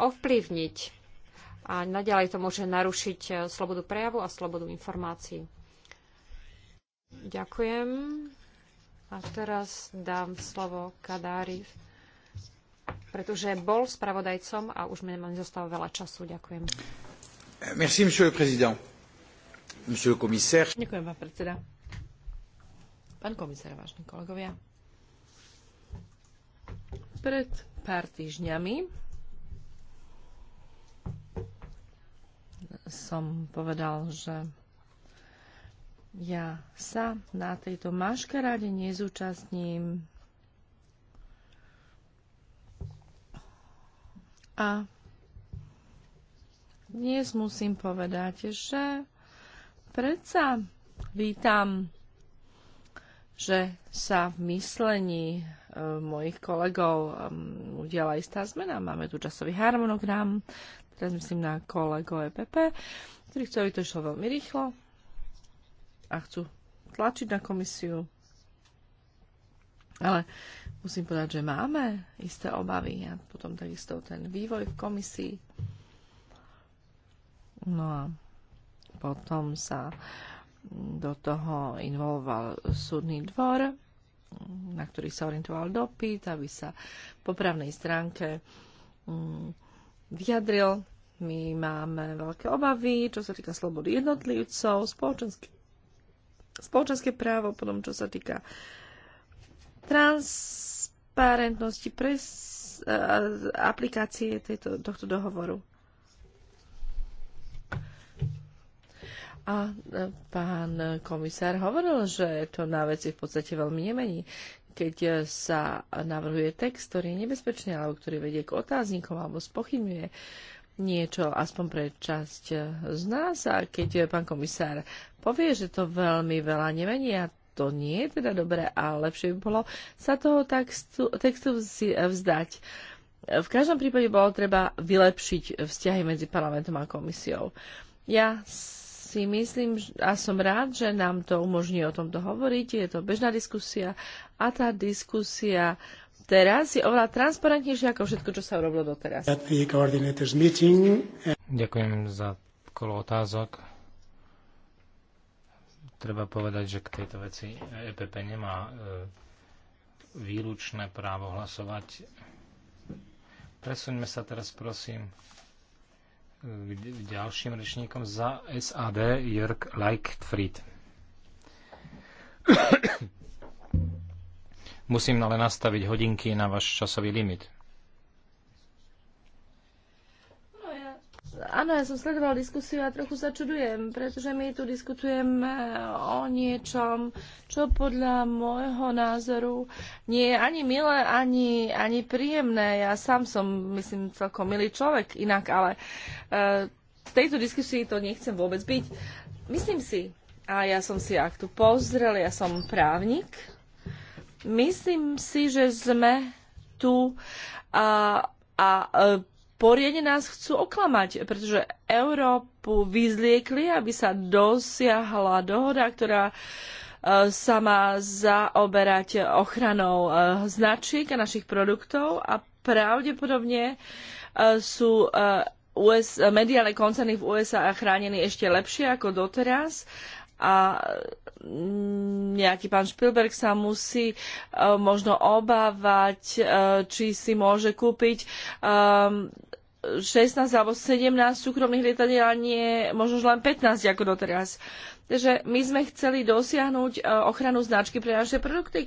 S3: ovplyvniť a naďalej to môže narušiť e, slobodu prejavu a slobodu informácií. Ďakujem. A teraz dám slovo Kadári pretože bol spravodajcom a už mi nezostalo veľa času. Ďakujem.
S1: Merci, monsieur le président. Monsieur le commissaire.
S4: Ďakujem, pán predseda. Pán komisár, vážení kolegovia. Pred pár týždňami som povedal, že ja sa na tejto maškaráde nezúčastním A dnes musím povedať, že predsa vítam, že sa v myslení e, mojich kolegov udiela istá zmena. Máme tu časový harmonogram, teraz myslím na kolego EPP, ktorý chcú, aby to išlo veľmi rýchlo a chcú tlačiť na komisiu ale musím povedať, že máme isté obavy a potom takisto ten vývoj v komisii. No a potom sa do toho involoval súdny dvor, na ktorý sa orientoval dopyt, aby sa po právnej stránke mm, vyjadril. My máme veľké obavy, čo sa týka slobody jednotlivcov, spoločenské, spoločenské právo, potom čo sa týka uh, transparentnosti pre aplikácie tejto, tohto dohovoru. A pán komisár hovoril, že to na veci v podstate veľmi nemení, keď sa navrhuje text, ktorý je nebezpečný, alebo ktorý vedie k otáznikom alebo spochybňuje niečo, aspoň pre časť z nás. A keď pán komisár povie, že to veľmi veľa nemení a to nie je teda dobré a lepšie by bolo sa toho textu, textu vzdať. V každom prípade bolo treba vylepšiť vzťahy medzi parlamentom a komisiou. Ja si myslím a som rád, že nám to umožní o tomto hovoriť. Je to bežná diskusia a tá diskusia teraz je oveľa transparentnejšia ako všetko, čo sa urobilo doteraz.
S2: Ďakujem za kolo otázok. Treba povedať, že k tejto veci EPP nemá e, výlučné právo hlasovať. Presuňme sa teraz, prosím, k ďalším rečníkom za SAD Jörg Leichtfried. Musím ale nastaviť hodinky na váš časový limit.
S4: áno, ja som sledoval diskusiu a trochu sa čudujem, pretože my tu diskutujeme eh, o niečom, čo podľa môjho názoru nie je ani milé, ani, ani príjemné. Ja sám som, myslím, celkom milý človek inak, ale uh, v tejto diskusii to nechcem vôbec byť. Myslím si, a ja som si aktu pozrel, ja som právnik, myslím si, že sme tu a, a eh, poriadne nás chcú oklamať, pretože Európu vyzliekli, aby sa dosiahla dohoda, ktorá e, sa má zaoberať ochranou e, značiek a našich produktov a pravdepodobne e, sú US, mediálne koncerny v USA chránení ešte lepšie ako doteraz a mm, nejaký pán Spielberg sa musí možno obávať, či si môže kúpiť 16 alebo 17 súkromných lietadiel a nie možno len 15 ako doteraz. Takže my sme chceli dosiahnuť e, ochranu značky pre naše produkty. E,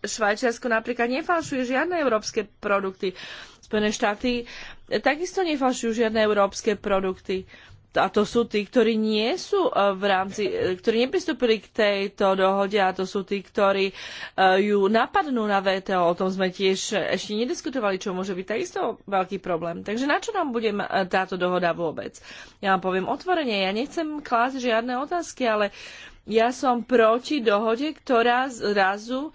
S4: Švajčiarsko napríklad nefalšuje žiadne európske produkty. Spojené štáty takisto nefalšujú žiadne európske produkty a to sú tí, ktorí nie sú e, v rámci, e, ktorí nepristúpili k tejto dohode a to sú tí, ktorí e, ju napadnú na VTO. O tom sme tiež ešte nediskutovali, čo môže byť takisto veľký problém. Takže na čo nám bude táto dohoda vôbec? Ja vám poviem otvorene, ja nechcem klásť žiadne otázky, ale ja som proti dohode, ktorá zrazu uh,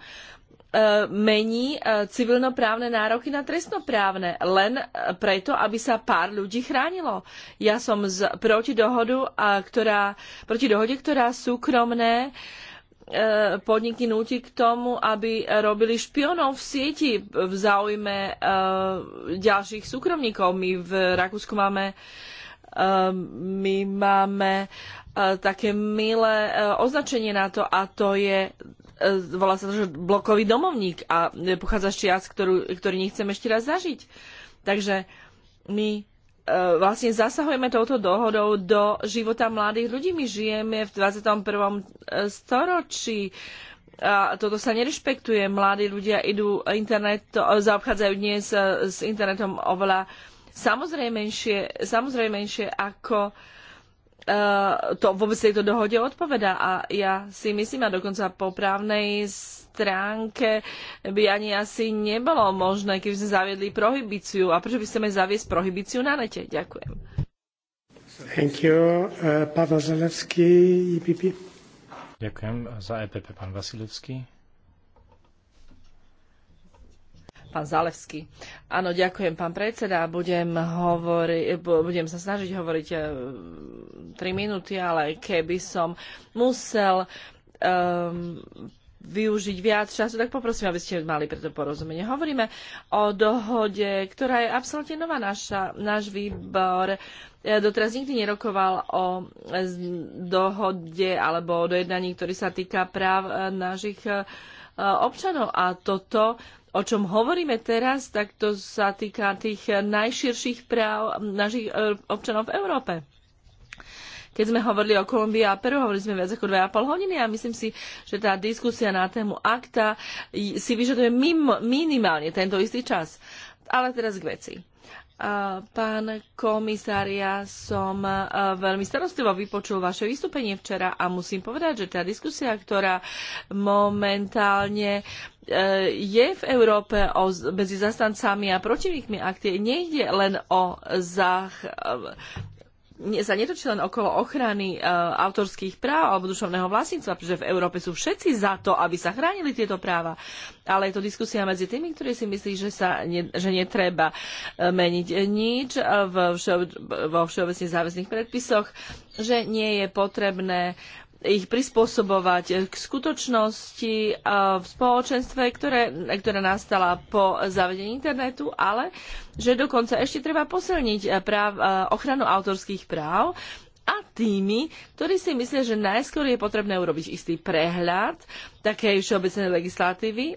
S4: E, mení e, civilnoprávne nároky na trestnoprávne len e, preto, aby sa pár ľudí chránilo. Ja som z, proti, dohodu, ktorá, proti dohode, ktorá súkromné podniky núti k tomu, aby robili špionov v sieti v záujme ďalších súkromníkov. My v Rakúsku máme my máme také milé označenie na to a to je E, volá sa to, že blokový domovník a pochádza z čias, ktorú, ktorý nechcem ešte raz zažiť. Takže my e, vlastne zasahujeme touto dohodou do života mladých ľudí. My žijeme v 21. E, storočí. A toto sa nerešpektuje. Mladí ľudia idú internet, zaobchádzajú dnes s internetom oveľa samozrejmenšie, samozrejmenšie ako Eh, to vôbec tejto dohode odpoveda A ja si myslím, a dokonca po právnej stránke by ani asi nebolo možné, keby sme zaviedli prohibíciu. A prečo by sme zaviesť prohibíciu na nete? Ďakujem.
S1: Thank you. Uh, Pavel Zalewski, EPP.
S2: Ďakujem za EPP, pán Vasilevský.
S4: pán Zalevský. Áno, ďakujem, pán predseda. Budem, hovori, budem sa snažiť hovoriť 3 eh, minúty, ale keby som musel um, využiť viac času, tak poprosím, aby ste mali preto porozumenie. Hovoríme o dohode, ktorá je absolútne nová. Naša, náš výbor eh, doteraz nikdy nerokoval o dohode alebo o dojednaní, ktorý sa týka práv eh, našich občanov. A toto o čom hovoríme teraz, tak to sa týka tých najširších práv našich e, občanov v Európe. Keď sme hovorili o Kolumbii a Peru, hovorili sme viac ako 2,5 hodiny a myslím si, že tá diskusia na tému akta si vyžaduje mim, minimálne tento istý čas. Ale teraz k veci. Pán komisár, ja som e, veľmi starostlivo vypočul vaše vystúpenie včera a musím povedať, že tá diskusia, ktorá momentálne Eh, je v Európe o, medzi zastancami a protivníkmi aktie. Nejde len o eh, ne, sa netočí len okolo ochrany eh, autorských práv alebo duševného vlastníctva, pretože v Európe sú všetci za to, aby sa chránili tieto práva. Ale je to diskusia medzi tými, ktorí si myslí, že, sa ne, že netreba meniť nič vo, vo všeobecne záväzných predpisoch, že nie je potrebné ich prispôsobovať eh, k skutočnosti eh, v spoločenstve, ktoré, ktorá nastala po zavedení internetu, ale že dokonca ešte treba posilniť eh, práv, ochranu autorských práv a tými, ktorí si myslia, že najskôr je potrebné urobiť istý prehľad také všeobecnej legislatívy, e,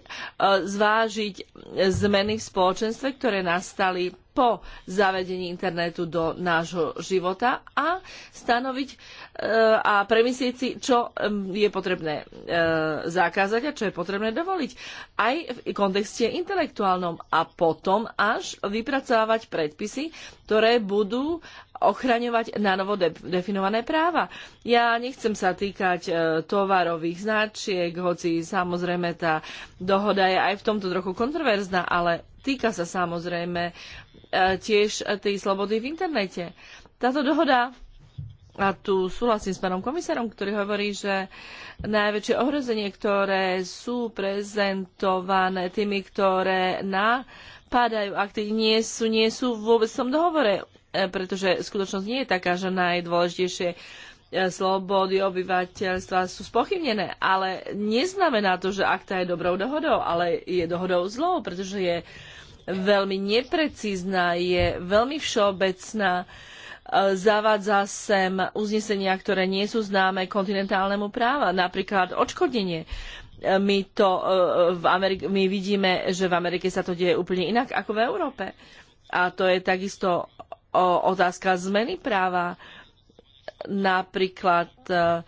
S4: zvážiť zmeny v spoločenstve, ktoré nastali po zavedení internetu do nášho života a stanoviť e, a premyslieť si, čo je potrebné e, zakázať a čo je potrebné dovoliť. Aj v kontexte intelektuálnom a potom až vypracovať predpisy, ktoré budú ochraňovať na novo de- definované práva. Ja nechcem sa týkať e, tovarových značiek, hoci samozrejme tá dohoda je aj v tomto trochu kontroverzná, ale týka sa samozrejme e, tiež tej slobody v internete. Táto dohoda a tu súhlasím s pánom komisárom, ktorý hovorí, že najväčšie ohrozenie, ktoré sú prezentované tými, ktoré napadajú tie nie sú, nie sú vôbec v tom dohovore. E, pretože skutočnosť nie je taká, že najdôležitejšie e, slobody obyvateľstva sú spochybnené, ale neznamená to, že akta je dobrou dohodou, ale je dohodou zlou, pretože je veľmi neprecízna, je veľmi všeobecná, e, zavádza sem uznesenia, ktoré nie sú známe kontinentálnemu práva, napríklad odškodnenie. My, to, v Amerike, my vidíme, že v Amerike sa to deje úplne inak ako v Európe. A to je takisto otázka zmeny práva. Napríklad, e,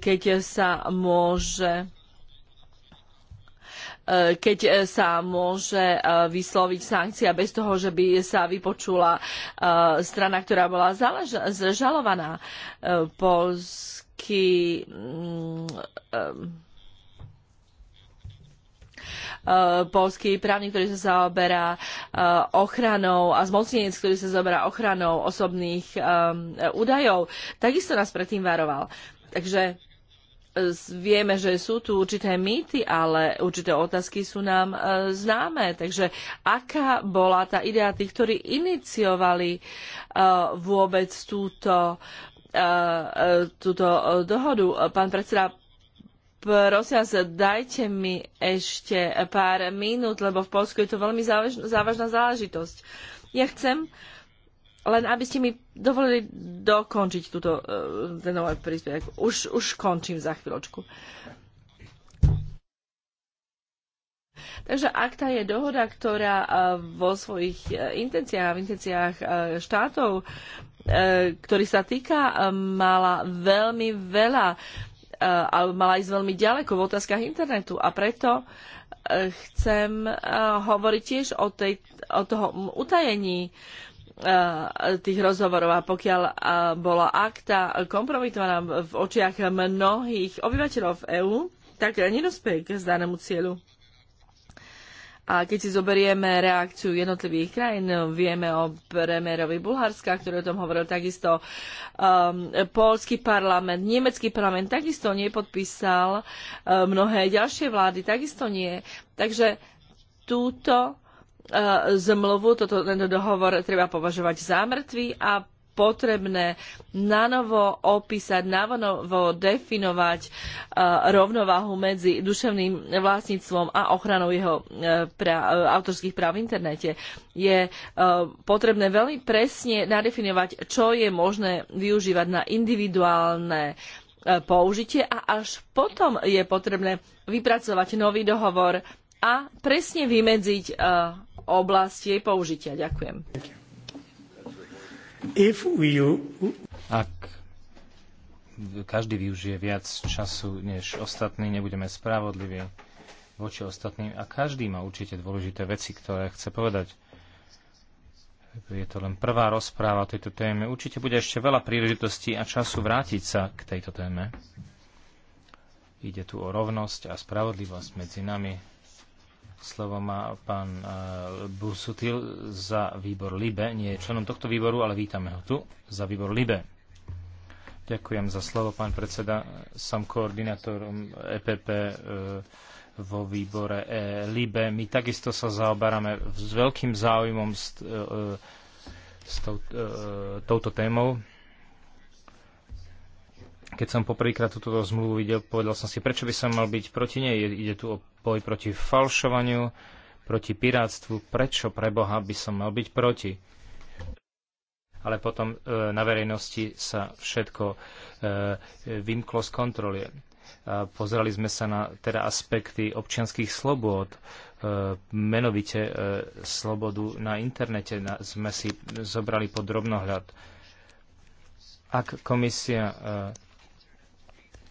S4: keď sa môže e, keď sa môže e, vysloviť sankcia bez toho, že by sa vypočula strana, ktorá bola zžalovaná. polsky. Mm, E, polský právnik, ktorý sa zaoberá e, ochranou a zmocnenec, ktorý sa zaoberá ochranou osobných e, údajov, takisto nás predtým varoval. Takže vieme, že sú tu určité mýty, ale určité otázky sú nám e, známe. Takže aká bola tá idea tých, ktorí iniciovali e, vôbec túto, e, túto dohodu? Pán predseda Prosím vás, dajte mi ešte pár minút, lebo v Polsku je to veľmi závaž, závažná záležitosť. Ja chcem len, aby ste mi dovolili dokončiť túto, e, ten nový príspevok. Už, už končím za chvíľočku. Takže akta je dohoda, ktorá e, vo svojich e, intenciách, v intenciách štátov, ktorý sa týka, mala veľmi veľa Eh, alebo mala ísť veľmi ďaleko v otázkach internetu. A preto eh, chcem eh, hovoriť tiež o, tej, o toho utajení tých rozhovorov a pokiaľ bola akta kompromitovaná v očiach mnohých obyvateľov EÚ, tak nedospej k zdanému cieľu. A keď si zoberieme reakciu jednotlivých krajín, vieme o premiérovi Bulharska, ktorý o tom hovoril takisto, um, polský parlament, nemecký parlament takisto nepodpísal, um, mnohé ďalšie vlády takisto nie. Takže túto uh, zmluvu, toto, tento dohovor treba považovať za mŕtvý a potrebné nanovo opísať, nanovo definovať e, rovnováhu medzi duševným vlastníctvom a ochranou jeho e, pra, e, autorských práv v internete. Je potrebné veľmi presne nadefinovať, čo je možné využívať na individuálne použitie a až potom je potrebné vypracovať nový dohovor a presne vymedziť oblasti jej použitia. Ďakujem.
S2: Ak každý využije viac času než ostatní, nebudeme spravodliví voči ostatným a každý má určite dôležité veci, ktoré chce povedať. Je to len prvá rozpráva o tejto téme. Určite bude ešte veľa príležitostí a času vrátiť sa k tejto téme. Ide tu o rovnosť a spravodlivosť medzi nami Slovo má pán eh, Busutil za výbor LIBE. Nie je členom tohto výboru, ale vítame ho tu za výbor LIBE. Ďakujem za slovo, pán predseda. Som koordinátorom EPP eh, vo výbore e LIBE. My takisto sa zaoberáme s veľkým záujmom s, s tou, touto témou keď som poprvýkrát túto zmluvu videl, povedal som si, prečo by som mal byť proti nej. Ide tu o boj proti falšovaniu, proti pirátstvu. Prečo pre Boha by som mal byť proti? Ale potom e, na verejnosti sa všetko e, vymklo z kontroly. A pozerali sme sa na teda aspekty občianských slobôd, e, menovite e, slobodu na internete na, sme si zobrali pod drobnohľad. Ak komisia e,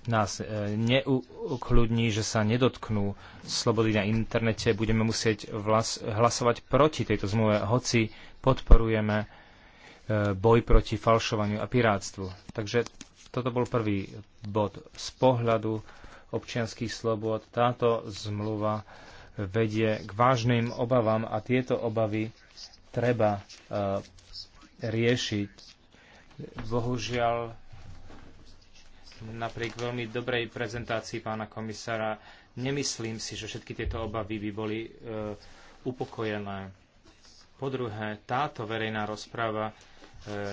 S2: nás e, neukludní, že sa nedotknú slobody na internete, budeme musieť vlas- hlasovať proti tejto zmluve, hoci podporujeme e, boj proti falšovaniu a pirátstvu. Takže toto bol prvý bod z pohľadu občianských slobod. Táto zmluva vedie k vážnym obavám a tieto obavy treba e, riešiť. Bohužiaľ, napriek veľmi dobrej prezentácii pána komisára, nemyslím si, že všetky tieto obavy by boli e, upokojené. Po druhé, táto verejná rozprava e,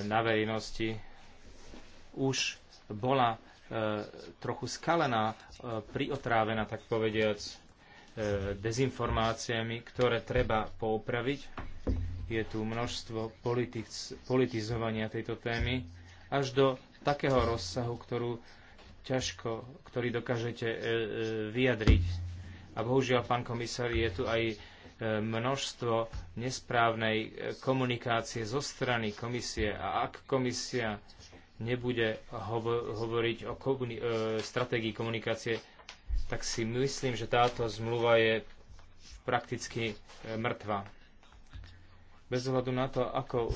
S2: na verejnosti už bola e, trochu skalená, e, priotrávená, tak povediac, e, dezinformáciami, ktoré treba poupraviť. Je tu množstvo politiz- politizovania tejto témy až do takého rozsahu, ktorú ťažko, ktorý dokážete e, e, vyjadriť. A bohužiaľ, pán komisár, je tu aj e, množstvo nesprávnej komunikácie zo strany komisie. A ak komisia nebude hovoriť o komuni- stratégii komunikácie, tak si myslím, že táto zmluva je prakticky mŕtva bez ohľadu na to, ako e, e,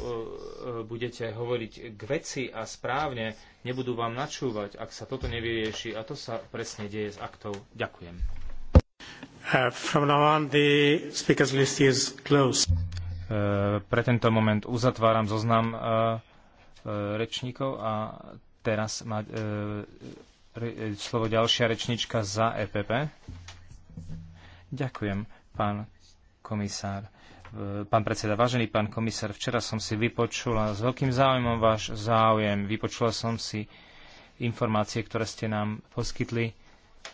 S2: budete hovoriť k veci a správne, nebudú vám načúvať, ak sa toto nevyrieši. A to sa presne deje s aktou. Ďakujem. Uh, uh, pre tento moment uzatváram zoznam uh, rečníkov a teraz má e, slovo ďalšia rečníčka za EPP. Ďakujem, pán komisár pán predseda, vážený pán komisár, včera som si vypočula s veľkým záujmom váš záujem, vypočula som si informácie, ktoré ste nám poskytli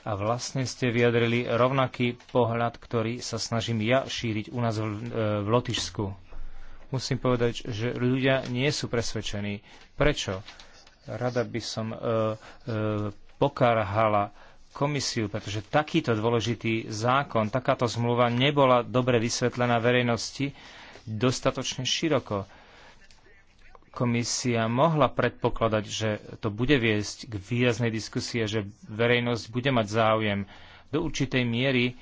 S2: a vlastne ste vyjadrili rovnaký pohľad, ktorý sa snažím ja šíriť u nás v, e, v Lotyšsku. Musím povedať, že ľudia nie sú presvedčení. Prečo? Rada by som e, e, pokarhala komisiu, pretože takýto dôležitý zákon, takáto zmluva nebola dobre vysvetlená verejnosti dostatočne široko. Komisia mohla predpokladať, že to bude viesť k výraznej diskusie, že verejnosť bude mať záujem. Do určitej miery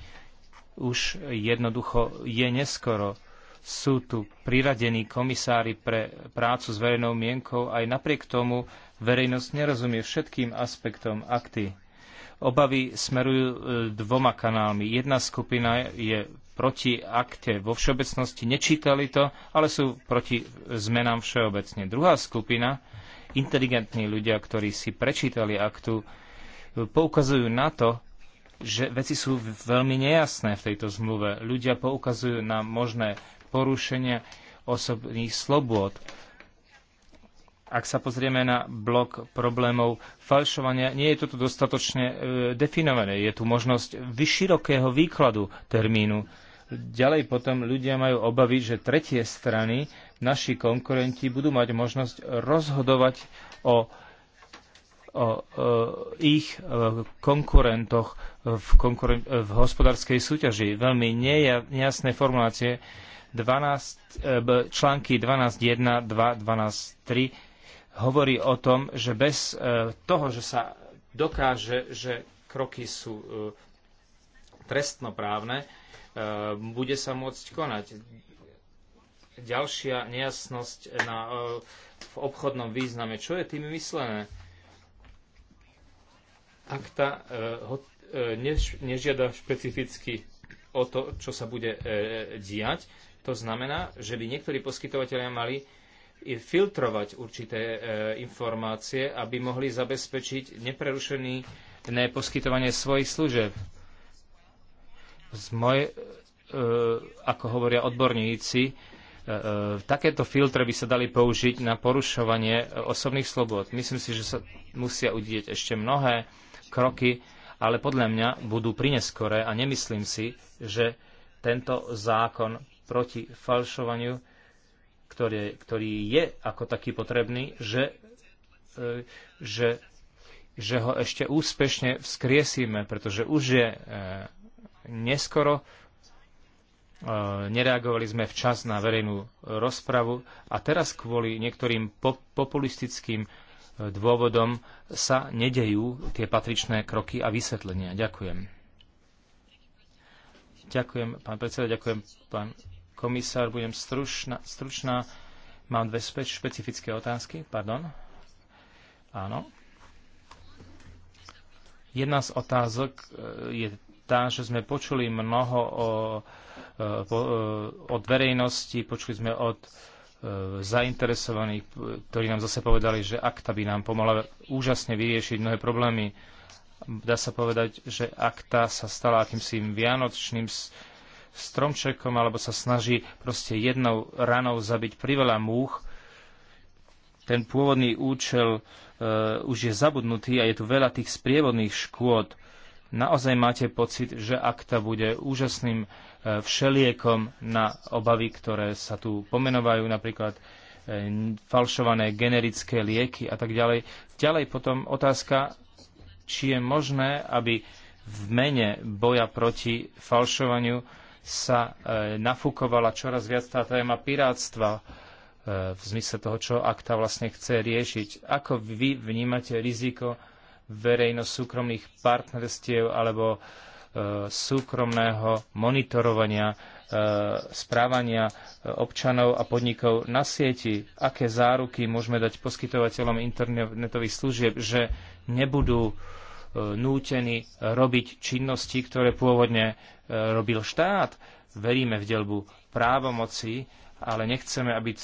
S2: už jednoducho je neskoro. Sú tu priradení komisári pre prácu s verejnou mienkou, aj napriek tomu verejnosť nerozumie všetkým aspektom akty Obavy smerujú e, dvoma kanálmi. Jedna skupina je proti akte vo všeobecnosti, nečítali to, ale sú proti zmenám všeobecne. Druhá skupina, inteligentní ľudia, ktorí si prečítali aktu, poukazujú na to, že veci sú veľmi nejasné v tejto zmluve. Ľudia poukazujú na možné porušenia osobných slobôd, ak sa pozrieme na blok problémov falšovania, nie je toto dostatočne e, definované. Je tu možnosť širokého výkladu termínu. Ďalej potom ľudia majú obavy, že tretie strany, naši konkurenti, budú mať možnosť rozhodovať o, o, o e, ich e, konkurentoch v, konkuren- v hospodárskej súťaži. Veľmi nejasné formulácie 12, e, články 12.1, 2, 12.3 hovorí o tom, že bez e, toho, že sa dokáže, že kroky sú e, trestnoprávne, e, bude sa môcť konať. Ďalšia nejasnosť na, v obchodnom význame. Čo je tým myslené? Akta nežiada špecificky o to, čo sa bude diať. To znamená, že by niektorí poskytovateľia mali filtrovať určité e, informácie, aby mohli zabezpečiť neprerušený poskytovanie svojich služieb. Z moj, e, ako hovoria odborníci, e, takéto filtre by sa dali použiť na porušovanie osobných slobod. Myslím si, že sa musia udieť ešte mnohé kroky, ale podľa mňa budú prineskoré a nemyslím si, že tento zákon proti falšovaniu ktoré, ktorý je ako taký potrebný, že, e, že, že ho ešte úspešne vzkriesíme, pretože už je e, neskoro. E, nereagovali sme včas na verejnú rozpravu a teraz kvôli niektorým populistickým dôvodom sa nedejú tie patričné kroky a vysvetlenia. Ďakujem. Ďakujem, pán predseda, ďakujem, pán komisár, budem stručná. stručná. Mám dve špecifické otázky. Pardon. Áno. Jedna z otázok e, je tá, že sme počuli mnoho o, e, o, e, od verejnosti, počuli sme od zainteresovaných, ktorí nám zase povedali, že akta by nám pomohla úžasne vyriešiť mnohé problémy. Dá sa povedať, že akta sa stala akýmsi vianočným stromčekom alebo sa snaží proste jednou ranou zabiť priveľa múch, ten pôvodný účel e, už je zabudnutý a je tu veľa tých sprievodných škôd. Naozaj máte pocit, že akta bude úžasným e, všeliekom na obavy, ktoré sa tu pomenovajú, napríklad e, falšované generické lieky a tak ďalej. Ďalej potom otázka, či je možné, aby v mene boja proti falšovaniu sa e, nafúkovala čoraz viac tá téma pirátstva e, v zmysle toho, čo akta vlastne chce riešiť. Ako vy vnímate riziko verejno-súkromných partnerstiev alebo e, súkromného monitorovania správania občanov a podnikov na sieti, aké záruky môžeme dať poskytovateľom internetových služieb, že nebudú nútení robiť činnosti, ktoré pôvodne e, robil štát. Veríme v delbu právomoci, ale nechceme, aby e,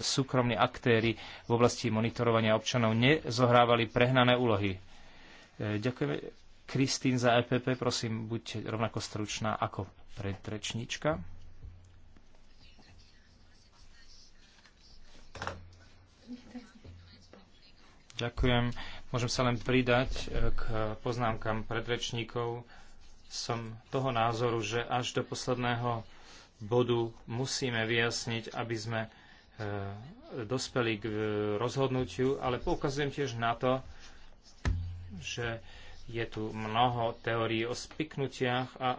S2: súkromní aktéry v oblasti monitorovania občanov nezohrávali prehnané úlohy. E, ďakujeme. Kristín za EPP, prosím, buďte rovnako stručná ako predrečníčka. Ďakujem. Môžem sa len pridať e, k poznámkam predrečníkov. Som toho názoru, že až do posledného bodu musíme vyjasniť, aby sme e, dospeli k e, rozhodnutiu, ale poukazujem tiež na to, že je tu mnoho teórií o spiknutiach a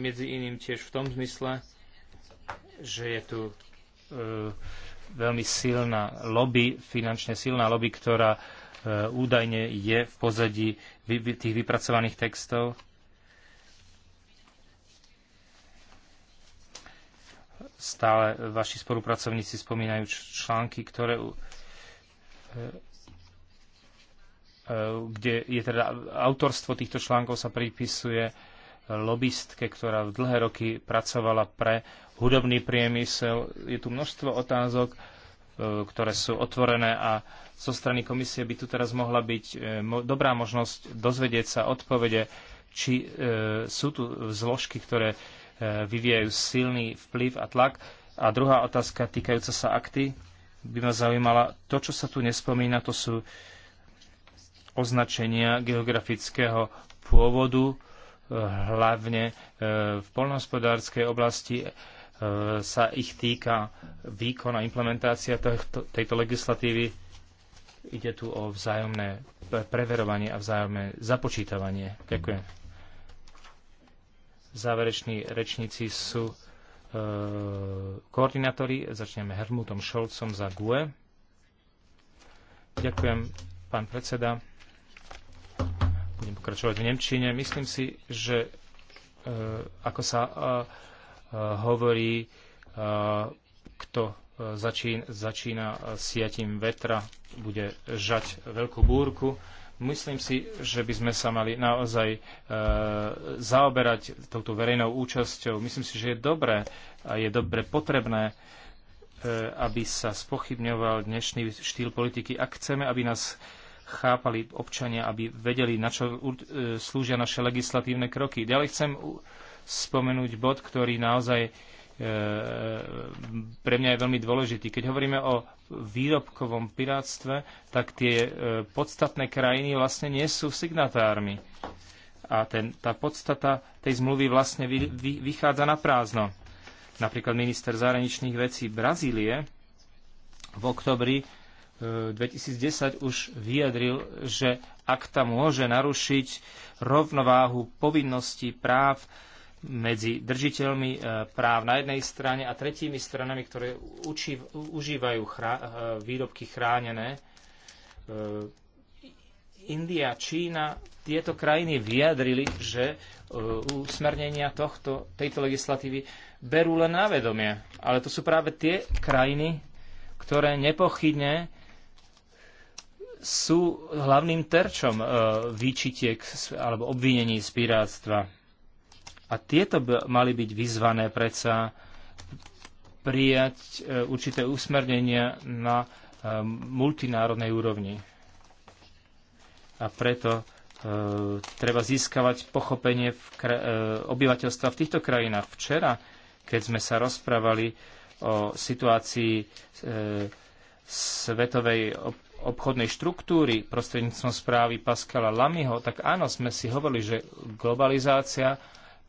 S2: medzi iným tiež v tom zmysle, že je tu veľmi silná lobby, finančne silná lobby, ktorá Eh, údajne je v pozadí tých vypracovaných textov. Stále vaši spolupracovníci spomínajú články, ktoré eh, eh, kde je teda autorstvo týchto článkov sa pripisuje lobbystke, ktorá v dlhé roky pracovala pre hudobný priemysel. Je tu množstvo otázok, ktoré sú otvorené a zo strany komisie by tu teraz mohla byť e, dobrá možnosť dozvedieť sa odpovede, či e, sú tu zložky, ktoré e, vyvíjajú silný vplyv a tlak. A druhá otázka týkajúca sa akty by ma zaujímala. To, čo sa tu nespomína, to sú označenia geografického pôvodu, hlavne v poľnohospodárskej oblasti sa ich týka výkon a implementácia tejto legislatívy Ide tu o vzájomné preverovanie a vzájomné započítavanie. Ďakujem. Záverečný rečníci sú e, koordinátori. Začneme Hermutom Šolcom za GUE. Ďakujem, pán predseda. Budem pokračovať v Nemčine. Myslím si, že e, ako sa e, e hovorí, e, kto začín, začína e, siatím vetra, bude žať veľkú búrku. Myslím si, že by sme sa mali naozaj e, zaoberať touto verejnou účasťou. Myslím si, že je dobré a je dobre potrebné, e, aby sa spochybňoval dnešný štýl politiky. Ak chceme, aby nás chápali občania, aby vedeli, na čo e, slúžia naše legislatívne kroky. Ďalej chcem spomenúť bod, ktorý naozaj e, E, e, pre mňa je veľmi dôležitý. Keď hovoríme o výrobkovom pirátstve, tak tie e, podstatné krajiny vlastne nie sú signatármi. A ten, tá podstata tej zmluvy vlastne vy, vy, vychádza na prázdno. Napríklad minister zahraničných vecí Brazílie v oktobri 2010 už vyjadril, že akta môže narušiť rovnováhu povinností práv medzi držiteľmi e, práv na jednej strane a tretími stranami, ktoré uči, užívajú chra, e, výrobky chránené. E, India, Čína, tieto krajiny vyjadrili, že usmernenia tohto, tejto legislatívy berú len na vedomie. Ale to sú práve tie krajiny, ktoré nepochybne sú hlavným terčom výčitiek alebo obvinení z piráctva a tieto by mali byť vyzvané predsa prijať e, určité usmernenia na e, multinárodnej úrovni. A preto e, treba získavať pochopenie v obyvateľstva v týchto krajinách. Včera, keď sme sa rozprávali o situácii e, svetovej obchodnej štruktúry prostredníctvom správy Pascala Lamyho, tak áno, sme si hovorili, že globalizácia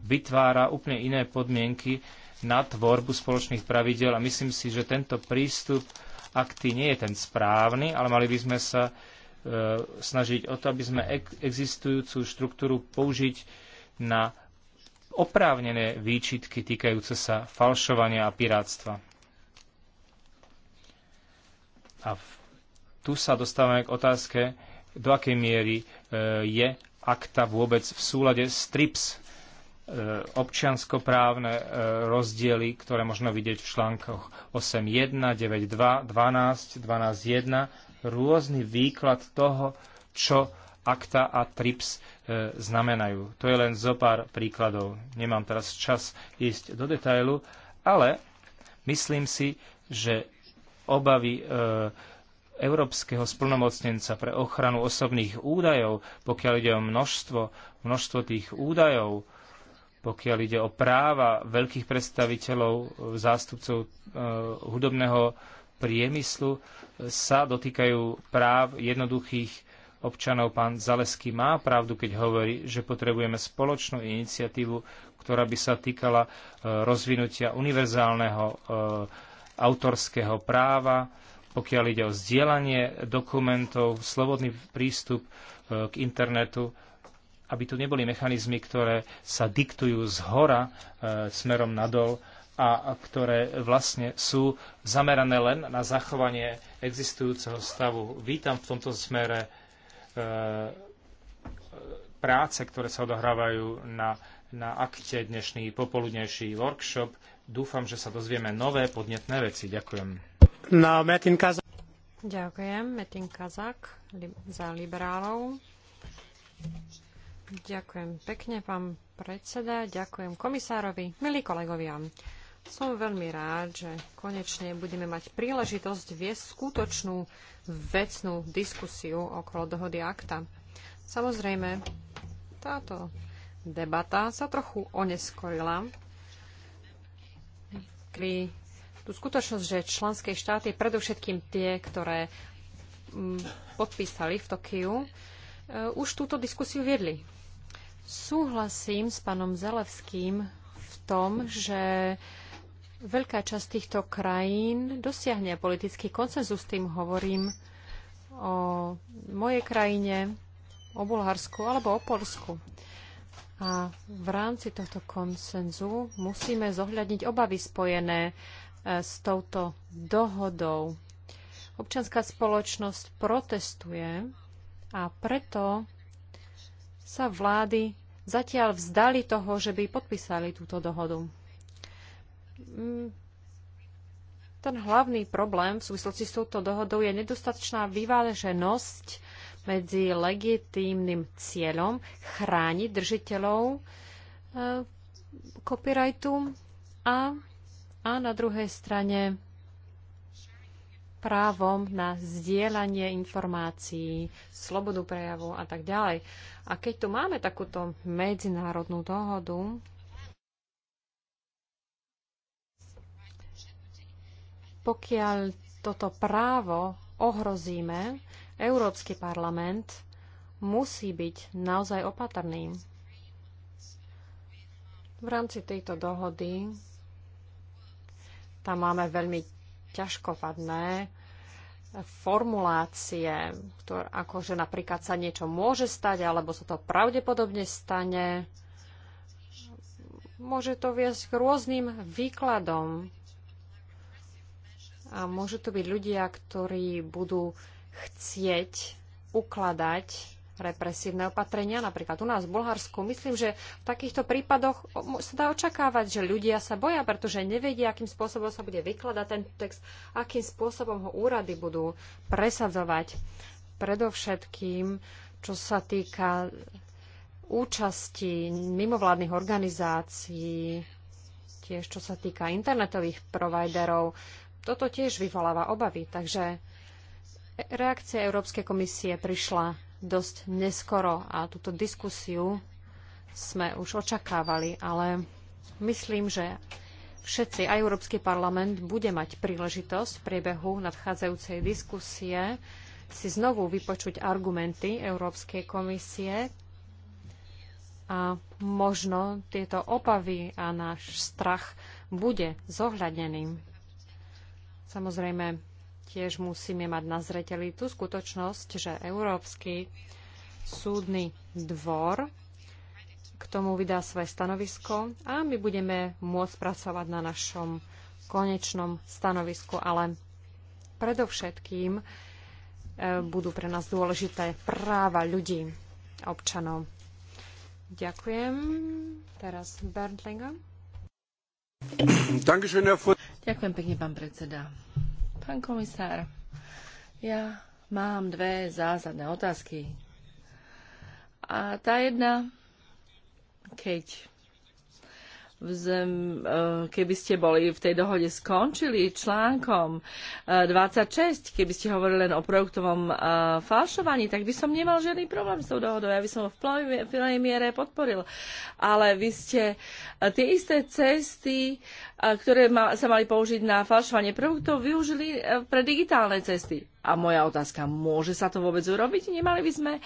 S2: vytvára úplne iné podmienky na tvorbu spoločných pravidel a myslím si, že tento prístup akty nie je ten správny, ale mali by sme sa e, snažiť o to, aby sme existujúcu štruktúru použiť na oprávnené výčitky týkajúce sa falšovania a pirátstva. A v, tu sa dostávame k otázke, do akej miery e, je akta vôbec v súlade s TRIPS, E, občianskoprávne e, rozdiely, ktoré možno vidieť v článkoch 8.1, 9.2, 12, 12.1, rôzny výklad toho, čo akta a TRIPS e, znamenajú. To je len zo pár príkladov. Nemám teraz čas ísť do detailu, ale myslím si, že obavy európskeho splnomocnenca pre ochranu osobných údajov, pokiaľ ide o množstvo, množstvo tých údajov, pokiaľ ide o práva veľkých predstaviteľov, e, zástupcov e, hudobného priemyslu, e, sa dotýkajú práv jednoduchých občanov. Pán Zalesky má pravdu, keď hovorí, že potrebujeme spoločnú iniciatívu, ktorá by sa týkala rozvinutia univerzálneho autorského práva, pokiaľ ide o zdieľanie dokumentov, slobodný prístup k internetu aby tu neboli mechanizmy, ktoré sa diktujú z hora e, smerom nadol a, a ktoré vlastne sú zamerané len na zachovanie existujúceho stavu. Vítam v tomto smere e, práce, ktoré sa odohrávajú na, na akte dnešný popoludnejší workshop. Dúfam, že sa dozvieme nové podnetné veci. Ďakujem.
S1: No, Metin Kazak.
S3: Ďakujem, Metin Kazak li za liberálov. Ďakujem pekne, pán predseda. Ďakujem komisárovi. Milí kolegovia, som veľmi rád, že konečne budeme mať príležitosť viesť skutočnú vecnú diskusiu okolo dohody akta. Samozrejme, táto debata sa trochu oneskorila, pri tú skutočnosť, že členské štáty, predovšetkým tie, ktoré mm, podpísali v Tokiu, e, už túto diskusiu viedli. Súhlasím s pánom Zelevským v tom, že veľká časť týchto krajín dosiahne politický konsenzus, tým hovorím o mojej krajine, o Bulharsku alebo o Polsku. A v rámci tohto konsenzu musíme zohľadniť obavy spojené e, s touto dohodou. Občanská spoločnosť protestuje a preto sa vlády zatiaľ vzdali toho, že by podpísali túto dohodu. Mm, ten hlavný problém v súvislosti s touto dohodou je nedostatečná vyváženosť medzi legitímnym cieľom chrániť držiteľov e, copyrightu a, a na druhej strane právom na zdieľanie informácií, slobodu prejavu a tak ďalej. A keď tu máme takúto medzinárodnú dohodu, pokiaľ toto právo ohrozíme, Európsky parlament musí byť naozaj opatrný. V rámci tejto dohody tam máme veľmi ťažkopadné formulácie, ktoré, ako že napríklad sa niečo môže stať, alebo sa to pravdepodobne stane. Môže to viesť k rôznym výkladom. A môžu to byť ľudia, ktorí budú chcieť ukladať represívne opatrenia, napríklad u nás v Bulharsku. Myslím, že v takýchto prípadoch sa dá očakávať, že ľudia sa boja, pretože nevedia, akým spôsobom sa bude vykladať ten text, akým spôsobom ho úrady budú presadzovať. Predovšetkým, čo sa týka účasti mimovládnych organizácií, tiež čo sa týka internetových providerov, toto tiež vyvoláva obavy. Takže reakcia Európskej komisie prišla dosť neskoro a túto diskusiu sme už očakávali, ale myslím, že všetci, aj Európsky parlament, bude mať príležitosť v priebehu nadchádzajúcej diskusie si znovu vypočuť argumenty Európskej komisie a možno tieto obavy a náš strach bude zohľadnený. Samozrejme, Tiež musíme mať na zreteli tú skutočnosť, že Európsky súdny dvor k tomu vydá svoje stanovisko a my budeme môcť pracovať na našom konečnom stanovisku, ale predovšetkým e, budú pre nás dôležité práva ľudí, občanov. Ďakujem. Teraz
S4: Bernd Ďakujem pekne, pán predseda. Pán komisár, ja mám dve zásadné otázky. A tá jedna, keď zem, e, keby ste boli v tej dohode skončili článkom 26, e, keby ste hovorili len o produktovom e, falšovaní, tak by som nemal žiadny problém s tou dohodou. Ja by som ho v plnej miere podporil. Ale vy ste tie isté cesty, ktoré sa mali použiť na falšovanie produktov, využili pre digitálne cesty a moja otázka, môže sa to vôbec urobiť? Nemali by sme uh,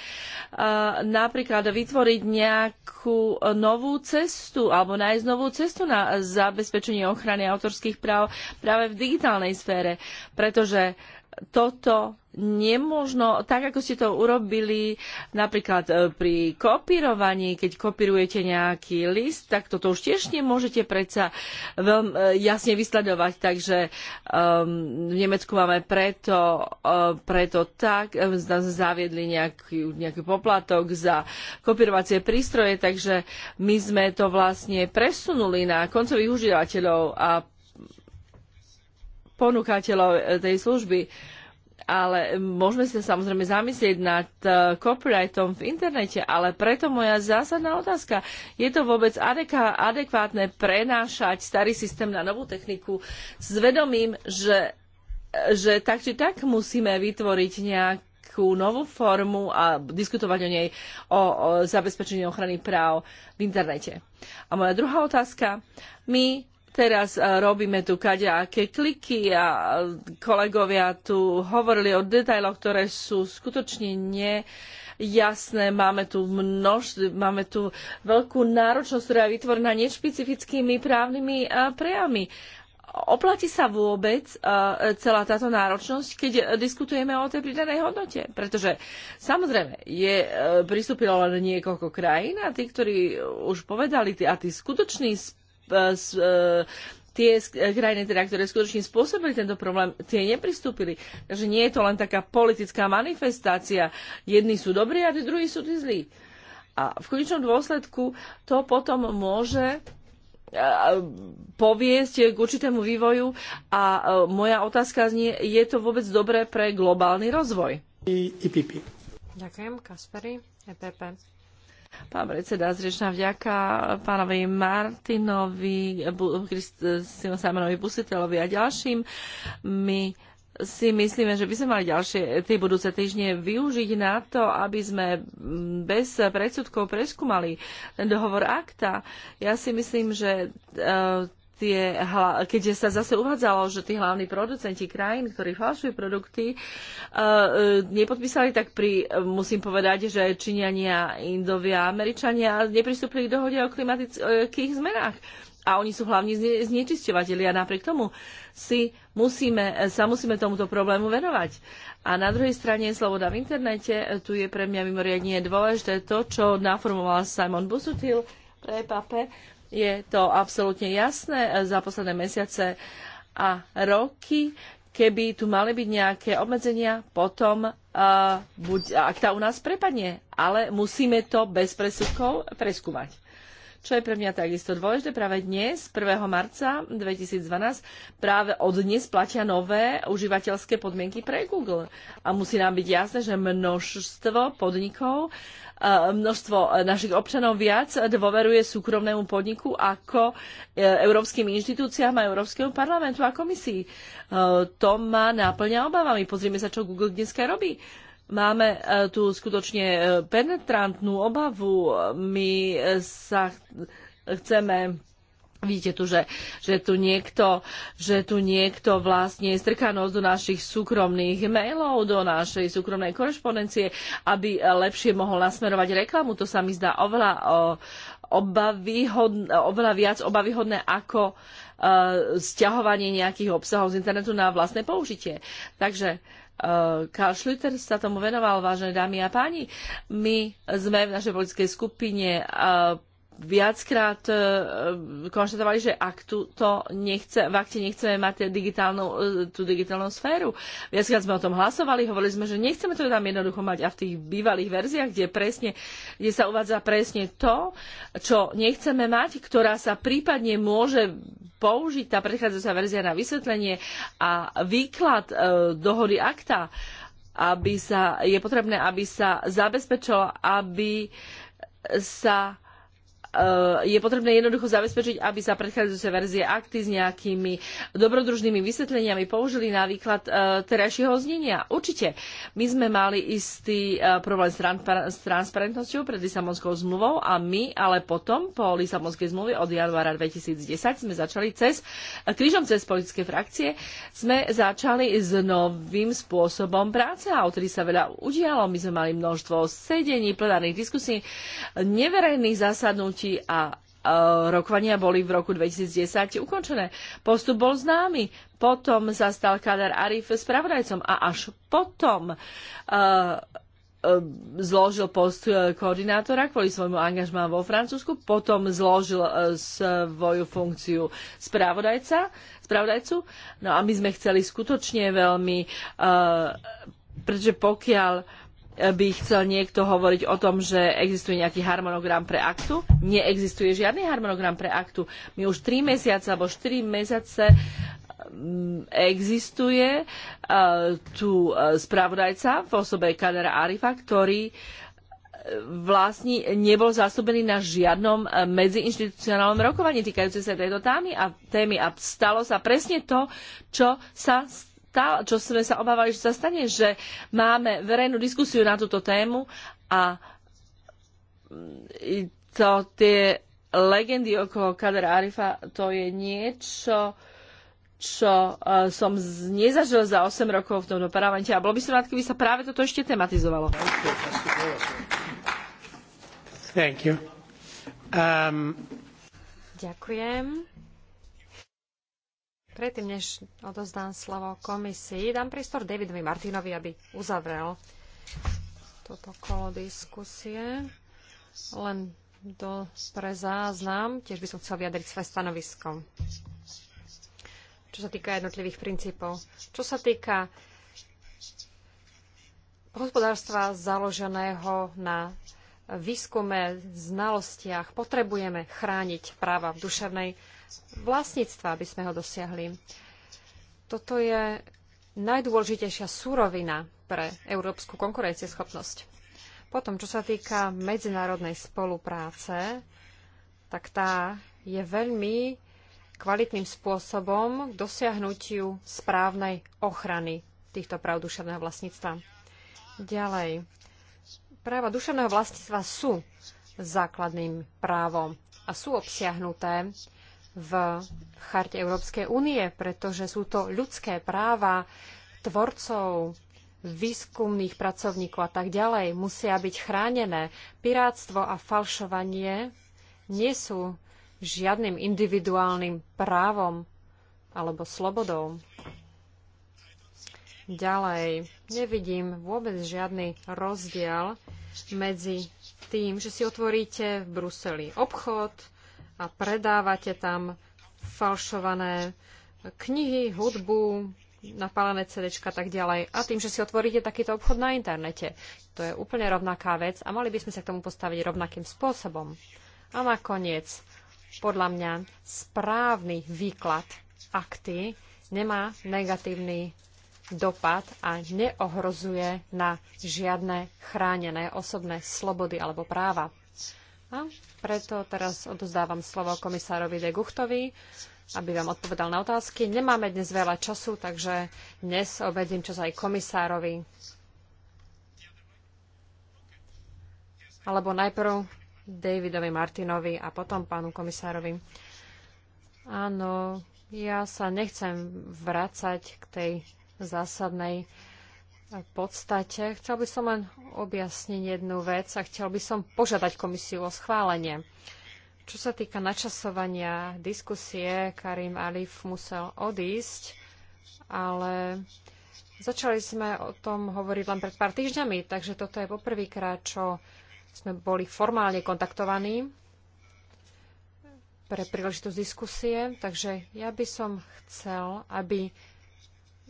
S4: napríklad vytvoriť nejakú novú cestu alebo nájsť novú cestu na zabezpečenie ochrany autorských práv práve v digitálnej sfére, pretože uh, toto nemožno, tak ako ste to urobili napríklad e, pri kopírovaní, keď kopírujete nejaký list, tak toto už tiež nemôžete predsa veľmi e, jasne vysledovať. Takže um, v Nemecku máme preto, uh, preto tak, um, zaviedli nejaký, nejaký poplatok za kopírovacie prístroje, takže my sme to vlastne presunuli na koncových užívateľov a ponúkateľov e, tej služby. Ale môžeme sa samozrejme zamyslieť nad e, copyrightom v internete, ale preto moja zásadná otázka. Je to vôbec adekvátne prenášať starý systém na novú techniku s vedomím, že, e, že tak či tak musíme vytvoriť nejak nejakú novú formu a diskutovať o nej, o, o zabezpečení ochrany práv v internete. A moja druhá otázka. My Teraz eh, robíme tu kadejaké kliky a kolegovia tu hovorili o detailoch, ktoré sú skutočne ne jasné, máme tu, množ, máme tu veľkú náročnosť, ktorá je vytvorená nešpecifickými právnymi eh, prejavmi. Oplatí sa vôbec eh, celá táto náročnosť, keď diskutujeme o tej pridanej hodnote? Pretože samozrejme, je, pristúpilo len niekoľko krajín a tí, ktorí už povedali, a tí skutoční E, e, tie e, krajiny, teda, ktoré skutočne spôsobili tento problém, tie nepristúpili. Takže nie je to len taká politická manifestácia. Jedni sú dobrí a druhí sú tí zlí. A v konečnom dôsledku to potom môže poviesť k určitému vývoju a moja otázka znie, je to vôbec dobré pre globálny rozvoj? I,
S1: IPP.
S3: Ďakujem, Kaspery, EPP.
S4: Pán predseda, zrečná vďaka pánovi Martinovi, Kristýnu Samenovi Busitelovi a ďalším. My si myslíme, že by sme mali ďalšie tie budúce týždne využiť na to, aby sme bez predsudkov preskúmali ten dohovor akta. Ja si myslím, že e, tie, keďže sa zase uvádzalo, že tí hlavní producenti krajín, ktorí falšujú produkty, e, e, nepodpísali, tak pri, musím povedať, že Číňania, Indovia, Američania nepristúpili k dohode o klimatických zmenách. A oni sú hlavní znečisťovateľi a napriek tomu si musíme, sa musíme tomuto problému venovať. A na druhej strane sloboda v internete, tu je pre mňa mimoriadne dôležité to, čo naformoval Simon Busutil pre EPAPE, je to absolútne jasné e, za posledné mesiace a roky, keby tu mali byť nejaké obmedzenia, potom uh, buď, ak tá u nás prepadne. Ale musíme to bez presudkov preskúmať čo je pre mňa takisto dôležité. Práve dnes, 1. marca 2012, práve od dnes platia nové užívateľské podmienky pre Google. A musí nám byť jasné, že množstvo podnikov, e, množstvo našich občanov viac dôveruje súkromnému podniku ako e, európskym inštitúciám a Európskemu parlamentu a komisii. E, to ma náplňa obavami. Pozrieme sa, čo Google dneska robí Máme e, tu skutočne e, penetrantnú obavu. My e, sa chceme Vidíte tu, že, že, tu niekto, že tu niekto vlastne strká nos do našich súkromných mailov, do našej súkromnej korešpondencie, aby lepšie mohol nasmerovať reklamu. To sa mi zdá oveľa, oveľa viac obavyhodné ako uh, stiahovanie nejakých obsahov z internetu na vlastné použitie. Takže uh, Eh, Karl Schlüter sa tomu venoval, vážené dámy a páni. My sme v našej politickej skupine eh, viackrát e, e, konštatovali, že ak tu to nechce, v akte nechceme mať digitálnu, e, tú digitálnu sféru. Viackrát sme o tom hlasovali, hovorili sme, že nechceme to tam jednoducho mať a v tých bývalých verziách, kde, presne, kde sa uvádza presne to, čo nechceme mať, ktorá sa prípadne môže použiť, tá predchádzajúca verzia na vysvetlenie a výklad e, dohody akta, aby sa, je potrebné, aby sa zabezpečilo, aby sa Eh, je potrebné jednoducho zabezpečiť, aby sa predchádzajúce verzie akty s nejakými dobrodružnými vysvetleniami použili na výklad eh, terajšieho znenia. Určite. My sme mali istý eh, problém s transparentnosťou pred Lisabonskou zmluvou a my ale potom po Lisabonskej zmluve od januára 2010 sme začali cez, krížom cez politické frakcie, sme začali s novým spôsobom práce a odtedy sa veľa udialo. My sme mali množstvo sedení, plenárnych diskusí, neverejných zasadnutí, rokovnosti a rokovania boli v roku 2010 ukončené. Postup bol známy. Potom sa stal Kadar Arif spravodajcom a až potom uh, uh, zložil post koordinátora kvôli svojmu angažmá vo Francúzsku, potom zložil uh, svoju funkciu spravodajca, spravodajcu. No a my sme chceli skutočne veľmi, e, pretože pokiaľ by chcel niekto hovoriť o tom, že existuje nejaký harmonogram pre aktu. Neexistuje žiadny harmonogram pre aktu. My už 3 mesiace alebo 4 mesiace mm, existuje e, tu e, spravodajca v osobe Kadera Arifa, ktorý vlastne nebol zastúpený na žiadnom medziinštitucionálnom rokovaní týkajúce sa tejto témy a, témy a stalo sa presne to, čo sa stalo čo sme sa obávali, že sa stane, že máme verejnú diskusiu na túto tému a mm, to, tie legendy okolo Kadera Arifa, to je niečo, čo uh, som z, nezažil za 8 rokov v tomto parlamente a bolo by som rád, keby sa práve toto ešte tematizovalo.
S1: Um... Ďakujem.
S3: Predtým, než odozdám slovo komisii, dám prístor Davidovi Martinovi, aby uzavrel toto kolo diskusie. Len do, pre záznam, tiež by som chcel vyjadriť svoje stanovisko. Čo sa týka jednotlivých princípov. Čo sa týka hospodárstva založeného na výskume, znalostiach, potrebujeme chrániť práva v duševnej vlastníctva, aby sme ho dosiahli. Toto je najdôležitejšia súrovina pre európsku konkurencieschopnosť. Potom, čo sa týka medzinárodnej spolupráce, tak tá je veľmi kvalitným spôsobom k dosiahnutiu správnej ochrany týchto práv duševného vlastníctva. Ďalej, práva duševného vlastníctva sú základným právom a sú obsiahnuté v charte Európskej únie, pretože sú to ľudské práva tvorcov, výskumných pracovníkov a tak ďalej musia byť chránené. Pirátstvo a falšovanie nie sú žiadnym individuálnym právom alebo slobodou. Ďalej, nevidím vôbec žiadny rozdiel medzi tým, že si otvoríte v Bruseli obchod, a predávate tam falšované knihy, hudbu, napálené CDčka a tak ďalej. A tým, že si otvoríte takýto obchod na internete. To je úplne rovnaká vec a mali by sme sa k tomu postaviť rovnakým spôsobom. A nakoniec, podľa mňa, správny výklad akty nemá negatívny dopad a neohrozuje na žiadne chránené osobné slobody alebo práva. A preto teraz odozdávam slovo komisárovi de Guchtovi, aby vám odpovedal na otázky. Nemáme dnes veľa času, takže dnes obedím čas aj komisárovi. Alebo najprv Davidovi Martinovi a potom pánu komisárovi. Áno, ja sa nechcem vrácať k tej zásadnej v podstate. Chcel by som len objasniť jednu vec a chcel by som požiadať komisiu o schválenie. Čo sa týka načasovania diskusie, Karim Alif musel odísť, ale začali sme o tom hovoriť len pred pár týždňami, takže toto je poprvýkrát, čo sme boli formálne kontaktovaní pre príležitosť diskusie. Takže ja by som chcel, aby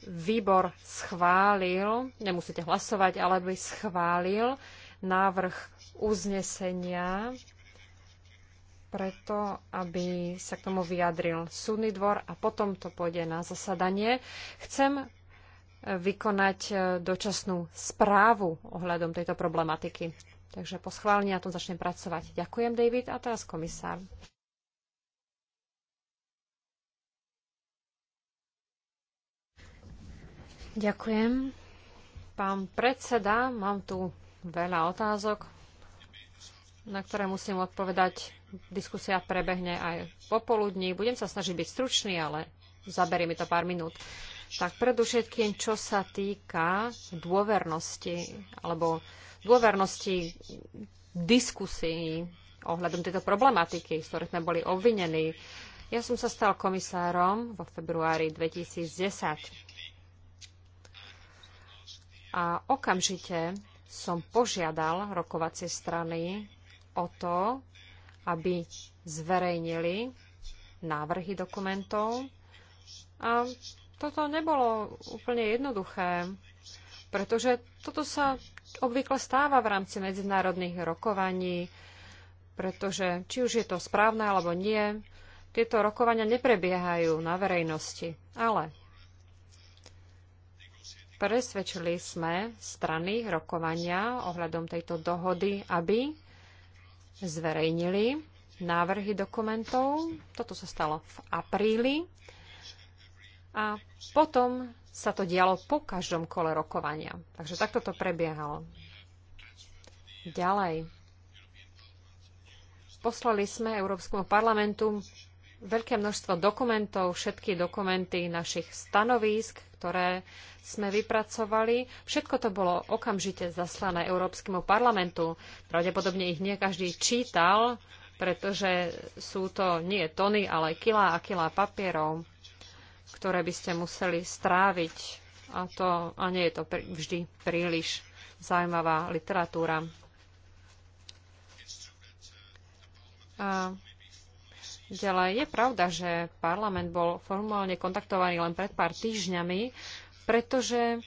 S3: výbor schválil, nemusíte hlasovať, ale by schválil návrh uznesenia preto, aby sa k tomu vyjadril súdny dvor a potom to pôjde na zasadanie. Chcem eh, vykonať eh, dočasnú správu ohľadom tejto problematiky. Takže po schválení na tom začnem pracovať. Ďakujem, David. A teraz komisár. Ďakujem. Pán predseda, mám tu veľa otázok, na ktoré musím odpovedať. Diskusia prebehne aj popoludní. Budem sa snažiť byť stručný, ale zaberie mi to pár minút. Tak predovšetkým, čo sa týka dôvernosti alebo dôvernosti diskusí ohľadom tejto problematiky, z ktorej sme boli obvinení. Ja som sa stal komisárom vo februári 2010 a okamžite som požiadal rokovacie strany o to, aby zverejnili návrhy dokumentov. A toto nebolo úplne jednoduché, pretože toto sa obvykle stáva v rámci medzinárodných rokovaní, pretože či už je to správne alebo nie, tieto rokovania neprebiehajú na verejnosti. Ale Presvedčili sme strany rokovania ohľadom tejto dohody, aby zverejnili návrhy dokumentov. Toto sa stalo v apríli. A potom sa to dialo po každom kole rokovania. Takže takto to prebiehalo. Ďalej. Poslali sme Európskemu parlamentu veľké množstvo dokumentov, všetky dokumenty našich stanovísk, ktoré sme vypracovali. Všetko to bolo okamžite zaslané Európskemu parlamentu. Pravdepodobne ich nie každý čítal, pretože sú to nie tony, ale kilá a kilá papierov, ktoré by ste museli stráviť. A, to, a nie je to pr- vždy príliš zaujímavá literatúra. A Ďalej je pravda, že parlament bol formálne kontaktovaný len pred pár týždňami, pretože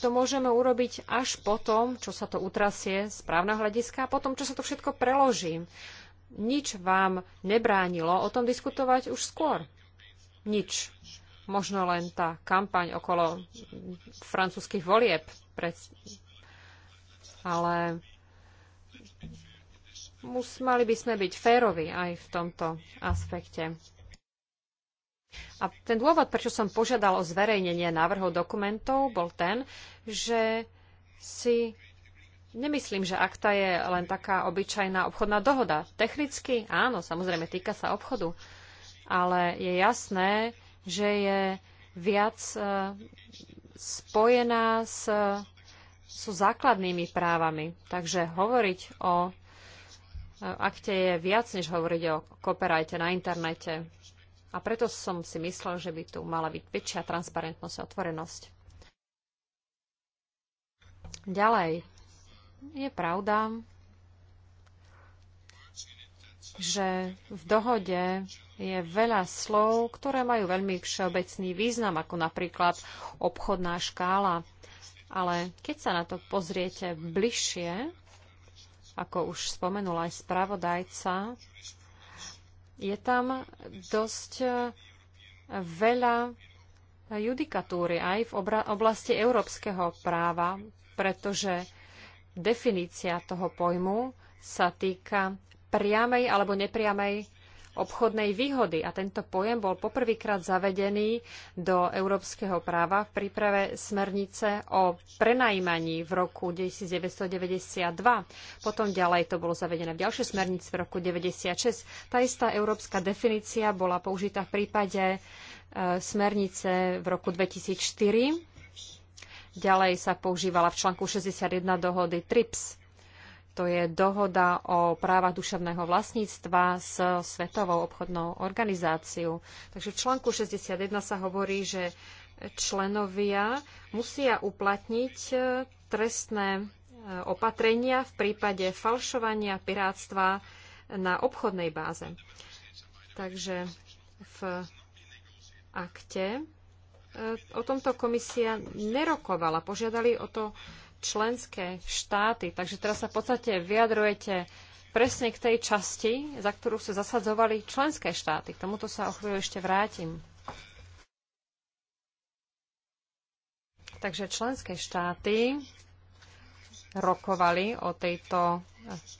S3: to môžeme urobiť až po tom, čo sa to utrasie z právneho hľadiska a potom, čo sa to všetko preloží. Nič vám nebránilo o tom diskutovať už skôr. Nič. Možno len tá kampaň okolo francúzskych volieb. Pred... Ale mus, mali by sme byť férovi aj v tomto aspekte. A ten dôvod, prečo som požiadal o zverejnenie návrhov dokumentov, bol ten, že si Nemyslím, že akta je len taká obyčajná obchodná dohoda. Technicky áno, samozrejme týka sa obchodu, ale je jasné, že je viac e, spojená s, so základnými právami. Takže hovoriť o akte je viac, než hovoriť o copyrighte na internete. A preto som si myslel, že by tu mala byť väčšia transparentnosť a otvorenosť. Ďalej, je pravda, že v dohode je veľa slov, ktoré majú veľmi všeobecný význam, ako napríklad obchodná škála. Ale keď sa na to pozriete bližšie, ako už spomenul aj spravodajca, je tam dosť e, veľa judikatúry aj v oblasti európskeho práva, pretože definícia toho pojmu sa týka priamej alebo nepriamej obchodnej výhody. A tento pojem bol poprvýkrát zavedený do európskeho práva v príprave smernice o prenajímaní v roku 1992. Potom ďalej to bolo zavedené v ďalšej smernici v roku 1996. Tá istá európska definícia bola použitá v prípade e, smernice v roku 2004. Ďalej sa používala v článku 61 dohody TRIPS. To je dohoda o právach duševného vlastníctva s Svetovou obchodnou organizáciou. Takže v článku 61 sa hovorí, že členovia musia uplatniť e, trestné e, opatrenia v prípade falšovania pirátstva na obchodnej báze. Takže v akte e, o tomto komisia nerokovala. Požiadali o to členské štáty. Takže teraz sa v podstate vyjadrujete presne k tej časti, za ktorú sa zasadzovali členské štáty. K tomuto sa o chvíľu ešte vrátim. Takže členské štáty rokovali o tejto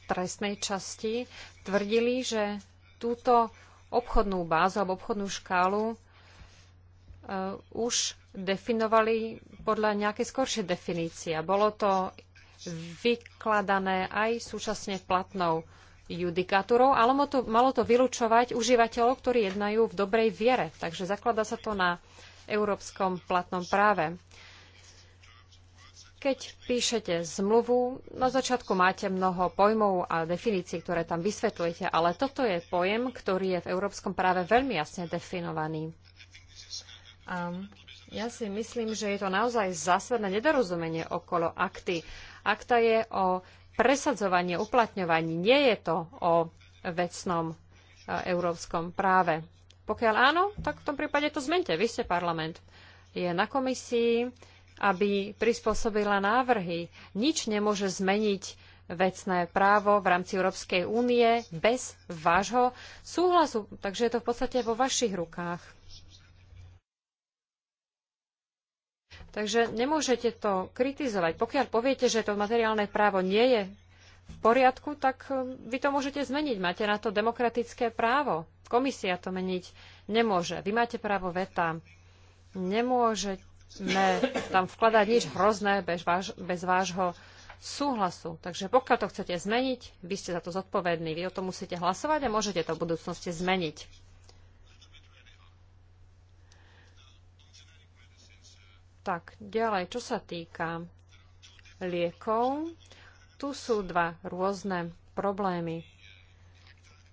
S3: trestnej časti, tvrdili, že túto obchodnú bázu alebo obchodnú škálu uh, už definovali podľa nejakej skoršej definície. Bolo to vykladané aj súčasne platnou judikatúrou, ale malo to, malo to vylúčovať užívateľov, ktorí jednajú v dobrej viere. Takže zaklada sa to na európskom platnom práve. Keď píšete zmluvu, na začiatku máte mnoho pojmov a definícií, ktoré tam vysvetľujete, ale toto je pojem, ktorý je v európskom práve veľmi jasne definovaný. A ja si myslím, že je to naozaj zásadné nedorozumenie okolo akty. Akta je o presadzovaní, uplatňovaní. Nie je to o vecnom e, európskom práve. Pokiaľ áno, tak v tom prípade to zmente. Vy ste parlament. Je na komisii, aby prispôsobila návrhy. Nič nemôže zmeniť vecné právo v rámci Európskej únie bez vášho súhlasu. Takže je to v podstate vo vašich rukách. Takže nemôžete to kritizovať. Pokiaľ poviete, že to materiálne právo nie je v poriadku, tak e, vy to môžete zmeniť. Máte na to demokratické právo. Komisia to meniť nemôže. Vy máte právo veta. Nemôžeme tam vkladať nič hrozné bez, váš, bez vášho súhlasu. Takže pokiaľ to chcete zmeniť, vy ste za to zodpovední. Vy o tom musíte hlasovať a môžete to v budúcnosti zmeniť. Tak, ďalej, čo sa týka liekov, tu sú dva rôzne problémy.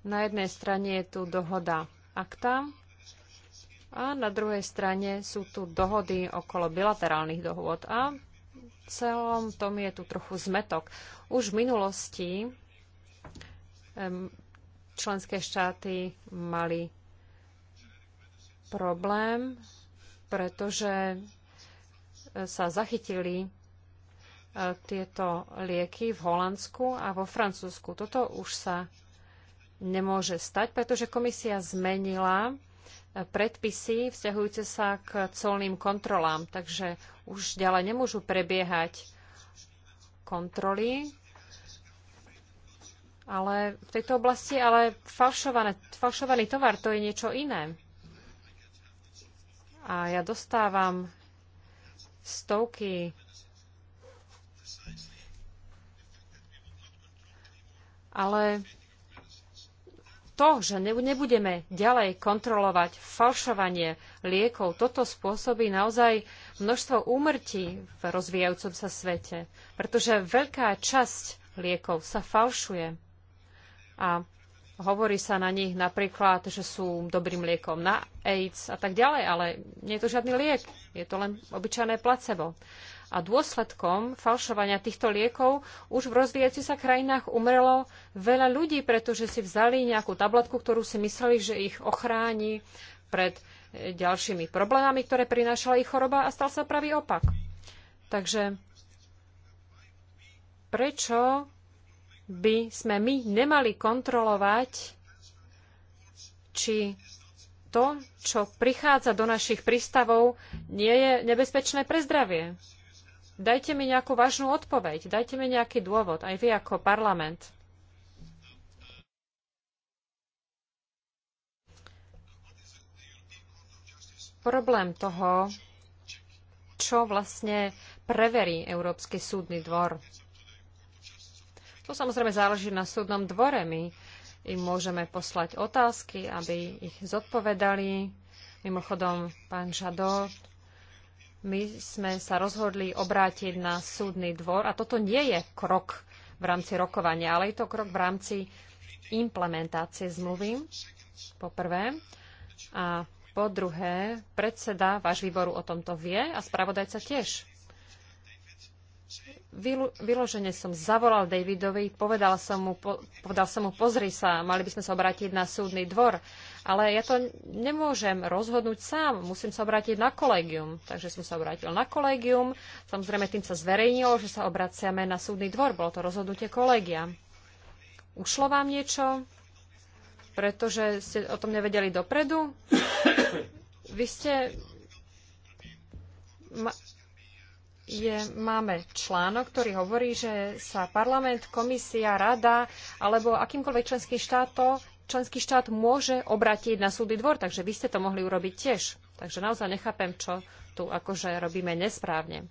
S3: Na jednej strane je tu dohoda akta a na druhej strane sú tu dohody okolo bilaterálnych dohôd a v celom tom je tu trochu zmetok. Už v minulosti členské štáty mali problém, pretože sa zachytili e, tieto lieky v Holandsku a vo Francúzsku. Toto už sa nemôže stať, pretože komisia zmenila e, predpisy vzťahujúce sa k colným kontrolám, takže už ďalej nemôžu prebiehať kontroly, ale v tejto oblasti ale falšovaný tovar to je niečo iné. A ja dostávam stovky ale to, že nebudeme ďalej kontrolovať falšovanie liekov, toto spôsobí naozaj množstvo úmrtí v rozvíjajúcom sa svete, pretože veľká časť liekov sa falšuje. A Hovorí sa na nich napríklad, že sú dobrým liekom na AIDS a tak ďalej, ale nie je to žiadny liek, je to len obyčajné placebo. A dôsledkom falšovania týchto liekov už v rozvíjajúcich sa krajinách umrelo veľa ľudí, pretože si vzali nejakú tabletku, ktorú si mysleli, že ich ochráni pred eh, ďalšími problémami, ktoré prinášala ich choroba a stal sa pravý opak. Takže prečo by sme my nemali kontrolovať, či to, čo prichádza do našich prístavov, nie je nebezpečné pre zdravie. Dajte mi nejakú vážnu odpoveď, dajte mi nejaký dôvod, aj vy ako parlament. Problém toho, čo vlastne preverí Európsky súdny dvor. To samozrejme záleží na súdnom dvore. My im môžeme poslať otázky, aby ich zodpovedali. Mimochodom, pán Žado, my sme sa rozhodli obrátiť na súdny dvor a toto nie je krok v rámci rokovania, ale je to krok v rámci implementácie zmluvy, po prvé. A po druhé, predseda váš výboru o tomto vie a spravodajca tiež vyložene som zavolal Davidovi, povedal som, mu, po, povedal som mu, pozri sa, mali by sme sa obrátiť na súdny dvor. Ale ja to nemôžem rozhodnúť sám, musím sa obrátiť na kolegium. Takže som sa obrátil na kolegium, samozrejme tým sa zverejnilo, že sa obraciame na súdny dvor, bolo to rozhodnutie kolegia. Ušlo vám niečo? Pretože ste o tom nevedeli dopredu? Vy ste... Ma je, máme článok, ktorý hovorí, že sa parlament, komisia, rada alebo akýmkoľvek členský štát môže obratiť na súdny dvor, takže vy ste to mohli urobiť tiež. Takže naozaj nechápem, čo tu akože robíme nesprávne.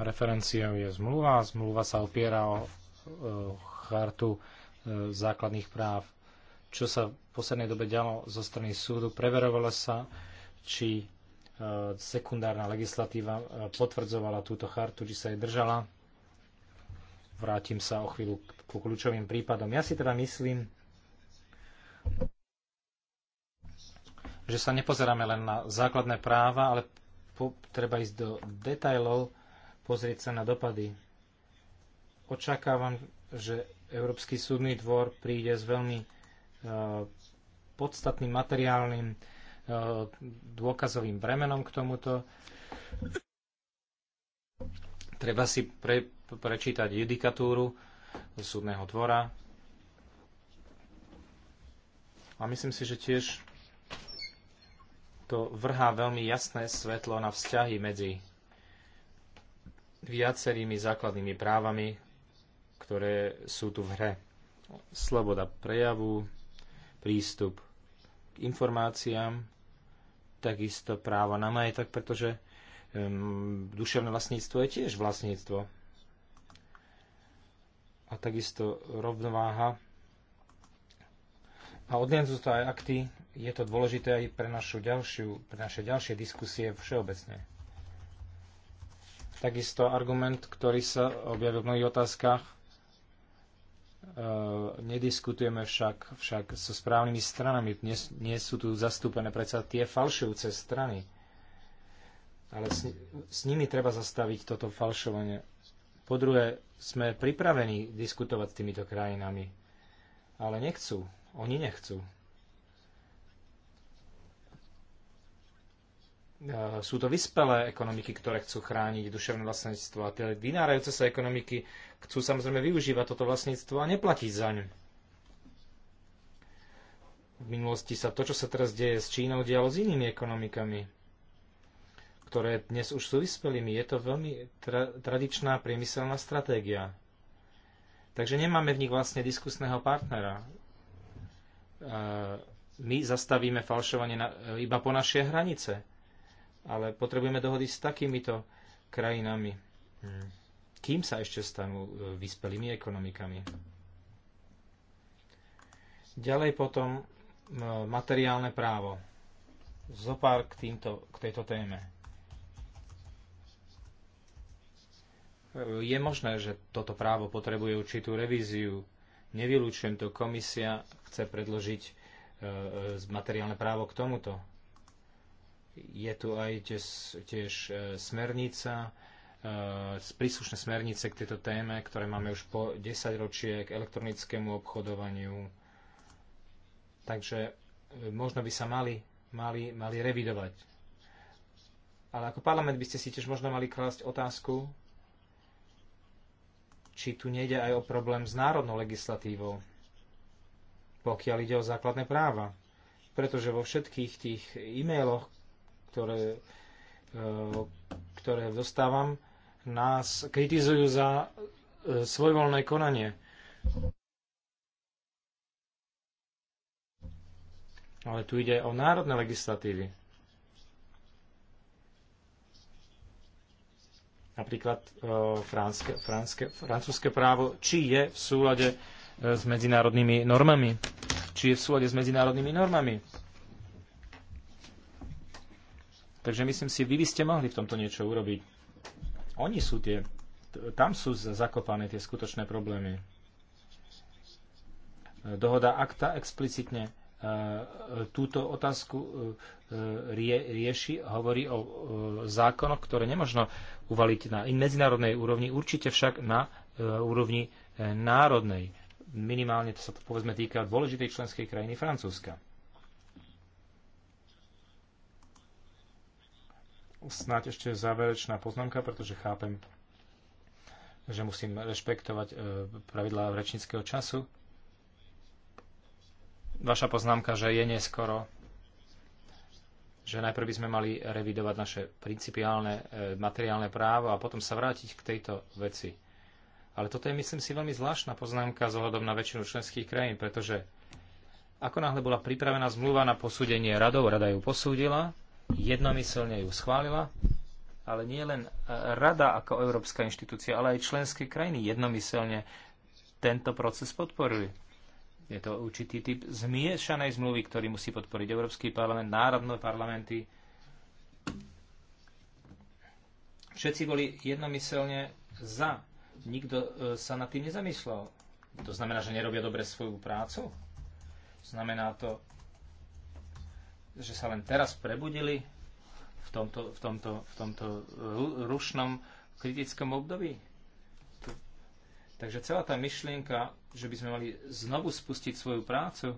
S2: Referenciou je zmluva. Zmluva sa opiera o chartu e, základných práv. Čo sa v poslednej dobe dialo zo strany súdu, preverovalo sa, či e, sekundárna legislatíva e, potvrdzovala túto chartu, či sa jej držala. Vrátim sa o chvíľu k kľúčovým prípadom. Ja si teda myslím, že sa nepozeráme len na základné práva, ale po, treba ísť do detajlov, pozrieť sa na dopady. Očakávam, že Európsky súdny dvor príde s veľmi e, podstatným materiálnym dôkazovým bremenom k tomuto. Treba si pre, prečítať judikatúru súdneho dvora. A myslím si, že tiež to vrhá veľmi jasné svetlo na vzťahy medzi viacerými základnými právami, ktoré sú tu v hre. Sloboda prejavu, prístup k informáciám, takisto právo na majetok, pretože um, duševné vlastníctvo je tiež vlastníctvo. A takisto rovnováha a odliadnúť to aj akty, je to dôležité aj pre, našu ďalšiu, pre naše ďalšie diskusie všeobecne. Takisto argument, ktorý sa objavil v mnohých otázkach, Eh, nediskutujeme však, však so správnymi stranami. Nie, nie sú tu zastúpené predsa tie falšujúce strany. Ale s, s nimi treba zastaviť toto falšovanie. Po druhé, sme pripravení diskutovať s týmito krajinami. Ale nechcú. Oni nechcú. E, sú to vyspelé ekonomiky, ktoré chcú chrániť duševné vlastníctvo a tie vynárajúce sa ekonomiky chcú samozrejme využívať toto vlastníctvo a neplatiť za ňu. V minulosti sa to, čo sa teraz deje s Čínou, dialo s inými ekonomikami, ktoré dnes už sú vyspelými. Je to veľmi tra- tradičná priemyselná stratégia. Takže nemáme v nich vlastne diskusného partnera. E, my zastavíme falšovanie na, e, iba po našej hranice ale potrebujeme dohody s takýmito krajinami. Hmm. Kým sa ešte stanú e, vyspelými ekonomikami? Ďalej potom e, materiálne právo. Zopár k, týmto, k tejto téme. E, je možné, že toto právo potrebuje určitú revíziu. Nevylúčujem to, komisia chce predložiť materiálne právo k tomuto je tu aj tiež, tiež smernica, e, príslušné smernice k tejto téme, ktoré máme už po 10 ročie k elektronickému obchodovaniu. Takže e, možno by sa mali, mali, mali revidovať. Ale ako parlament by ste si tiež možno mali klásť otázku, či tu nejde aj o problém s národnou legislatívou, pokiaľ ide o základné práva. Pretože vo všetkých tých e-mailoch, ktoré, e, ktoré dostávam, nás kritizujú za e, svojvoľné konanie. Ale tu ide o národné legislatívy. Napríklad e, franské, franské, francúzske právo, či je v súlade s medzinárodnými normami. Či je v súlade s medzinárodnými normami Takže myslím si, vy by ste mohli v tomto niečo urobiť. Oni sú tie, tam sú zakopané tie skutočné problémy. Dohoda akta explicitne e, túto otázku e, e, rie, rieši, hovorí o zákonoch, ktoré nemožno uvaliť na medzinárodnej úrovni, určite však na úrovni národnej. Minimálne to sa to povedzme týka dôležitej členskej krajiny Francúzska. snáď ešte záverečná poznámka, pretože chápem, že musím rešpektovať e, pravidlá rečníckého času. Vaša poznámka, že je neskoro, že najprv by sme mali revidovať naše principiálne e, materiálne právo a potom sa vrátiť k tejto veci. Ale toto je, myslím si, veľmi zvláštna poznámka z ohľadom na väčšinu členských krajín, pretože ako náhle bola pripravená zmluva na posúdenie radov, rada ju posúdila, jednomyselne ju schválila, ale nie len e, rada ako európska inštitúcia, ale aj členské krajiny jednomyselne tento proces podporujú. Je to určitý typ zmiešanej zmluvy, ktorý musí podporiť Európsky parlament, národné parlamenty. Všetci boli jednomyselne za. Nikto e, sa nad tým nezamyslel. To znamená, že nerobia dobre svoju prácu? Znamená to, že sa len teraz prebudili v tomto, v tomto, v tomto rušnom kritickom období. Takže celá tá myšlienka, že by sme mali znovu spustiť svoju prácu,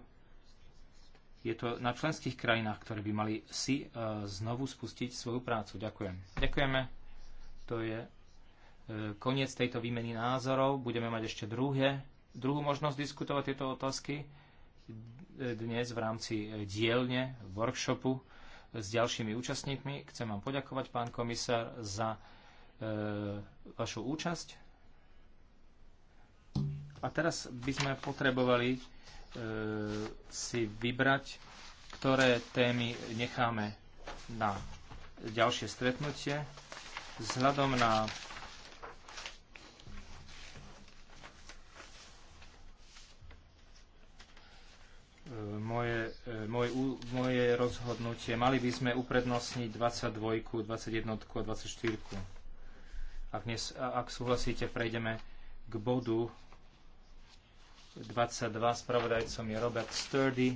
S2: je to na členských krajinách, ktoré by mali si e, znovu spustiť svoju prácu. Ďakujem. Ďakujeme. To je e, koniec tejto výmeny názorov. Budeme mať ešte druhé, druhú možnosť diskutovať tieto otázky dnes v rámci e, dielne, workshopu s ďalšími účastníkmi. Chcem vám poďakovať, pán komisár, za e, vašu účasť. A teraz by sme potrebovali e, si vybrať, ktoré témy necháme na ďalšie stretnutie. Vzhľadom na moje, e, moje, moje rozhodnutie. Mali by sme uprednostniť 22, 21 a 24. Ak, nes, ak súhlasíte, prejdeme k bodu 22. Spravodajcom je Robert Sturdy.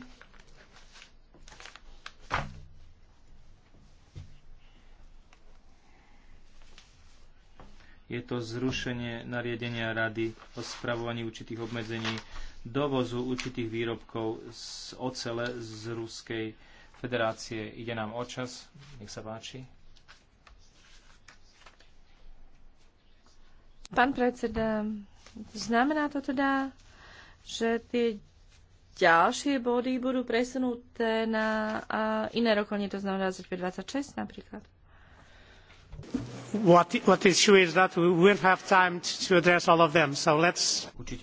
S2: Je to zrušenie nariadenia Rady o spravovaní určitých obmedzení dovozu určitých výrobkov z ocele z Ruskej federácie. Ide nám o čas. Nech sa páči.
S4: Pán predseda, znamená to teda, že tie ďalšie body budú presunuté na iné rokovanie, to znamená 25-26 napríklad?
S1: Určite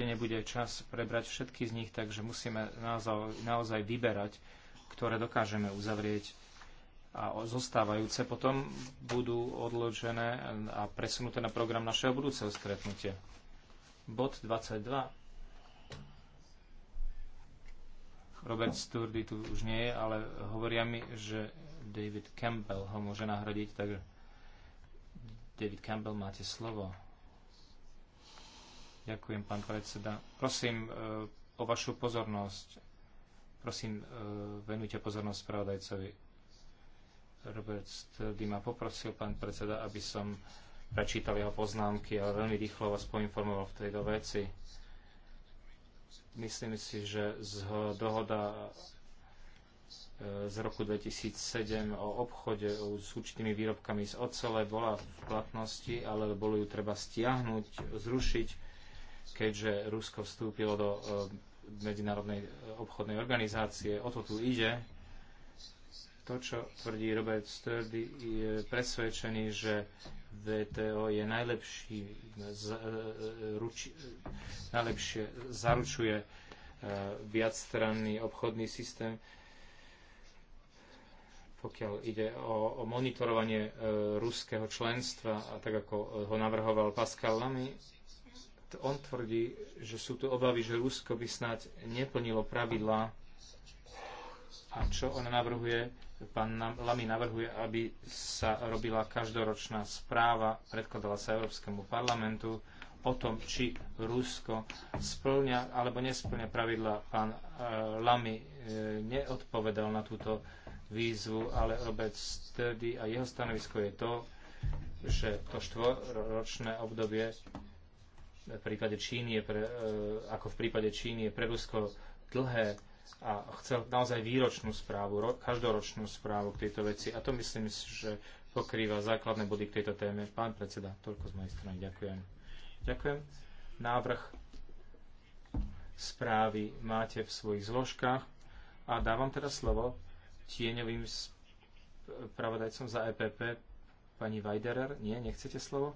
S2: nebude čas prebrať všetky z nich, takže musíme naozaj, naozaj vyberať, ktoré dokážeme uzavrieť a zostávajúce potom budú odložené a presunuté na program našeho budúceho stretnutia. Bod 22. Robert Sturdy tu už nie je, ale hovoria mi, že David Campbell ho môže nahradiť, takže David Campbell, máte slovo. Ďakujem, pán predseda. Prosím e, o vašu pozornosť. Prosím, e, venujte pozornosť spravodajcovi. Robert by ma poprosil, pán predseda, aby som prečítal jeho poznámky, ale veľmi rýchlo vás poinformoval v tejto veci. Myslím si, že z dohoda z roku 2007 o obchode s určitými výrobkami z ocele bola v platnosti, ale bolo ju treba stiahnuť, zrušiť, keďže Rusko vstúpilo do e, Medzinárodnej e, obchodnej organizácie. O to tu ide. To, čo tvrdí Robert Sturdy, je presvedčený, že VTO je najlepší, e, najlepšie zaručuje viacstranný obchodný systém pokiaľ ide o, o monitorovanie e, ruského členstva, a tak ako e, ho navrhoval Pascal Lamy, on tvrdí, že sú tu obavy, že Rusko by snáď neplnilo pravidlá a čo on navrhuje, pán Lamy navrhuje, aby sa robila každoročná správa, predkladala sa Európskemu parlamentu o tom, či Rusko splňa alebo nesplňa pravidla. Pán e, Lamy e, neodpovedal na túto výzvu, ale Robert Sturdy a jeho stanovisko je to, že to štvoročné obdobie v prípade Číny je pre, e, ako v prípade Číny je pre Rusko dlhé a chcel naozaj výročnú správu, ro, každoročnú správu k tejto veci. A to myslím, že pokrýva základné body k tejto téme. Pán predseda, toľko z mojej strany. Ďakujem. Ďakujem. Návrh správy máte v svojich zložkách a dávam teraz slovo tieňovým spravodajcom za EPP, pani Vajderer. Nie, nechcete slovo?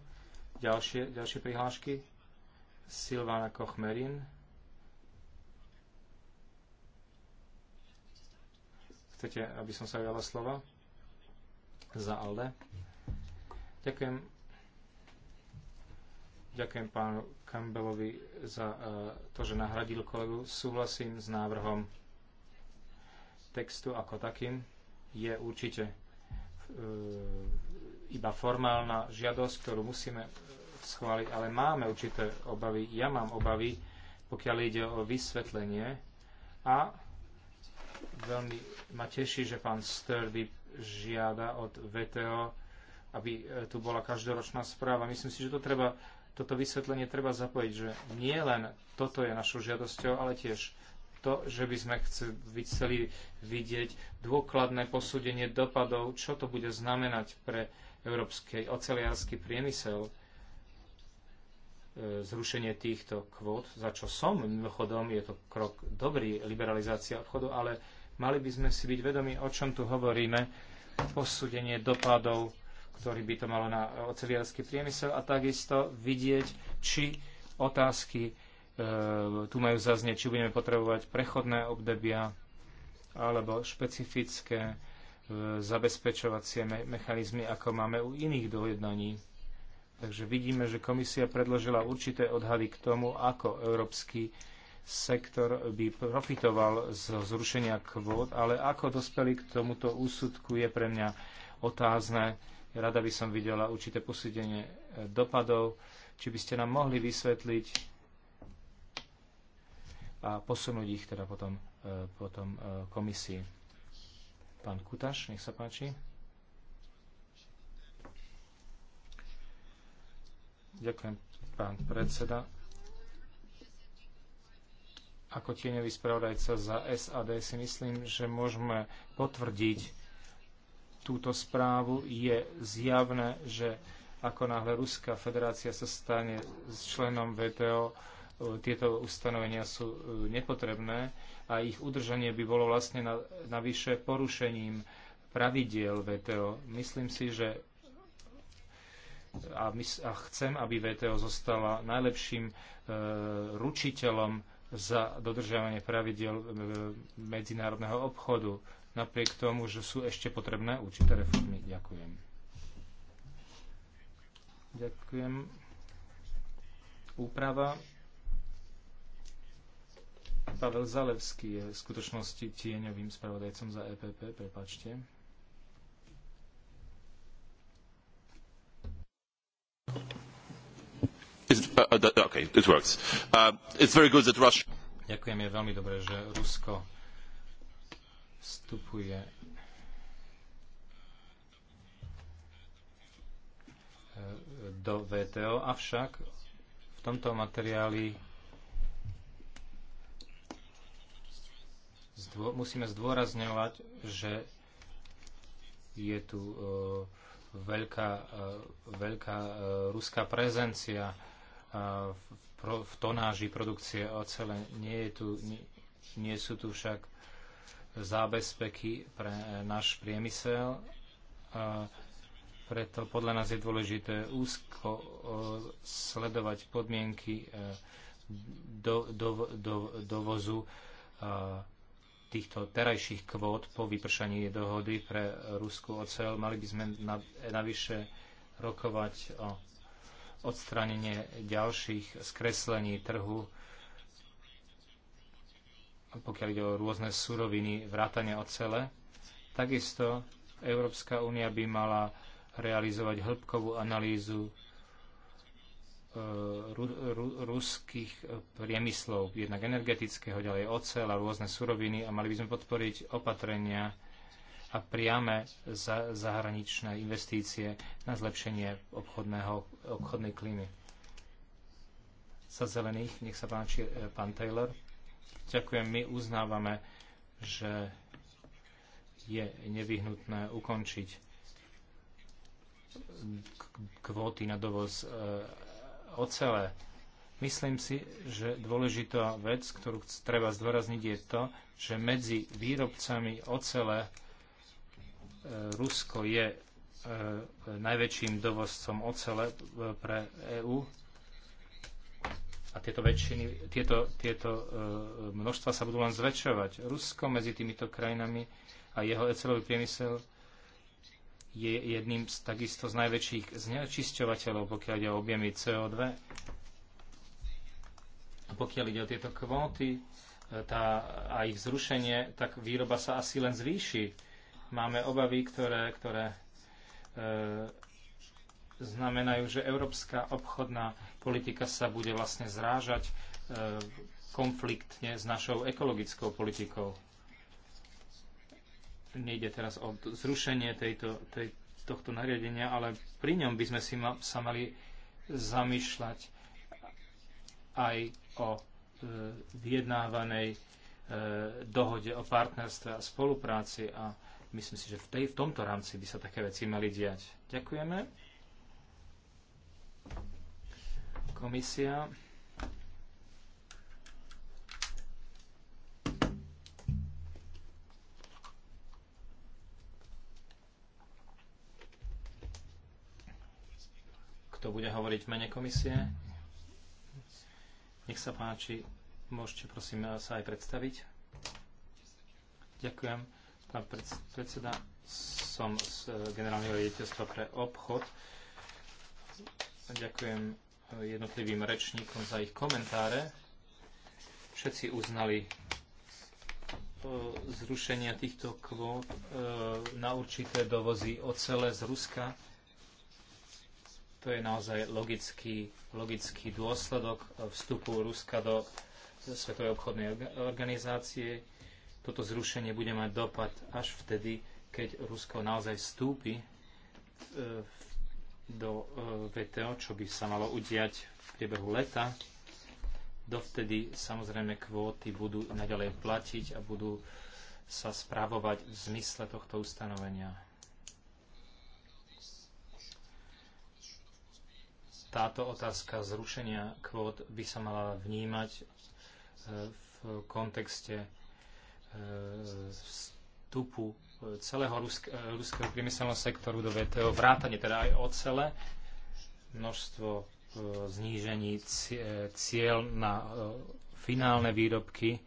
S2: Ďalšie, ďalšie prihlášky? Silvana Kochmerin. Chcete, aby som sa vyjala slova? Za Alde. Ďakujem. Ďakujem pánu Campbellovi za eh, to, že nahradil kolegu. Súhlasím s návrhom textu ako takým je určite e, iba formálna žiadosť, ktorú musíme schváliť, ale máme určité obavy. Ja mám obavy, pokiaľ ide o vysvetlenie a veľmi ma teší, že pán Sturdy žiada od VTO, aby e, tu bola každoročná správa. Myslím si, že to treba, toto vysvetlenie treba zapojiť, že nie len toto je našou žiadosťou, ale tiež to, že by sme chceli vidieť dôkladné posúdenie dopadov, čo to bude znamenať pre európsky oceliársky priemysel e, zrušenie týchto kvót, za čo som mimochodom, je to krok dobrý, liberalizácia obchodu, ale mali by sme si byť vedomi, o čom tu hovoríme, posúdenie dopadov, ktorý by to malo na oceliársky priemysel a takisto vidieť, či otázky Ehm, tu majú zaznieť, či budeme potrebovať prechodné obdobia alebo špecifické e, zabezpečovacie mechanizmy, ako máme u iných dojednaní. Takže vidíme, že komisia predložila určité odhady k tomu, ako európsky sektor by profitoval z zrušenia kvót, ale ako dospeli k tomuto úsudku je pre mňa otázne. Rada by som videla určité posúdenie e, dopadov. Či by ste nám mohli vysvetliť, a posunúť ich teda potom, e, potom e, komisii. Pán Kutaš, nech sa páči. Ďakujem, pán predseda. Ako tieňový spravodajca za SAD si myslím, že môžeme potvrdiť túto správu. Je zjavné, že ako náhle Ruská federácia sa stane členom VTO, tieto ustanovenia sú e, nepotrebné a ich udržanie by bolo vlastne navyše porušením pravidiel VTO. Myslím si, že a, mys- a chcem, aby VTO zostala najlepším e, ručiteľom za dodržiavanie pravidel e, medzinárodného obchodu, napriek tomu, že sú ešte potrebné určité reformy. Ďakujem. Ďakujem. Úprava Pavel Zalevský je v skutočnosti tieňovým spravodajcom za EPP, prepačte.
S3: Uh, uh, uh,
S2: Ďakujem, je veľmi dobré, že Rusko vstupuje e, do VTO, avšak v tomto materiáli musíme zdôrazňovať, že je tu uh, veľká, uh, veľká uh, ruská prezencia uh, v, pro, v tonáži produkcie ocele. Nie, je tu, nie, nie sú tu však zábezpeky pre uh, náš priemysel. Uh, preto podľa nás je dôležité úzko sledovať podmienky do, do, do, dovozu týchto terajších kvót po vypršaní dohody pre ruskú oceľ. Mali by sme navyše rokovať o odstranenie ďalších skreslení trhu, pokiaľ ide o rôzne suroviny, vrátane ocele. Takisto Európska únia by mala realizovať hĺbkovú analýzu Eh, ru, ru, ruských eh, priemyslov, jednak energetického, ďalej oceľ a rôzne suroviny a mali by sme podporiť opatrenia a priame za, zahraničné investície na zlepšenie obchodného, obchodnej klímy. Za zelených, nech sa páči eh, pán Taylor. Ďakujem, my uznávame, že je nevyhnutné ukončiť kvóty na dovoz ocele. Myslím si, že dôležitá vec, ktorú treba zdôrazniť, je to, že medzi výrobcami ocele e, Rusko je e, najväčším dovozcom ocele e, pre EÚ a tieto, väčšiny, tieto, tieto množstva sa budú len zväčšovať. Rusko medzi týmito krajinami a jeho ecelový priemysel je jedným z takisto z najväčších znečisťovateľov, pokiaľ ide o objemy CO2. A pokiaľ ide o tieto kvóty e, tá, a ich zrušenie, tak výroba sa asi len zvýši. Máme obavy, ktoré, ktoré e, znamenajú, že európska obchodná politika sa bude vlastne zrážať e, konfliktne s našou ekologickou politikou nejde teraz o zrušenie tejto, tej, tohto nariadenia, ale pri ňom by sme si ma, sa mali zamýšľať aj o e, vyjednávanej e, dohode o partnerstve a spolupráci a myslím si, že v, tej, v tomto rámci by sa také veci mali diať. Ďakujeme. Komisia. bude hovoriť v mene komisie. Nech sa páči, môžete prosím sa aj predstaviť. Ďakujem, pán predseda. Som z e, generálneho riaditeľstva pre obchod. Ďakujem e, jednotlivým rečníkom za ich komentáre. Všetci uznali e, zrušenia týchto kvót na určité dovozy ocele z Ruska to je naozaj logický, logický dôsledok vstupu Ruska do Svetovej obchodnej organizácie. Toto zrušenie bude mať dopad až vtedy, keď Rusko naozaj vstúpi e, do e, VTO, čo by sa malo udiať v priebehu leta. Dovtedy samozrejme kvóty budú naďalej platiť a budú sa správovať v zmysle tohto ustanovenia. táto otázka zrušenia kvót by sa mala vnímať e, v kontexte e, vstupu e, celého ruského priemyselného sektoru do VTO, vrátane teda aj ocele, množstvo znížení cieľ na finálne výrobky.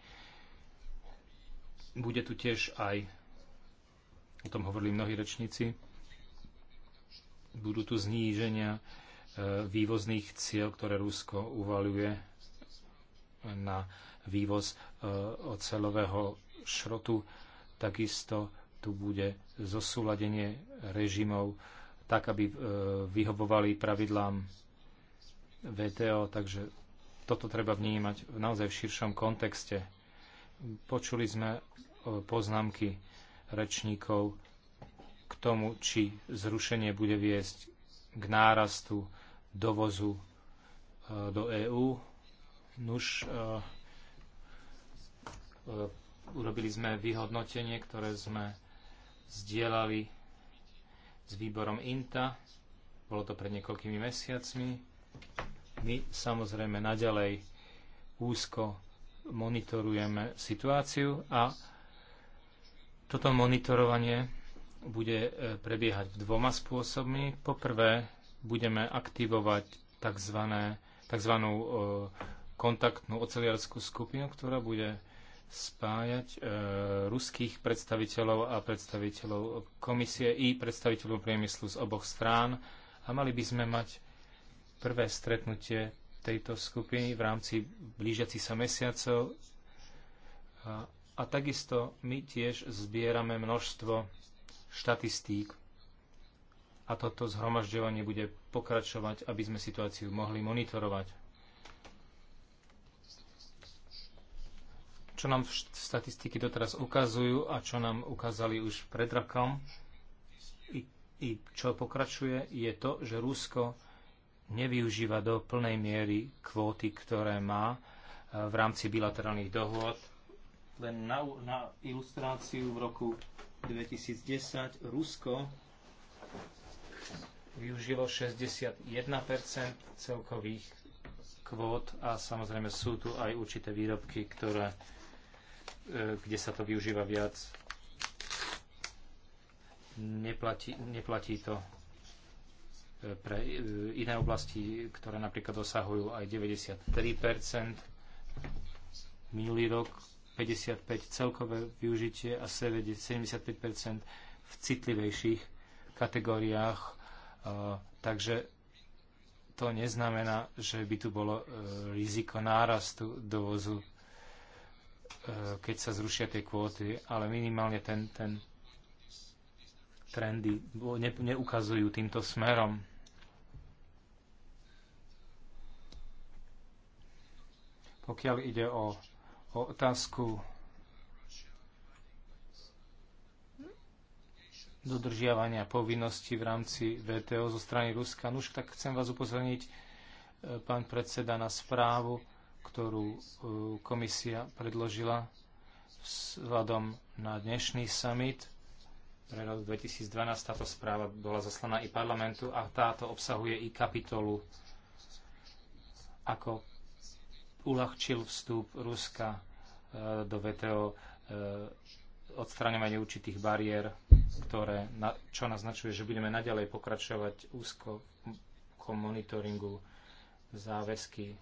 S2: Bude tu tiež aj, o tom hovorili mnohí rečníci, budú tu zníženia E, vývozných cieľ, ktoré Rusko uvaluje na vývoz e, oceľového šrotu. Takisto tu bude zosúladenie režimov tak, aby e, vyhovovali pravidlám VTO, takže toto treba vnímať v naozaj v širšom kontexte. Počuli sme poznámky rečníkov k tomu, či zrušenie bude viesť k nárastu dovozu e, do EÚ. Nuž, e, e, urobili sme vyhodnotenie, ktoré sme zdieľali s výborom INTA. Bolo to pred niekoľkými mesiacmi. My samozrejme naďalej úzko monitorujeme situáciu a toto monitorovanie bude prebiehať dvoma spôsobmi. Poprvé, budeme aktivovať tzv. tzv. E, kontaktnú oceliarskú skupinu, ktorá bude spájať e, ruských predstaviteľov a predstaviteľov komisie i predstaviteľov priemyslu z oboch strán a mali by sme mať prvé stretnutie tejto skupiny v rámci blížiacich sa mesiacov. A, a takisto my tiež zbierame množstvo štatistík a toto zhromažďovanie bude pokračovať, aby sme situáciu mohli monitorovať. Čo nám statistiky doteraz ukazujú a čo nám ukázali už pred rokom i, i čo pokračuje, je to, že Rusko nevyužíva do plnej miery kvóty, ktoré má e, v rámci bilaterálnych dohôd. Len na, na ilustráciu v roku 2010 Rusko využilo 61 celkových kvót a samozrejme sú tu aj určité výrobky, ktoré, e, kde sa to využíva viac. Neplatí, neplatí to e, pre e, iné oblasti, ktoré napríklad dosahujú aj 93%, minulý rok 55% celkové využitie a 75% v citlivejších kategóriách Takže to neznamená, že by tu bolo e, riziko nárastu dovozu, e, keď sa zrušia tie kvóty, ale minimálne ten, ten trendy ne, neukazujú týmto smerom. Pokiaľ ide o, o otázku dodržiavania povinností v rámci VTO zo strany Ruska. Nuž, tak chcem vás upozorniť, e, pán predseda, na správu, ktorú e, komisia predložila vzhľadom na dnešný summit pre rok 2012. Táto správa bola zaslaná i parlamentu a táto obsahuje i kapitolu, ako uľahčil vstup Ruska e, do VTO odstraňovanie určitých bariér, ktoré, čo naznačuje, že budeme naďalej pokračovať úzko monitoringu záväzky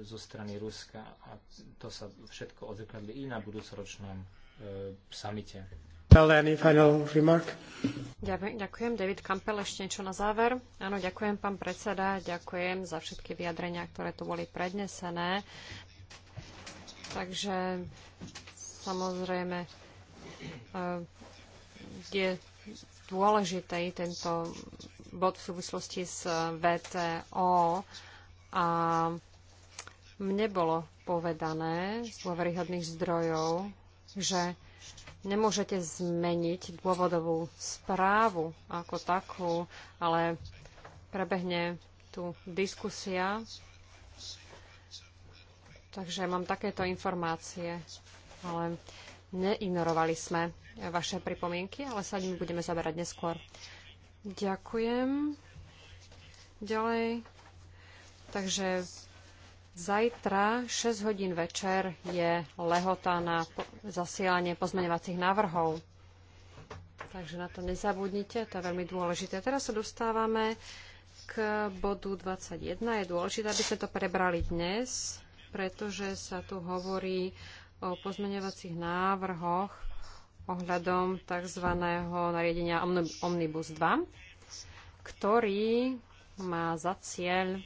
S2: zo strany Ruska a to sa všetko odzrkadli i na budúcoročnom e, samite.
S3: Ďakujem. David Kampel, ešte niečo na záver. Áno, ďakujem, pán predseda. Ďakujem za všetky vyjadrenia, ktoré tu boli prednesené. Takže samozrejme eh, je dôležitý tento bod v súvislosti s eh, VTO a mne bolo povedané z dôveryhodných zdrojov, že nemôžete zmeniť dôvodovú správu ako takú, ale prebehne tu diskusia Takže mám takéto informácie, ale neignorovali sme vaše pripomienky, ale sa nimi budeme zaberať neskôr. Ďakujem. Ďalej. Takže zajtra 6 hodín večer je lehota na zasielanie pozmeňovacích návrhov. Takže na to nezabudnite, to je veľmi dôležité. Teraz sa dostávame k bodu 21. Je dôležité, aby sme to prebrali dnes pretože sa tu hovorí o pozmeňovacích návrhoch ohľadom tzv. nariadenia Omnibus 2, ktorý má za cieľ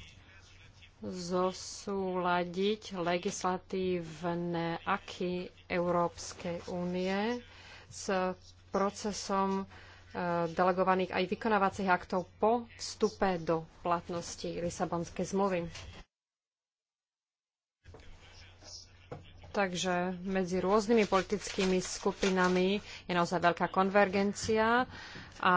S3: zosúladiť legislatívne aky Európskej únie s procesom e, delegovaných aj vykonávacích aktov po vstupe do platnosti Lisabonskej zmluvy. Takže medzi rôznymi politickými skupinami je naozaj veľká konvergencia a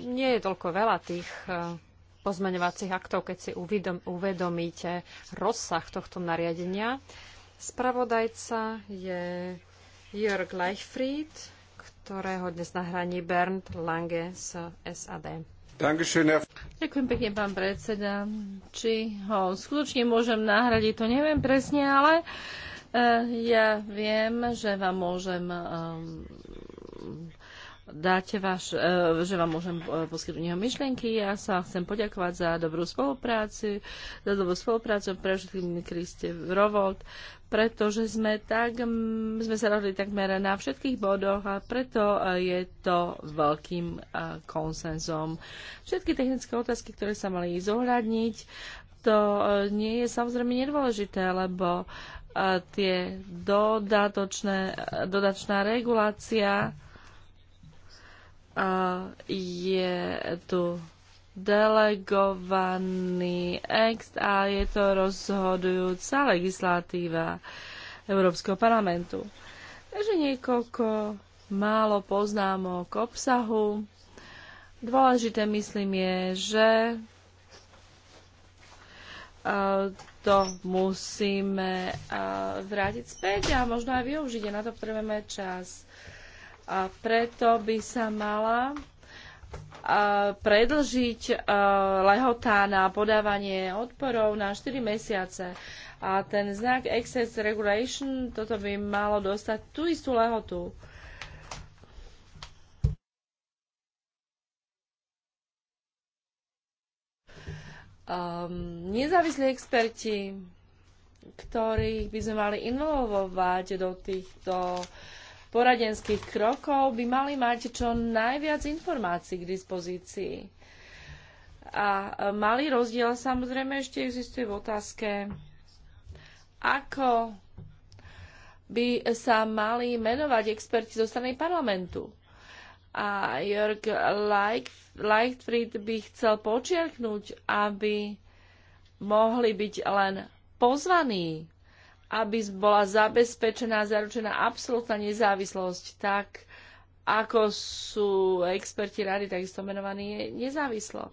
S3: nie je toľko veľa tých eh, pozmeňovacích aktov, keď si uvedom, uvedomíte rozsah tohto nariadenia. Spravodajca je Jörg Leichfried, ktorého dnes nahraní Bernd Lange z SAD.
S1: Ďakujem
S4: pekne, pán predseda. Či ho skutočne môžem nahradiť, to neviem presne, ale uh, Eh, ja viem, že vám môžem ehm, dáte váš, eh, že vám môžem eh, poskytnúť jeho myšlienky. Ja sa chcem poďakovať za dobrú spoluprácu, za dobrú spoluprácu pre všetkým Kriste Rovold, pretože sme, tak, sme sa rozhodli takmer na všetkých bodoch a preto je to veľkým konsenzom. Všetky technické otázky, ktoré sa mali zohľadniť, to nie je samozrejme nedôležité, lebo uh, tie dodatočné, dodatočná regulácia je tu delegovaný ex a je to rozhodujúca legislatíva Európskeho parlamentu. Takže niekoľko málo poznámok obsahu. Dôležité myslím je, že to musíme vrátiť späť a možno aj využiť. A na to potrebujeme čas. A preto by sa mala predlžiť lehotá na podávanie odporov na 4 mesiace. A ten znak Access Regulation, toto by malo dostať tú istú lehotu. um, nezávislí experti, ktorých by sme mali involvovať do týchto poradenských krokov, by mali mať čo najviac informácií k dispozícii. A e, malý rozdiel samozrejme ešte existuje v otázke, ako by sa mali menovať experti zo strany parlamentu a Jörg Leichtfried by chcel počiarknúť, aby mohli byť len pozvaní, aby bola zabezpečená a zaručená absolútna nezávislosť, tak ako sú experti rady takisto menovaní nezávislo.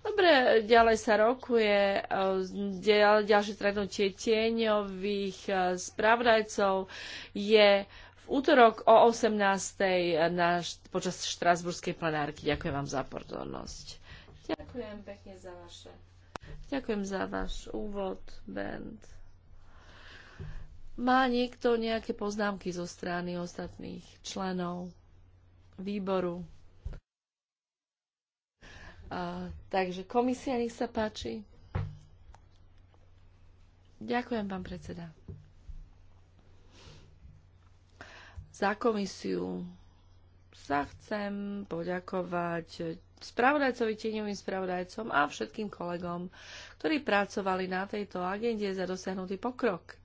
S4: Dobre, ďalej sa rokuje, e, ďalšie stretnutie tieňových e, spravodajcov je útorok o 18.00 na, počas štrasburskej plenárky. Ďakujem vám za pozornosť. Ďakujem pekne za vaše. Ďakujem za váš úvod, Bent. Má niekto nejaké poznámky zo strany ostatných členov výboru? Uh, takže komisia, nech sa páči. Ďakujem, pán predseda. Za komisiu sa chcem poďakovať spravodajcovi, tieňovým spravodajcom a všetkým kolegom, ktorí pracovali na tejto agende za dosiahnutý pokrok.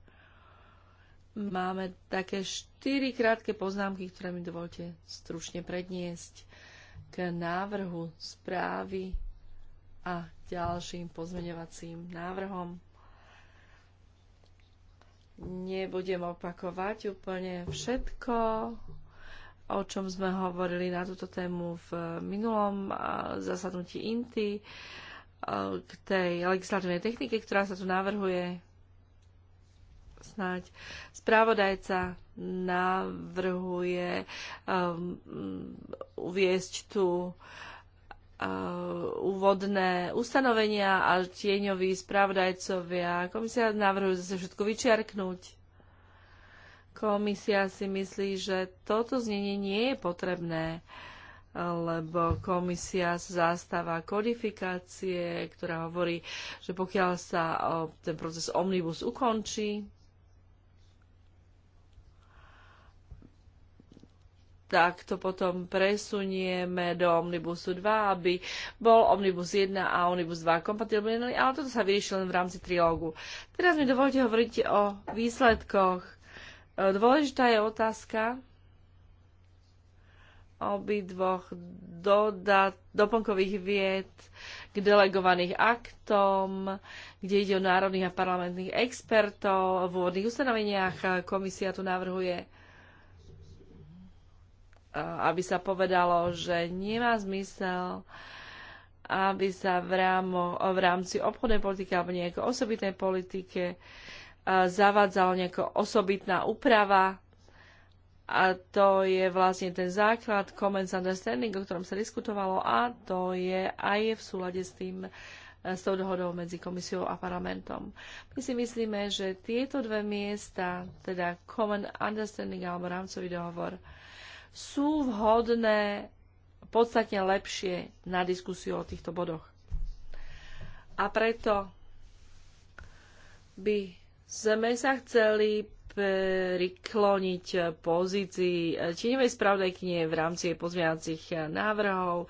S4: Máme také štyri krátke poznámky, ktoré mi dovolte stručne predniesť k návrhu správy a ďalším pozmeňovacím návrhom. Nebudem opakovať úplne všetko, o čom sme hovorili na túto tému v minulom zasadnutí INTY, k tej legislatívnej technike, ktorá sa tu navrhuje. Snáď správodajca navrhuje um, uviesť tu uh, úvodné ustanovenia a tieňoví spravodajcovia. Komisia navrhuje zase všetko vyčiarknúť. Komisia si myslí, že toto znenie nie je potrebné, lebo komisia zastáva kodifikácie, ktorá hovorí, že pokiaľ sa ten proces omnibus ukončí, tak to potom presunieme do Omnibusu 2, aby bol Omnibus 1 a Omnibus 2 kompatibilný, ale toto sa vyrieši len v rámci trilógu. Teraz mi dovolte hovoriť o výsledkoch. E, dôležitá je otázka obidvoch dodat, doplnkových vied k delegovaných aktom, kde ide o národných a parlamentných expertov v úvodných ustanoveniach. Komisia tu navrhuje aby sa povedalo, že nemá zmysel aby sa v, rámo, v rámci obchodnej politiky alebo nejakej osobitnej politike zavádzala nejaká osobitná úprava. A to je vlastne ten základ Commons Understanding, o ktorom sa diskutovalo a to je aj v súlade s tým s tou dohodou medzi komisiou a parlamentom. My si myslíme, že tieto dve miesta, teda Common Understanding alebo rámcový dohovor, sú vhodné podstatne lepšie na diskusiu o týchto bodoch. A preto by sme sa chceli prikloniť pozícii tieňovej spravodajkynie v rámci jej návrhov,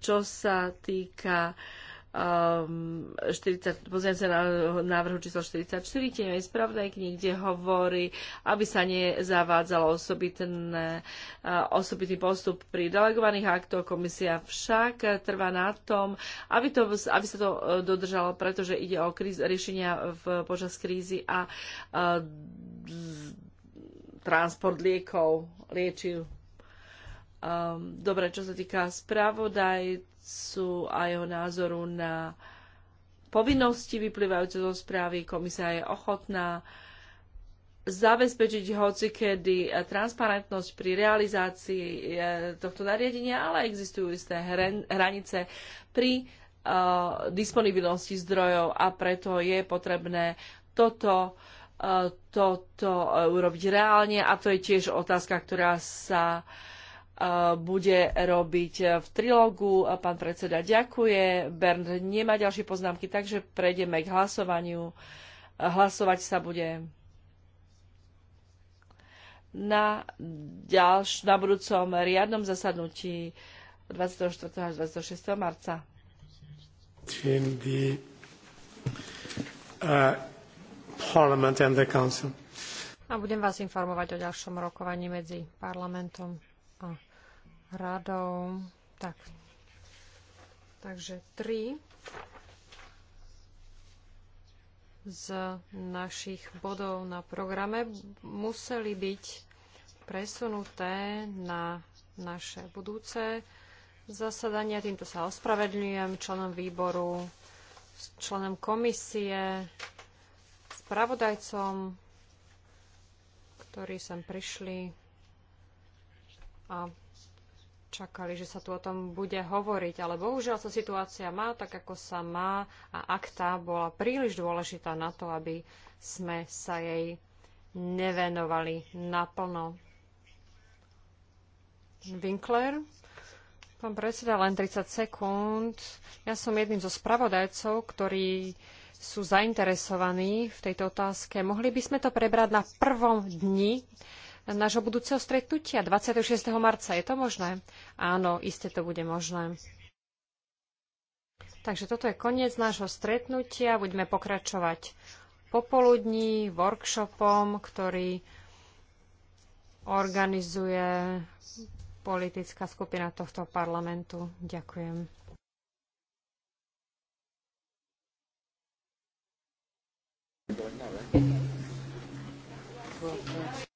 S4: čo sa týka uh, um, 40, sa na návrhu číslo 44 tieňovej spravodajky, niekde hovorí, aby sa nezavádzalo osobitné, uh, osobitný postup pri delegovaných aktoch. Komisia však trvá na tom, aby, to, aby sa to uh, dodržalo, pretože ide o kríz, riešenia v, počas krízy a uh, transport liekov, liečiv Um, dobre, čo sa týka spravodajcu a jeho názoru na povinnosti vyplývajúce zo správy, komisia je ochotná zabezpečiť hocikedy eh, transparentnosť pri realizácii eh, tohto nariadenia, ale existujú isté hranice pri uh, disponibilnosti zdrojov a preto je potrebné toto, uh, toto urobiť reálne a to je tiež otázka, ktorá sa uh, bude robiť v trilógu. Pán predseda ďakuje. Bernd nemá ďalšie poznámky, takže prejdeme k hlasovaniu. Hlasovať sa bude na, ďalš, na budúcom riadnom zasadnutí 24. až 26. marca.
S1: The, uh,
S3: a budem vás informovať o ďalšom rokovaní medzi parlamentom radou. Tak. Takže tri z našich bodov na programe museli byť presunuté na naše budúce zasadania. Týmto sa ospravedlňujem členom výboru, členom komisie, spravodajcom, ktorí sem prišli a čakali, že sa tu o tom bude hovoriť, ale bohužiaľ sa situácia má tak, ako sa má a akta bola príliš dôležitá na to, aby sme sa jej nevenovali naplno. Winkler? Pán predseda, len 30 sekúnd. Ja som jedným zo spravodajcov, ktorí sú zainteresovaní v tejto otázke. Mohli by sme to prebrať na prvom dni nášho budúceho stretnutia 26. marca. Je to možné? Áno, iste to bude možné. Takže toto je koniec nášho stretnutia. Budeme pokračovať popoludní workshopom, ktorý organizuje politická skupina tohto parlamentu. Ďakujem.
S2: Thank you.